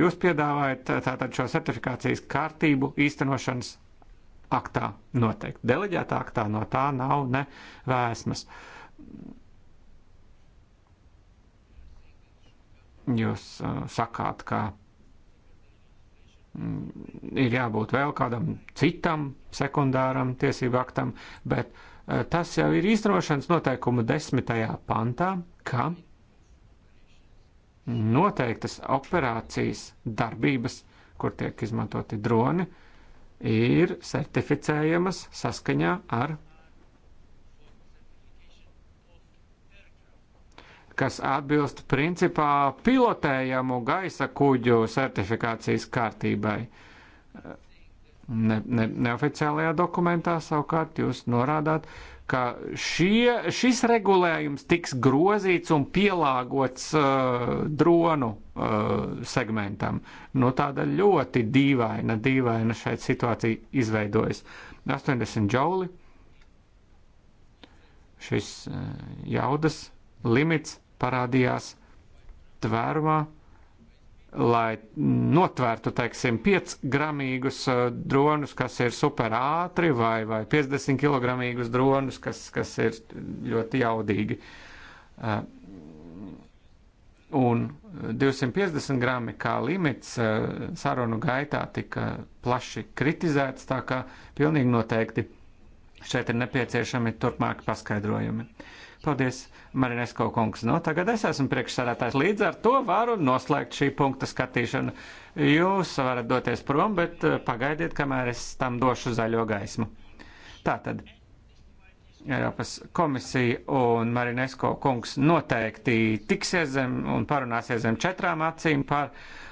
jūs piedāvājat tātad šo certifikācijas kārtību īstenošanas aktā noteikti. Deleģētā aktā no tā nav ne vēsmas. Jūs uh, sakāt, ka Mm, ir jābūt vēl kādam citam sekundāram tiesību aktam, bet eh, tas jau ir īstenošanas noteikuma desmitajā pantā, ka noteiktas operācijas darbības, kur tiek izmantoti droni, ir certificējamas saskaņā ar kas atbilst principā pilotējamu gaisa kuģu certifikācijas kārtībai. Ne, ne, neoficiālajā dokumentā savukārt jūs norādāt, ka šie, šis regulējums tiks grozīts un pielāgots uh, dronu uh, segmentam. Nu, tāda ļoti dīvaina, dīvaina šeit situācija izveidojas. 80 džauli šis uh, jaudas limits parādījās tvērumā, lai notvērtu, teiksim, 5 gramīgus uh, dronus, kas ir super ātri, vai, vai 50 kilogramīgus dronus, kas, kas ir ļoti jaudīgi. Uh, un 250 grami kā limits uh, sarunu gaitā tika plaši kritizēts, tā kā pilnīgi noteikti šeit ir nepieciešami turpmāki paskaidrojumi. Uh, Paldies, Marinesko kungs. Nu, no, tagad es esmu priekšsādātājs. Līdz ar to varu noslēgt šī punkta skatīšanu. Jūs varat doties prom, bet eh, pagaidiet, kamēr es tam došu zaļo gaismu. Tātad. Eiropas komisija un Marinesko kungs noteikti tiksies zem un parunāsies zem četrām acīm par uh,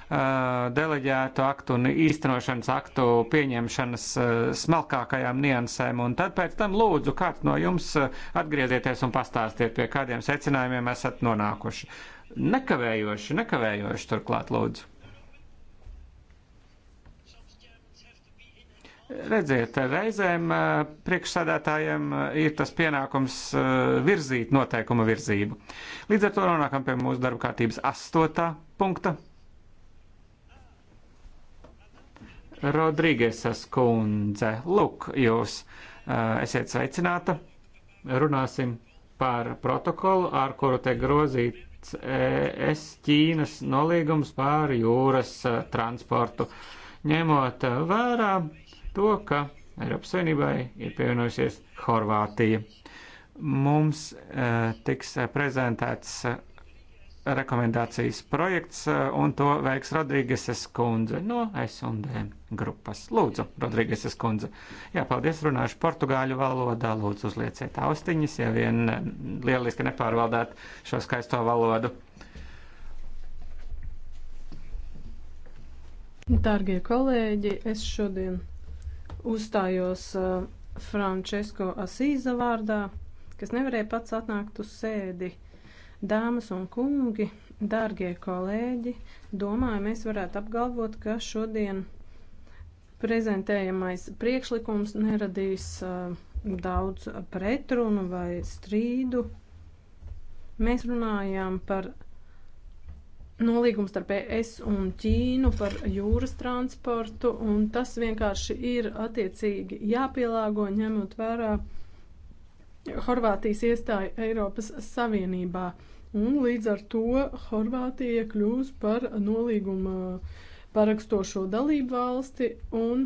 deleģētu aktu un īstenošanas aktu pieņemšanas smalkākajām niansēm. Un tad pēc tam lūdzu, kāds no jums atgriezieties un pastāstiet, pie kādiem secinājumiem esat nonākuši. Nekavējoši, nekavējoši turklāt lūdzu. Redziet, reizēm priekšsādātājiem ir tas pienākums virzīt noteikumu virzību. Līdz ar to nonākam pie mūsu darba kārtības astotā punkta. Rodrīgesas kundze, lūk, jūs esiet sveicināta. Runāsim par protokolu, ar kuru te grozīts es Ķīnas nolīgums pār jūras transportu, ņemot vērā to, ka Eiropas Savienībai ir pievienojusies Horvātija. Mums tiks prezentēts rekomendācijas projekts, eh, un to veiks Rodrīgeses kundze no S&D grupas. Lūdzu, Rodrīgeses kundze. Jā, paldies, runāšu portugāļu valodā. Lūdzu, uzlieciet austiņas, ja vien eh, lieliski nepārvaldāt šo skaisto valodu. Dārgie kolēģi, es šodien uzstājos eh, Francesko Asīza vārdā, kas nevarēja pats atnākt uz sēdi. Uh, Dāmas un kungi, dārgie kolēģi, domāju, mēs varētu apgalvot, ka šodien prezentējamais priekšlikums neradīs uh, daudz pretrunu vai strīdu. Mēs runājām par nolīgumu starp ES un Ķīnu par jūras transportu, un tas vienkārši ir attiecīgi jāpielāgo ņemot vērā Horvātijas iestāju Eiropas Savienībā. Uh, un līdz ar to Horvātija kļūs par nolīguma parakstošo dalību valsti un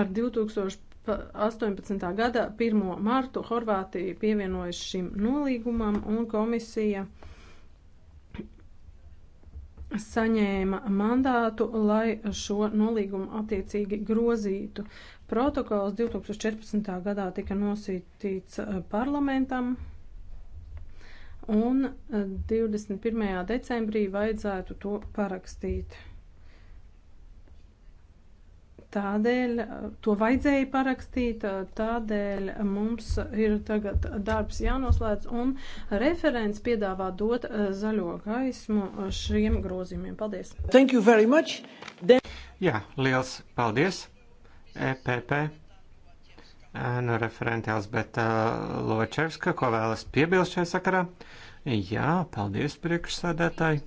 ar 2018. gada 1. martu Horvātija pievienojas šim nolīgumam un komisija saņēma mandātu, lai šo nolīgumu attiecīgi grozītu. Protokols 2014. gadā tika nosītīts eh, parlamentam, un 21. Eh, decembrī vajadzētu to parakstīt. Tādēļ eh, to vajadzēja parakstīt, tādēļ mums ir tagad darbs jānoslēdz, un referents piedāvā dot zaļo gaismu šiem grozījumiem. Paldies! Thank you very much! Then... Jā, liels paldies! EPP no referente Elzbeta Lovačevska, ko vēlas piebilst šajā sakarā. Jā, paldies priekšsādātāji.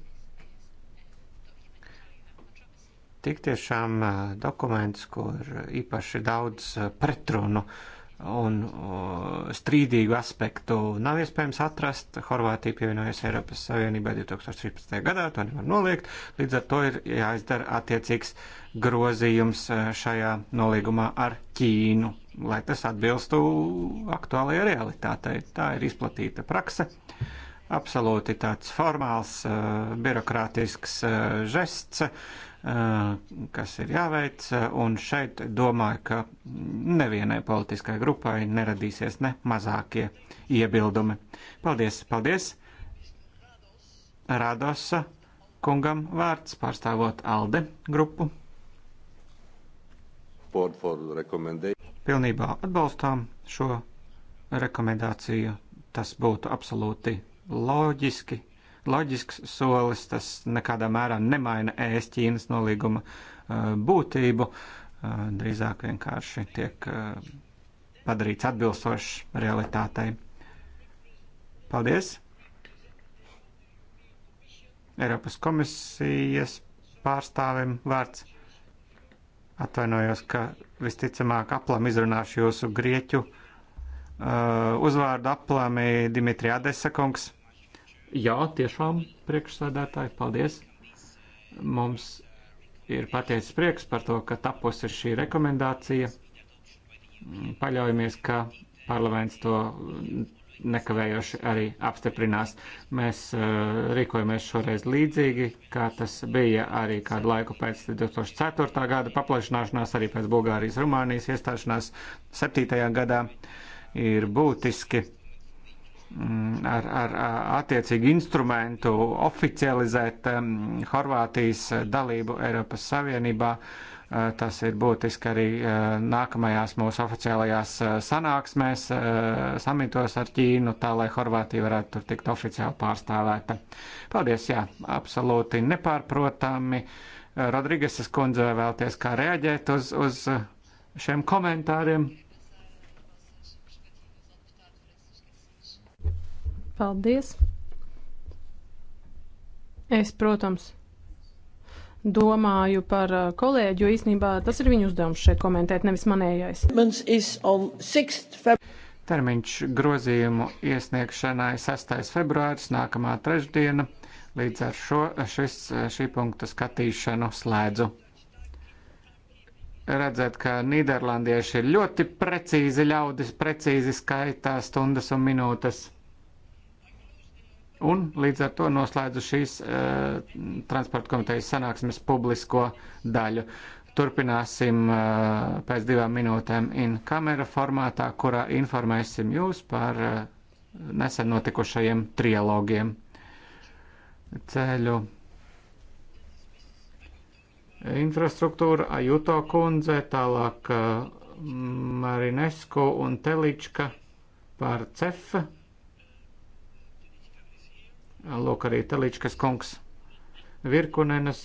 Tik tiešām dokuments, kur īpaši daudz pretrunu un strīdīgu aspektu nav iespējams atrast. Horvātija pievienojas Eiropas Savienībai 2013. gadā, to nevar noliegt, līdz ar to ir jāizdara attiecīgs uh, grozījums eh, šajā nolīgumā ar Ķīnu, lai tas atbilstu aktuālajai realitātei. Tā ir izplatīta prakse, absolūti tāds formāls, eh, birokrātisks eh, žests, kas ir jāveic, un šeit domāju, ka nevienai politiskai grupai neradīsies ne mazākie iebildumi. Paldies, paldies! Radosa kungam vārds pārstāvot ALDE grupu. Pilnībā atbalstām šo rekomendāciju. Tas būtu absolūti loģiski. Loģisks solis tas nekādā mērā nemaina ēst Ķīnas nolīguma uh, būtību. Uh, drīzāk vienkārši tiek uh, padarīts atbilstošs realitātei. Paldies! Eiropas komisijas pārstāvim vārds. Atvainojos, ka visticamāk aplam izrunāšu jūsu grieķu uh, uzvārdu aplami Dimitrijā Desakungs. Jā, tiešām priekšsēdētāji, paldies. Mums ir patiesis prieks par to, ka tapusi šī rekomendācija. Paļaujamies, ka parlaments to nekavējoši arī apstiprinās. Mēs eh, rīkojamies šoreiz līdzīgi, kā tas bija arī kādu laiku pēc 2004. gada paplašināšanās, arī pēc Bulgārijas, Rumānijas iestāšanās 7. gadā. Ir būtiski mm, ar, ar attiecīgu instrumentu oficializēt um, Horvātijas dalību Eiropas Savienībā. Uh, Eh, tas ir būtiski arī eh, nākamajās mūsu oficiālajās eh, sanāksmēs, samitos ar Ķīnu, tā lai Horvātija varētu tur tikt oficiāli pārstāvēta. Paldies, jā, absolūti nepārprotami. Rodrigesas kundze vēlties kā reaģēt uz, uz šiem komentāriem. Paldies! Es, protams, domāju par uh, kolēģi, jo īsnībā tas ir viņu uzdevums šeit komentēt, nevis manējais. Termiņš grozījumu iesniegšanai 6. februāris, nākamā trešdiena. Līdz ar šo šis, šī punkta skatīšanu slēdzu. Redzēt, ka Nīderlandieši ir ļoti precīzi ļaudis, precīzi skaitā stundas un minūtes. Un līdz ar to noslēdzu šīs uh, transporta komitejas sanāksmes publisko daļu. Turpināsim uh, pēc divām minūtēm in kamera formātā, kurā informēsim jūs par uh, nesen notikušajiem trialogiem ceļu infrastruktūra, Ajuto kundze, tālāk Marinesku un Telička par cefu. Lūk, arī Teličkas kungs, Virkunenes